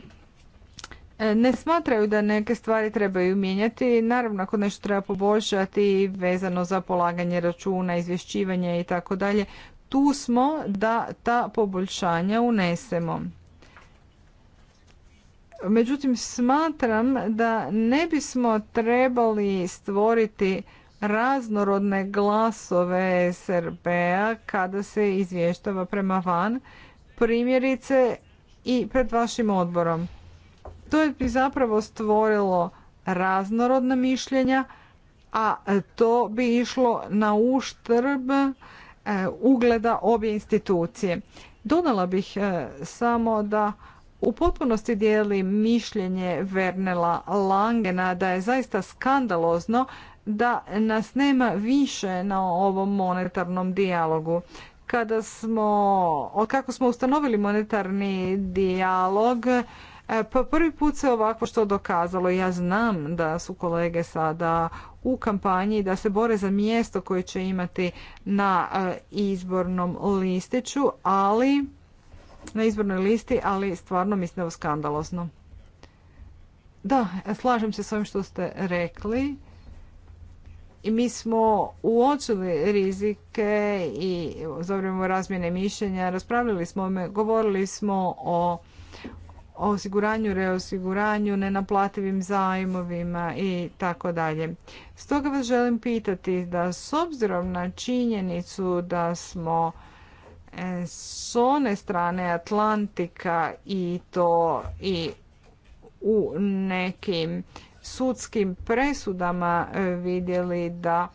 e, ne smatraju da neke stvari trebaju mijenjati. Naravno, ako nešto treba poboljšati vezano za polaganje računa, izvješćivanje i tako dalje, tu smo da ta poboljšanja unesemo. Međutim, smatram da ne bismo trebali stvoriti raznorodne glasove SRB-a p-a kada se izvještava prema van, primjerice i pred vašim odborom. To bi zapravo stvorilo raznorodna mišljenja, a to bi išlo na uštrb E, ugleda obje institucije. Donala bih e, samo da u potpunosti dijeli mišljenje Vernela Langena da je zaista skandalozno da nas nema više na ovom monetarnom dijalogu. Kada smo, kako smo ustanovili monetarni dijalog, e, po prvi put se ovako što dokazalo. Ja znam da su kolege sada u kampanji da se bore za mjesto koje će imati na e, izbornom listiću, ali na izbornoj listi, ali stvarno mislim da skandalozno. Da, slažem se s ovim što ste rekli. I mi smo uočili rizike i zovemo razmjene mišljenja, raspravljali smo, govorili smo o osiguranju, reosiguranju, nenaplativim zajmovima i tako dalje. Stoga vas želim pitati da s obzirom na činjenicu da smo e, s one strane Atlantika i to i u nekim sudskim presudama e, vidjeli da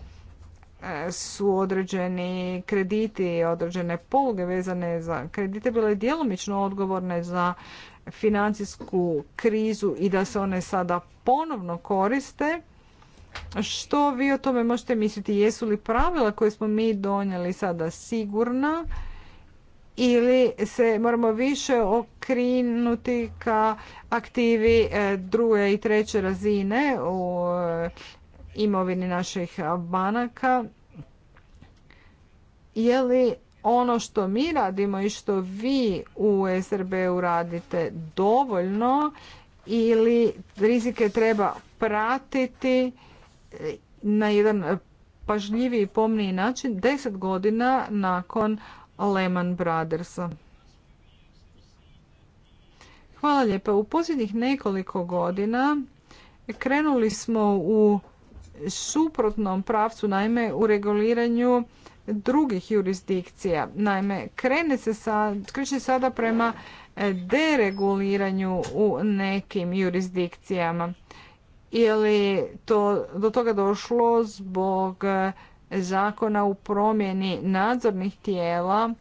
e, su određeni krediti i određene poluge vezane za kredite bile djelomično odgovorne za financijsku krizu i da se one sada ponovno koriste. Što vi o tome možete misliti? Jesu li pravila koje smo mi donijeli sada sigurna ili se moramo više okrinuti ka aktivi e, druge i treće razine u e, imovini naših banaka? Je li ono što mi radimo i što vi u SRB-u radite dovoljno ili rizike treba pratiti e, na jedan pažljiviji i pomniji način deset godina nakon Lehman Brothersa. Hvala lijepa. U posljednjih nekoliko godina krenuli smo u suprotnom pravcu, naime u reguliranju drugih jurisdikcija. Naime, krene se sada prema e, dereguliranju u nekim jurisdikcijama. Ili to do toga došlo zbog e, zakona u promjeni nadzornih tijela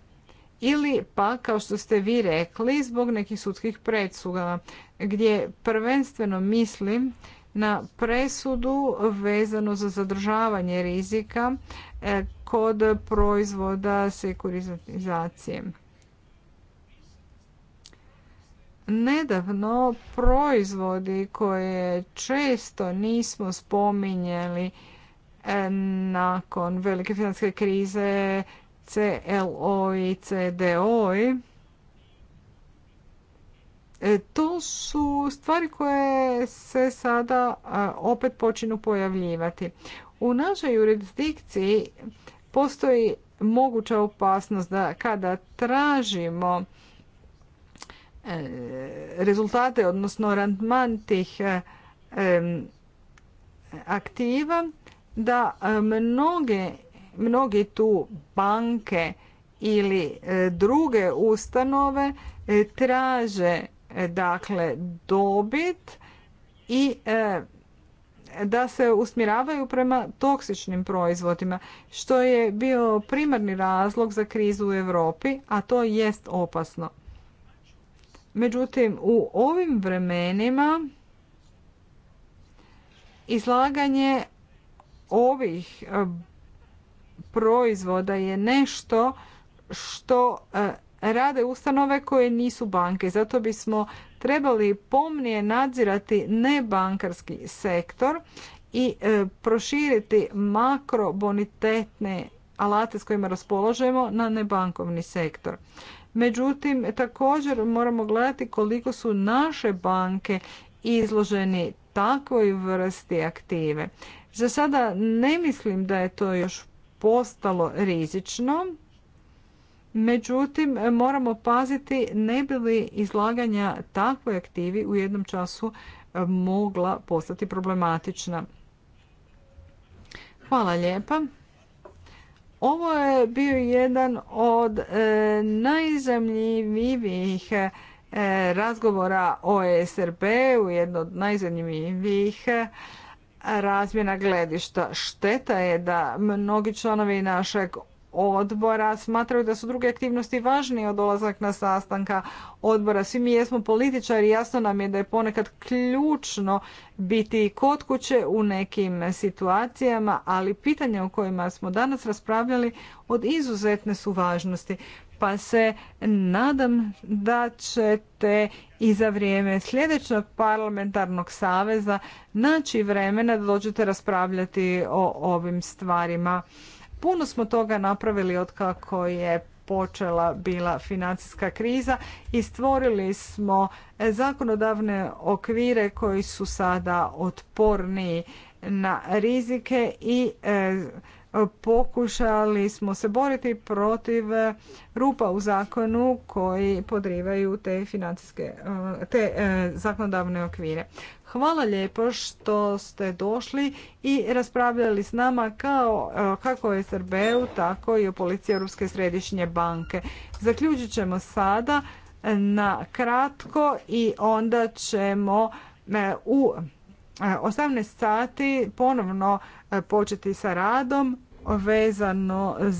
ili pa, kao što ste vi rekli, zbog nekih sudskih predsuga, gdje prvenstveno mislim na presudu vezano za zadržavanje rizika e, kod proizvoda sekurizacije. Nedavno proizvodi koje često nismo spominjali e, nakon velike financijske krize CLO i CDO E, to su stvari koje se sada opet počinu pojavljivati. U našoj jurisdikciji postoji moguća opasnost da kada tražimo e, rezultate, odnosno randman tih e, aktiva, da mnogi tu banke ili druge ustanove traže dakle dobit i e, da se usmjeravaju prema toksičnim proizvodima, što je bio primarni razlog za krizu u Europi, a to jest opasno. Međutim, u ovim vremenima izlaganje ovih e, proizvoda je nešto što e, rade ustanove koje nisu banke. Zato bismo trebali pomnije nadzirati nebankarski sektor i e, proširiti makrobonitetne alate s kojima raspolažemo na nebankovni sektor. Međutim, također moramo gledati koliko su naše banke izloženi takvoj vrsti aktive. Za sada ne mislim da je to još postalo rizično, Međutim, moramo paziti ne bi li izlaganja takvoj aktivi u jednom času e, mogla postati problematična. Hvala lijepa. Ovo je bio jedan od e, najzemljivijih e, razgovora o SRB-u, jedno od najzanimljivijih razmjena gledišta. Šteta je da mnogi članovi našeg odbora smatraju da su druge aktivnosti važnije od dolazak na sastanka odbora. Svi mi jesmo političari, jasno nam je da je ponekad ključno biti kod kuće u nekim situacijama, ali pitanja o kojima smo danas raspravljali od izuzetne su važnosti. Pa se nadam da ćete i za vrijeme sljedećeg parlamentarnog saveza naći vremena da dođete raspravljati o ovim stvarima Puno smo toga napravili od kako je počela bila financijska kriza i stvorili smo e, zakonodavne okvire koji su sada otporniji na rizike i e, pokušali smo se boriti protiv rupa u zakonu koji podrivaju te financijske, eh, te eh, zakonodavne okvire. Hvala lijepo što ste došli i raspravljali s nama kao eh, kako o SRB-u, tako i o Policiji Europske središnje banke. Zaključit ćemo sada na kratko i onda ćemo u 18 sati ponovno početi sa radom vezano